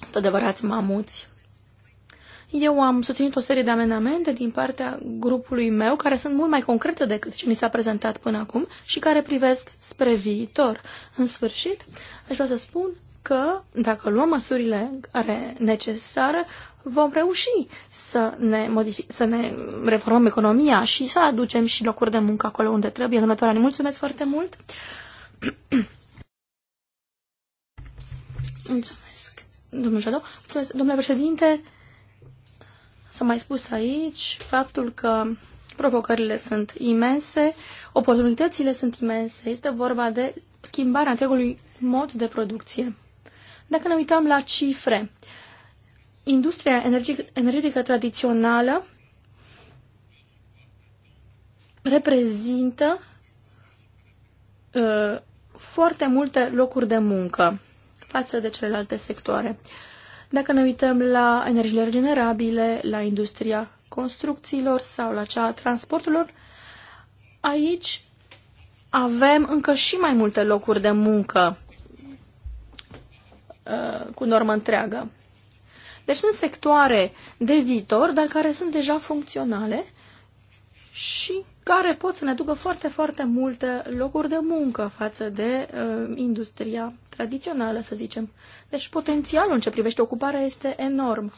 sunt adevărați mamuți eu am susținut o serie de amendamente din partea grupului meu care sunt mult mai concrete decât ce mi s-a prezentat până acum și care privesc spre viitor. În sfârșit, aș vrea să spun că dacă luăm măsurile care necesară, vom reuși să ne, modific- să ne reformăm economia și să aducem și locuri de muncă acolo unde trebuie. Domnul mulțumesc foarte mult! mulțumesc, Jadot. Mulțumesc, domnule președinte. S-a mai spus aici faptul că provocările sunt imense, oportunitățile sunt imense, este vorba de schimbarea întregului mod de producție. Dacă ne uităm la cifre, industria energetică, tradițională reprezintă uh, foarte multe locuri de muncă față de celelalte sectoare. Uh, dacă ne uităm la energiile regenerabile, la industria construcțiilor sau la cea a transporturilor, aici avem încă și mai multe locuri de muncă uh, cu normă întreagă. Deci sunt sectoare de viitor, dar care sunt deja funcționale și care pot să ne ducă foarte, foarte multe locuri de muncă față de uh, industria tradițională, să zicem. Deci potențialul în ce privește ocuparea este enorm.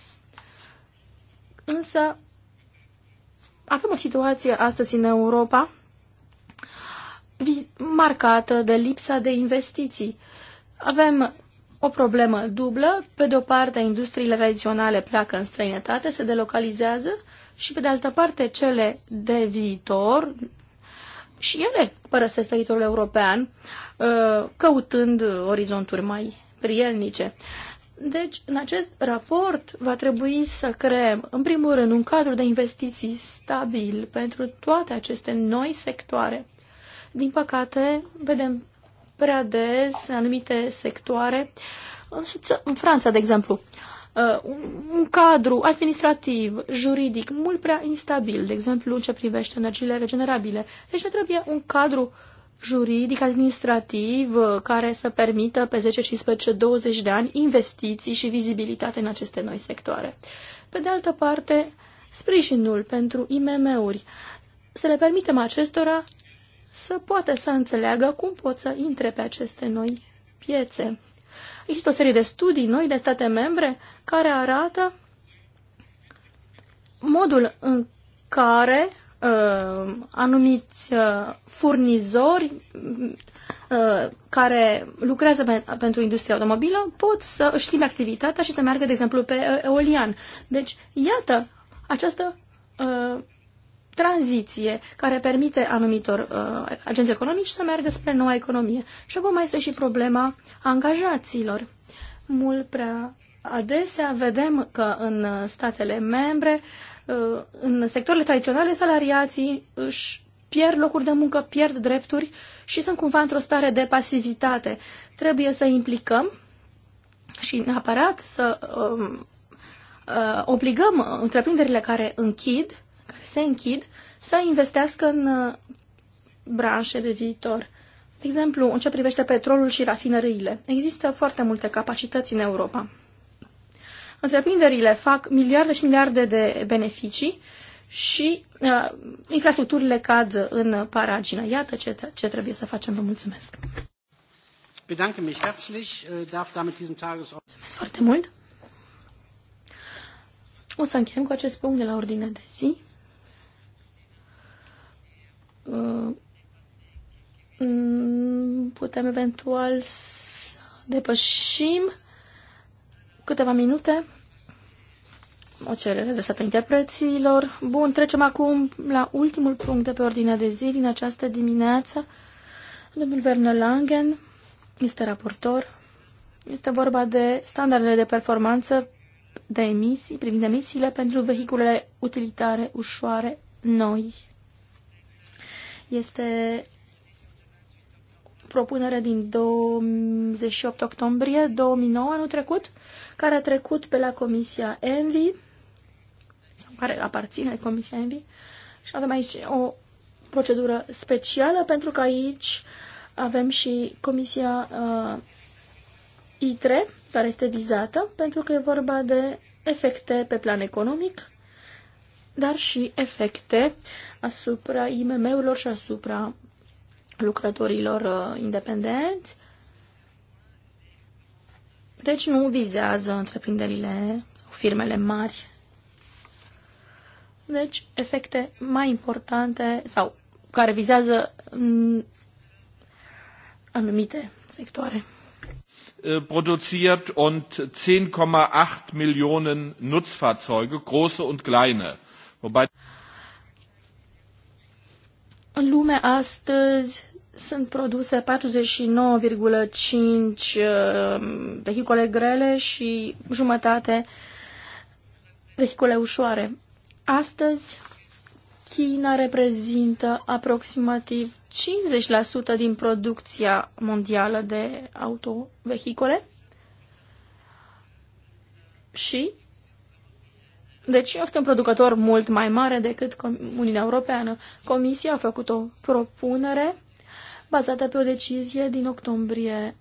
Însă avem o situație astăzi în Europa marcată de lipsa de investiții. Avem o problemă dublă. Pe de o parte, industriile tradiționale pleacă în străinătate, se delocalizează și pe de altă parte, cele de viitor și ele părăsesc teritoriul european uh, căutând orizonturi mai prielnice. Deci, în acest raport va trebui să creăm, în primul rând, un cadru de investiții stabil pentru toate aceste noi sectoare. Din păcate, vedem prea des în anumite sectoare. În Franța, de exemplu, uh, un cadru administrativ, juridic, mult prea instabil, de exemplu, în ce privește energiile regenerabile. Deci ne trebuie un cadru juridic, administrativ, uh, care să permită pe 10, 15, 20 de ani investiții și vizibilitate în aceste noi sectoare. Pe de altă parte, sprijinul pentru IMM-uri. Să le permitem acestora să poată să înțeleagă cum pot să intre pe aceste noi piețe. Există o serie de studii noi de state membre care arată modul în care uh, anumiți uh, furnizori uh, care lucrează pe, pentru industria automobilă pot să își activitatea și să meargă, de exemplu, pe uh, eolian. Deci, iată, această uh, tranziție care permite anumitor uh, agenți economici să meargă spre noua economie. Și acum mai este și problema angajaților. Mult prea adesea vedem că în statele membre, uh, în sectoarele tradiționale, salariații își pierd locuri de muncă, pierd drepturi și sunt cumva într-o stare de pasivitate. Trebuie să implicăm și neapărat să um, uh, obligăm întreprinderile care închid se închid să investească în uh, branșe de viitor. De exemplu, în ce privește petrolul și rafinăriile, există foarte multe capacități în Europa. Întreprinderile fac miliarde și miliarde de beneficii și uh, infrastructurile cad în paragină. Iată ce, ce trebuie să facem. Vă mulțumesc! Bedanke mich herzlich, äh, darf damit diesen Mulțumesc foarte mult! O să încheiem cu acest punct de la ordinea de zi. Mm, putem eventual să depășim câteva minute o cerere de sat interpreților. Bun, trecem acum la ultimul punct de pe ordinea de zi din această dimineață. Domnul Werner Langen este raportor. Este vorba de standardele de performanță de emisii, privind emisiile pentru vehiculele utilitare ușoare noi. Este propunere din 28 octombrie 2009, anul trecut, care a trecut pe la Comisia Envi, sau care aparține Comisia Envi, și avem aici o procedură specială, pentru că aici avem și Comisia uh, ITRE, care este vizată, pentru că e vorba de efecte pe plan economic dar și efecte asupra IMM-urilor și asupra lucrătorilor uh, independenți. Deci nu vizează întreprinderile, sau firmele mari. Deci efecte mai importante sau care vizează anumite sectoare. Äh, produziert und 10,8 Millionen Nutzfahrzeuge, große und kleine. În lume astăzi sunt produse 49,5 uh, vehicule grele și jumătate vehicule ușoare. Astăzi, China reprezintă aproximativ 50% din producția mondială de autovehicule și deci sunt un producător mult mai mare decât Uniunea Europeană. Comisia a făcut o propunere bazată pe o decizie din octombrie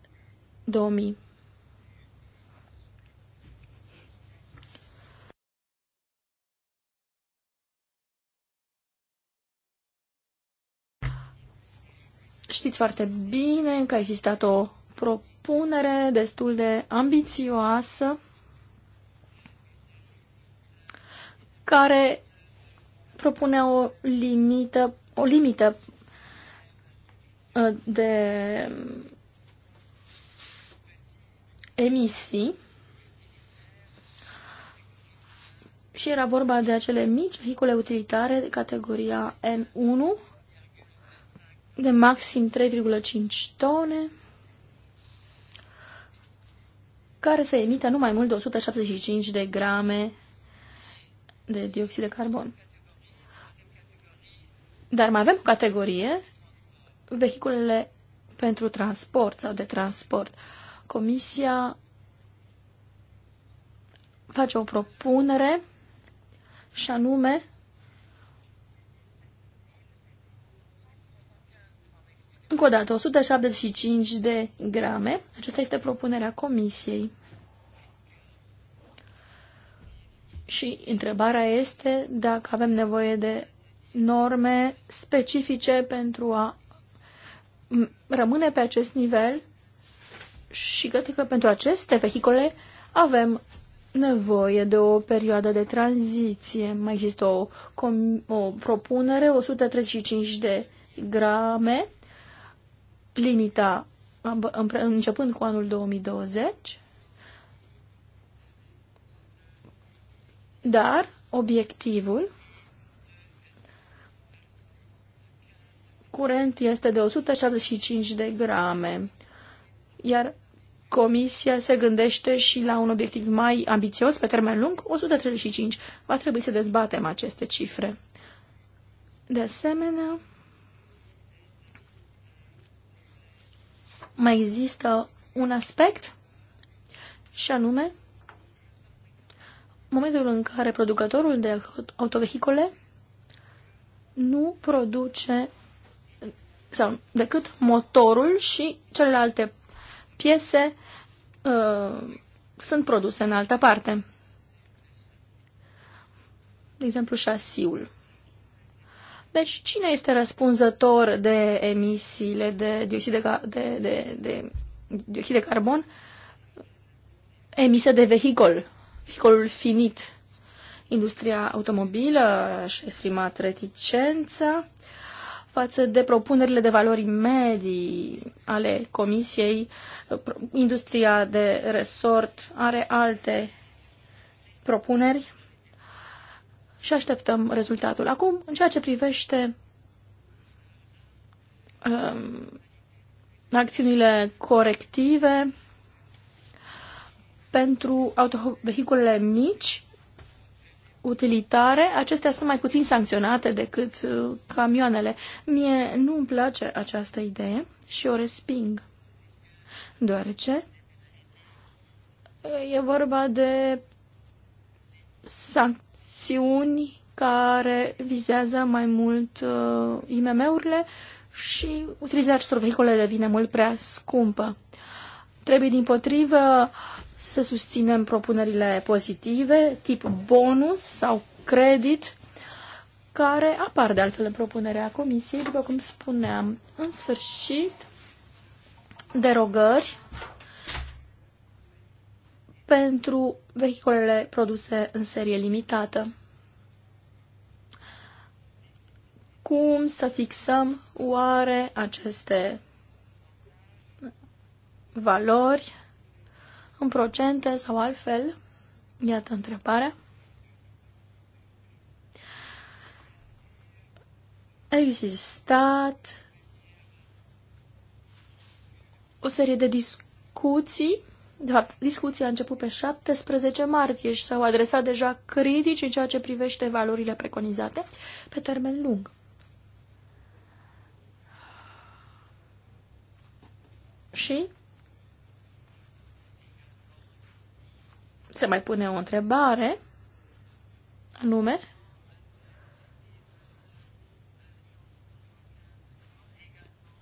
2000. Știți foarte bine că a existat o propunere destul de ambițioasă care propune o limită, o limită uh, de emisii și era vorba de acele mici vehicule utilitare de categoria N1 de maxim 3,5 tone care se emită nu mai mult de 175 de grame de dioxid de carbon. Dar mai avem o categorie, vehiculele pentru transport sau de transport. Comisia face o propunere și anume încă o dată 175 de grame. Aceasta este propunerea comisiei. Și întrebarea este dacă avem nevoie de norme specifice pentru a rămâne pe acest nivel și cred că pentru aceste vehicole avem nevoie de o perioadă de tranziție. Mai există o, o propunere, 135 de grame, limita începând cu anul 2020 Dar obiectivul curent este de 175 de grame, iar Comisia se gândește și la un obiectiv mai ambițios pe termen lung, 135. Va trebui să dezbatem aceste cifre. De asemenea, mai există un aspect și anume momentul în care producătorul de autovehicole nu produce sau decât motorul și celelalte piese uh, sunt produse în altă parte. De exemplu, șasiul. Deci, cine este răspunzător de emisiile de dioxid de, de, de, de, dioxid de carbon emise de vehicol? vehiculul finit. Industria automobilă și exprimat reticența față de propunerile de valori medii ale Comisiei. Industria de resort are alte propuneri și așteptăm rezultatul. Acum, în ceea ce privește um, acțiunile corective, pentru autovehiculele mici, utilitare, acestea sunt mai puțin sancționate decât uh, camioanele. Mie nu îmi place această idee și o resping, deoarece uh, e vorba de sancțiuni care vizează mai mult uh, IMM-urile și utilizarea acestor vehicule devine mult prea scumpă. Trebuie din potrivă uh, să susținem propunerile pozitive, tip bonus sau credit, care apar de altfel în propunerea comisiei, după cum spuneam. În sfârșit, derogări pentru vehiculele produse în serie limitată. Cum să fixăm oare aceste valori în procente sau altfel? Iată întrebarea. A existat o serie de discuții. De fapt, discuția a început pe 17 martie și s-au adresat deja critici în ceea ce privește valorile preconizate pe termen lung. Și se mai pune o întrebare, anume,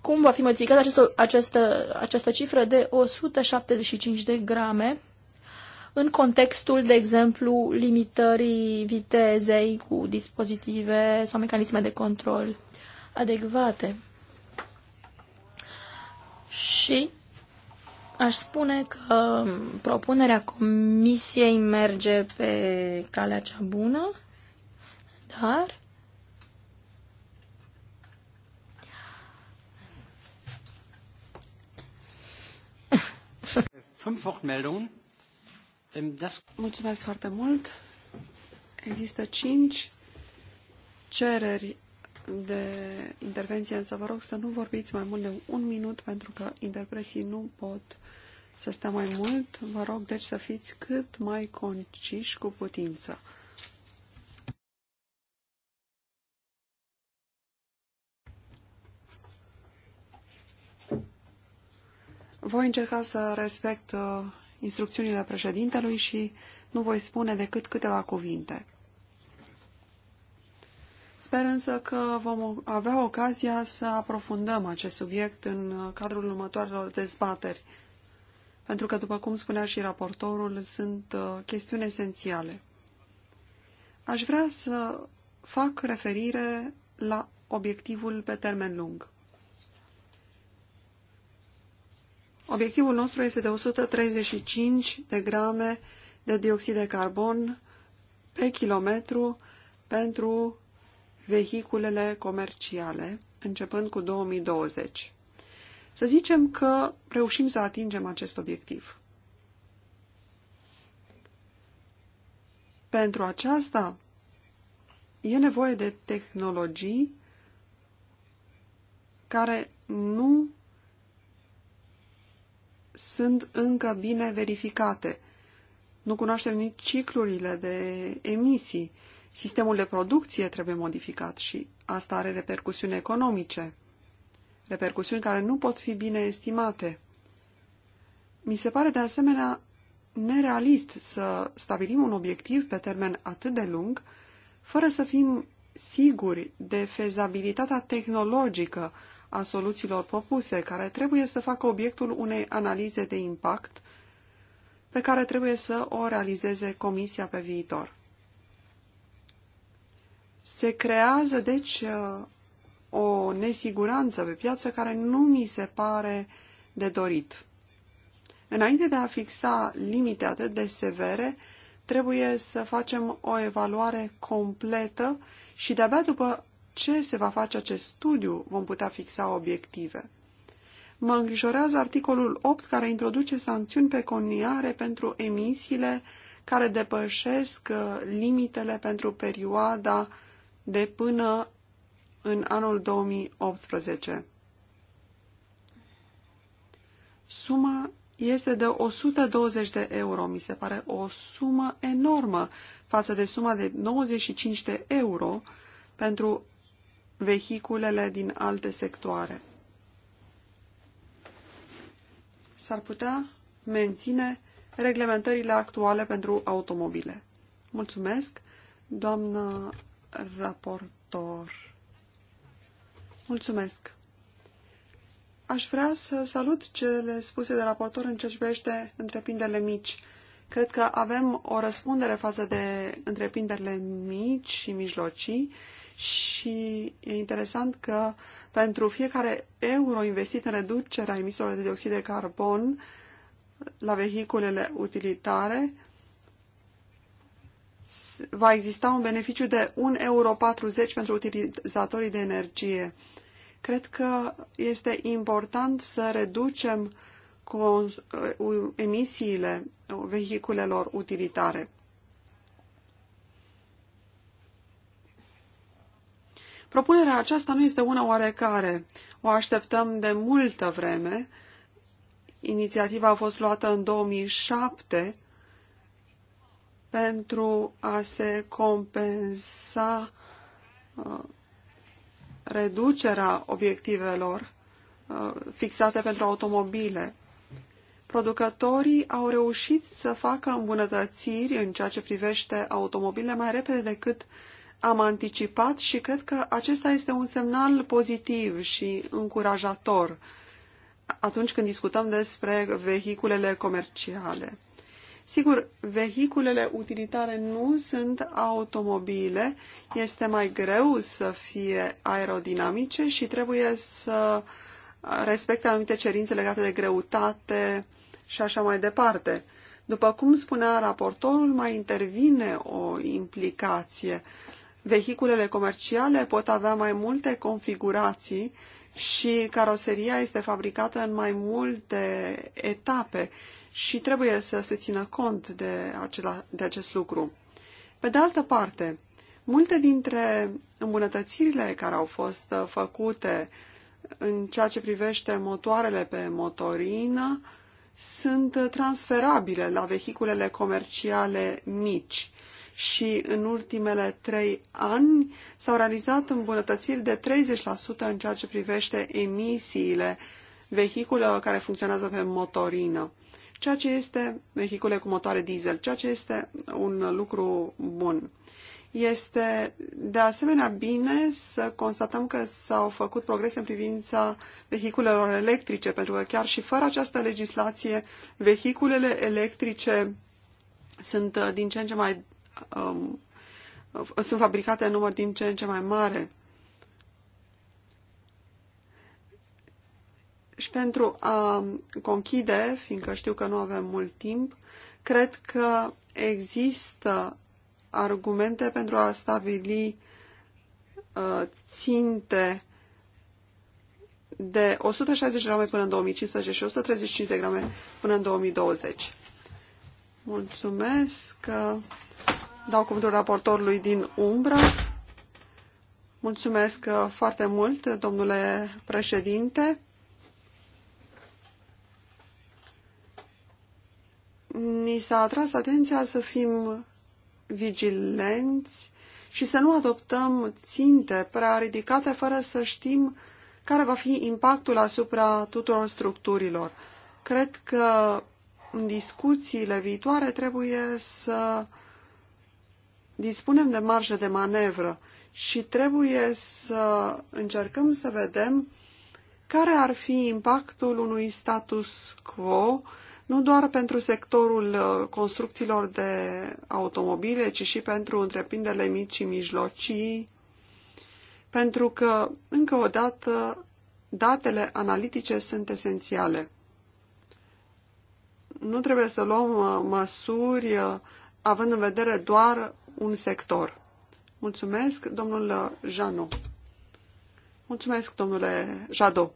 cum va fi modificată această, această, această cifră de 175 de grame în contextul, de exemplu, limitării vitezei cu dispozitive sau mecanisme de control adecvate. Și Aș spune că um, propunerea comisiei merge pe calea cea bună, dar ähm, Mulțumesc foarte mult. Există cinci cereri de intervenție, însă vă rog să nu vorbiți mai mult de un minut pentru că interpreții nu pot să stea mai mult. Vă rog, deci, să fiți cât mai conciși cu putință. Voi încerca să respect uh, instrucțiunile președintelui și nu voi spune decât câteva cuvinte. Sper însă că vom avea ocazia să aprofundăm acest subiect în uh, cadrul următoarelor dezbateri pentru că, după cum spunea și raportorul, sunt uh, chestiuni esențiale. Aș vrea să fac referire la obiectivul pe termen lung. Obiectivul nostru este de 135 de grame de dioxid de carbon pe kilometru pentru vehiculele comerciale, începând cu 2020. Să zicem că reușim să atingem acest obiectiv. Pentru aceasta e nevoie de tehnologii care nu sunt încă bine verificate. Nu cunoaștem nici ciclurile de emisii. Sistemul de producție trebuie modificat și asta are repercusiuni economice repercusiuni care nu pot fi bine estimate. Mi se pare de asemenea nerealist să stabilim un obiectiv pe termen atât de lung, fără să fim siguri de fezabilitatea tehnologică a soluțiilor propuse, care trebuie să facă obiectul unei analize de impact pe care trebuie să o realizeze Comisia pe viitor. Se creează, deci, o nesiguranță pe piață care nu mi se pare de dorit. Înainte de a fixa limite atât de severe, trebuie să facem o evaluare completă și de-abia după ce se va face acest studiu vom putea fixa obiective. Mă îngrijorează articolul 8 care introduce sancțiuni pecuniare pentru emisiile care depășesc uh, limitele pentru perioada de până în anul 2018. Suma este de 120 de euro. Mi se pare o sumă enormă față de suma de 95 de euro pentru vehiculele din alte sectoare. S-ar putea menține reglementările actuale pentru automobile. Mulțumesc, doamnă raportor. Mulțumesc. Aș vrea să salut cele spuse de raportor în ce privește întreprinderile mici. Cred că avem o răspundere față de întreprinderile mici și mijlocii și e interesant că pentru fiecare euro investit în reducerea emisiilor de dioxid de carbon la vehiculele utilitare, va exista un beneficiu de 1,40 euro pentru utilizatorii de energie. Cred că este important să reducem uh, emisiile vehiculelor utilitare. Propunerea aceasta nu este una oarecare. O așteptăm de multă vreme. Inițiativa a fost luată în 2007 pentru a se compensa uh, reducerea obiectivelor uh, fixate pentru automobile. Producătorii au reușit să facă îmbunătățiri în ceea ce privește automobile mai repede decât am anticipat și cred că acesta este un semnal pozitiv și încurajator atunci când discutăm despre vehiculele comerciale. Sigur, vehiculele utilitare nu sunt automobile, este mai greu să fie aerodinamice și trebuie să respecte anumite cerințe legate de greutate și așa mai departe. După cum spunea raportorul, mai intervine o implicație. Vehiculele comerciale pot avea mai multe configurații și caroseria este fabricată în mai multe etape și trebuie să se țină cont de, acela, de acest lucru. Pe de altă parte, multe dintre îmbunătățirile care au fost uh, făcute în ceea ce privește motoarele pe motorină sunt uh, transferabile la vehiculele comerciale mici și în ultimele trei ani s-au realizat îmbunătățiri de 30% în ceea ce privește emisiile vehiculelor care funcționează pe motorină ceea ce este vehicule cu motoare diesel, ceea ce este un lucru bun. Este de asemenea bine să constatăm că s-au făcut progrese în privința vehiculelor electrice, pentru că chiar și fără această legislație, vehiculele electrice sunt uh, din ce în ce mai um, sunt fabricate în număr din ce în ce mai mare. Și pentru a conchide, fiindcă știu că nu avem mult timp, cred că există argumente pentru a stabili uh, ținte de 160 grame până în 2015 și 135 de grame până în 2020. Mulțumesc. Uh, dau cuvântul raportorului din Umbra. Mulțumesc uh, foarte mult, domnule președinte. ni s-a atras atenția să fim vigilenți și să nu adoptăm ținte prea ridicate fără să știm care va fi impactul asupra tuturor structurilor. Cred că în discuțiile viitoare trebuie să dispunem de marjă de manevră și trebuie să încercăm să vedem care ar fi impactul unui status quo nu doar pentru sectorul uh, construcțiilor de automobile, ci și pentru întreprinderile mici și mijlocii, pentru că, încă o dată, datele analitice sunt esențiale. Nu trebuie să luăm uh, măsuri uh, având în vedere doar un sector. Mulțumesc, domnul Jano. Mulțumesc, domnule Jado.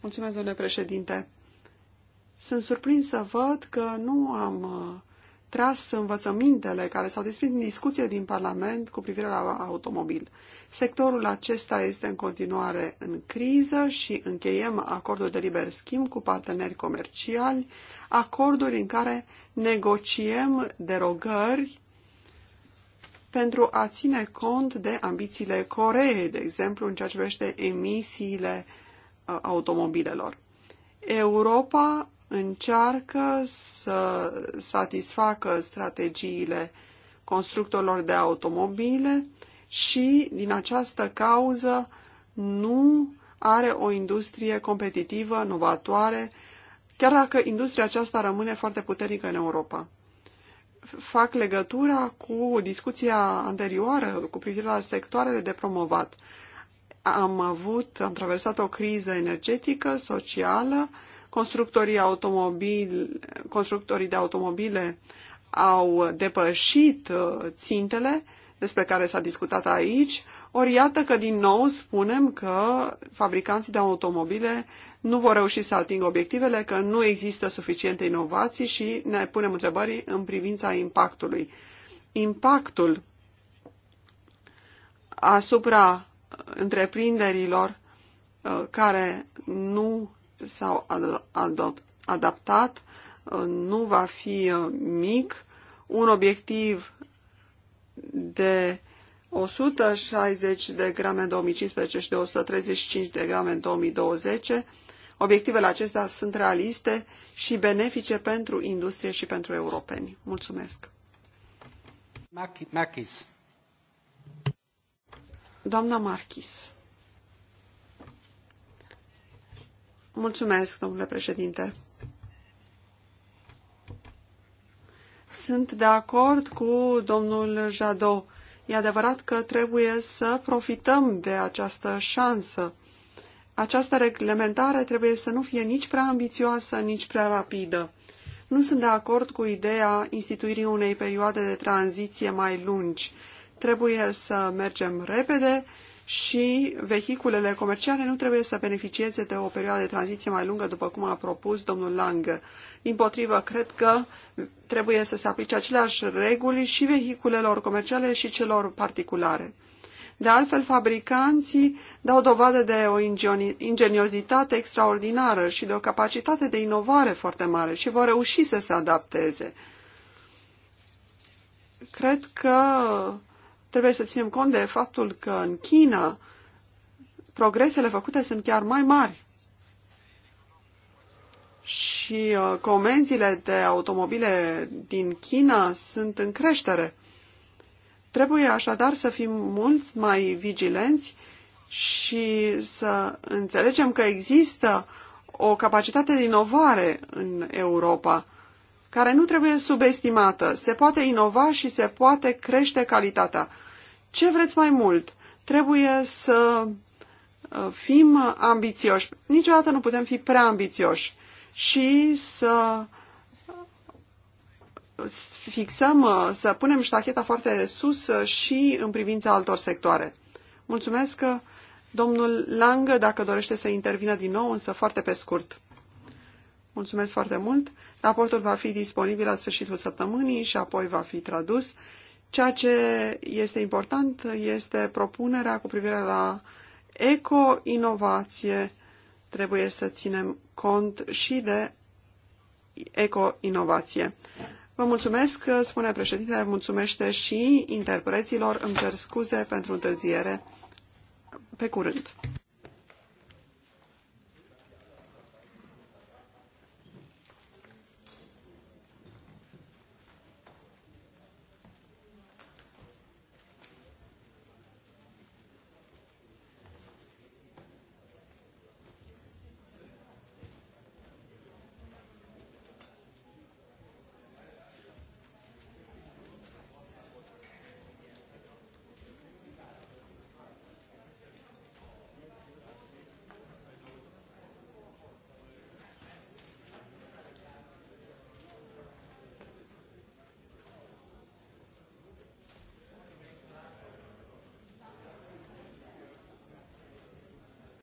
Mulțumesc, domnule președinte. Sunt surprins să văd că nu am uh, tras învățămintele care s-au desprins în discuție din Parlament cu privire la automobil. Sectorul acesta este în continuare în criză și încheiem acorduri de liber schimb cu parteneri comerciali, acorduri în care negociem derogări pentru a ține cont de ambițiile Coreei, de exemplu, în ceea ce privește emisiile uh, automobilelor. Europa încearcă să satisfacă strategiile constructorilor de automobile și, din această cauză, nu are o industrie competitivă, novatoare, chiar dacă industria aceasta rămâne foarte puternică în Europa. Fac legătura cu discuția anterioară cu privire la sectoarele de promovat. Am avut, am traversat o criză energetică, socială, Constructorii, automobil, constructorii de automobile au depășit uh, țintele despre care s-a discutat aici, ori iată că din nou spunem că fabricanții de automobile nu vor reuși să atingă obiectivele, că nu există suficiente inovații și ne punem întrebări în privința impactului. Impactul asupra întreprinderilor uh, care nu s-au adaptat, uh, nu va fi uh, mic. Un obiectiv de 160 de grame în 2015 și de 135 de grame în 2020. Obiectivele acestea sunt realiste și benefice pentru industrie și pentru europeni. Mulțumesc! Marchis. Doamna Marchis. Mulțumesc, domnule președinte. Sunt de acord cu domnul Jadot. E adevărat că trebuie să profităm de această șansă. Această reglementare trebuie să nu fie nici prea ambițioasă, nici prea rapidă. Nu sunt de acord cu ideea instituirii unei perioade de tranziție mai lungi. Trebuie să mergem repede și vehiculele comerciale nu trebuie să beneficieze de o perioadă de tranziție mai lungă, după cum a propus domnul Lang. Din potrivă, cred că trebuie să se aplice aceleași reguli și vehiculelor comerciale și celor particulare. De altfel, fabricanții dau dovadă de o ingeniozitate extraordinară și de o capacitate de inovare foarte mare și vor reuși să se adapteze. Cred că Trebuie să ținem cont de faptul că în China progresele făcute sunt chiar mai mari. Și uh, comenzile de automobile din China sunt în creștere. Trebuie așadar să fim mulți mai vigilenți și să înțelegem că există o capacitate de inovare în Europa care nu trebuie subestimată. Se poate inova și se poate crește calitatea. Ce vreți mai mult? Trebuie să uh, fim ambițioși. Niciodată nu putem fi prea ambițioși și să uh, fixăm, uh, să punem ștacheta foarte sus și în privința altor sectoare. Mulțumesc, domnul Lang, dacă dorește să intervină din nou, însă foarte pe scurt. Mulțumesc foarte mult. Raportul va fi disponibil la sfârșitul săptămânii și apoi va fi tradus. Ceea ce este important este propunerea cu privire la eco-inovație. Trebuie să ținem cont și de eco-inovație. Vă mulțumesc, spune președintele, mulțumește și interpreților. Îmi cer scuze pentru întârziere. Pe curând!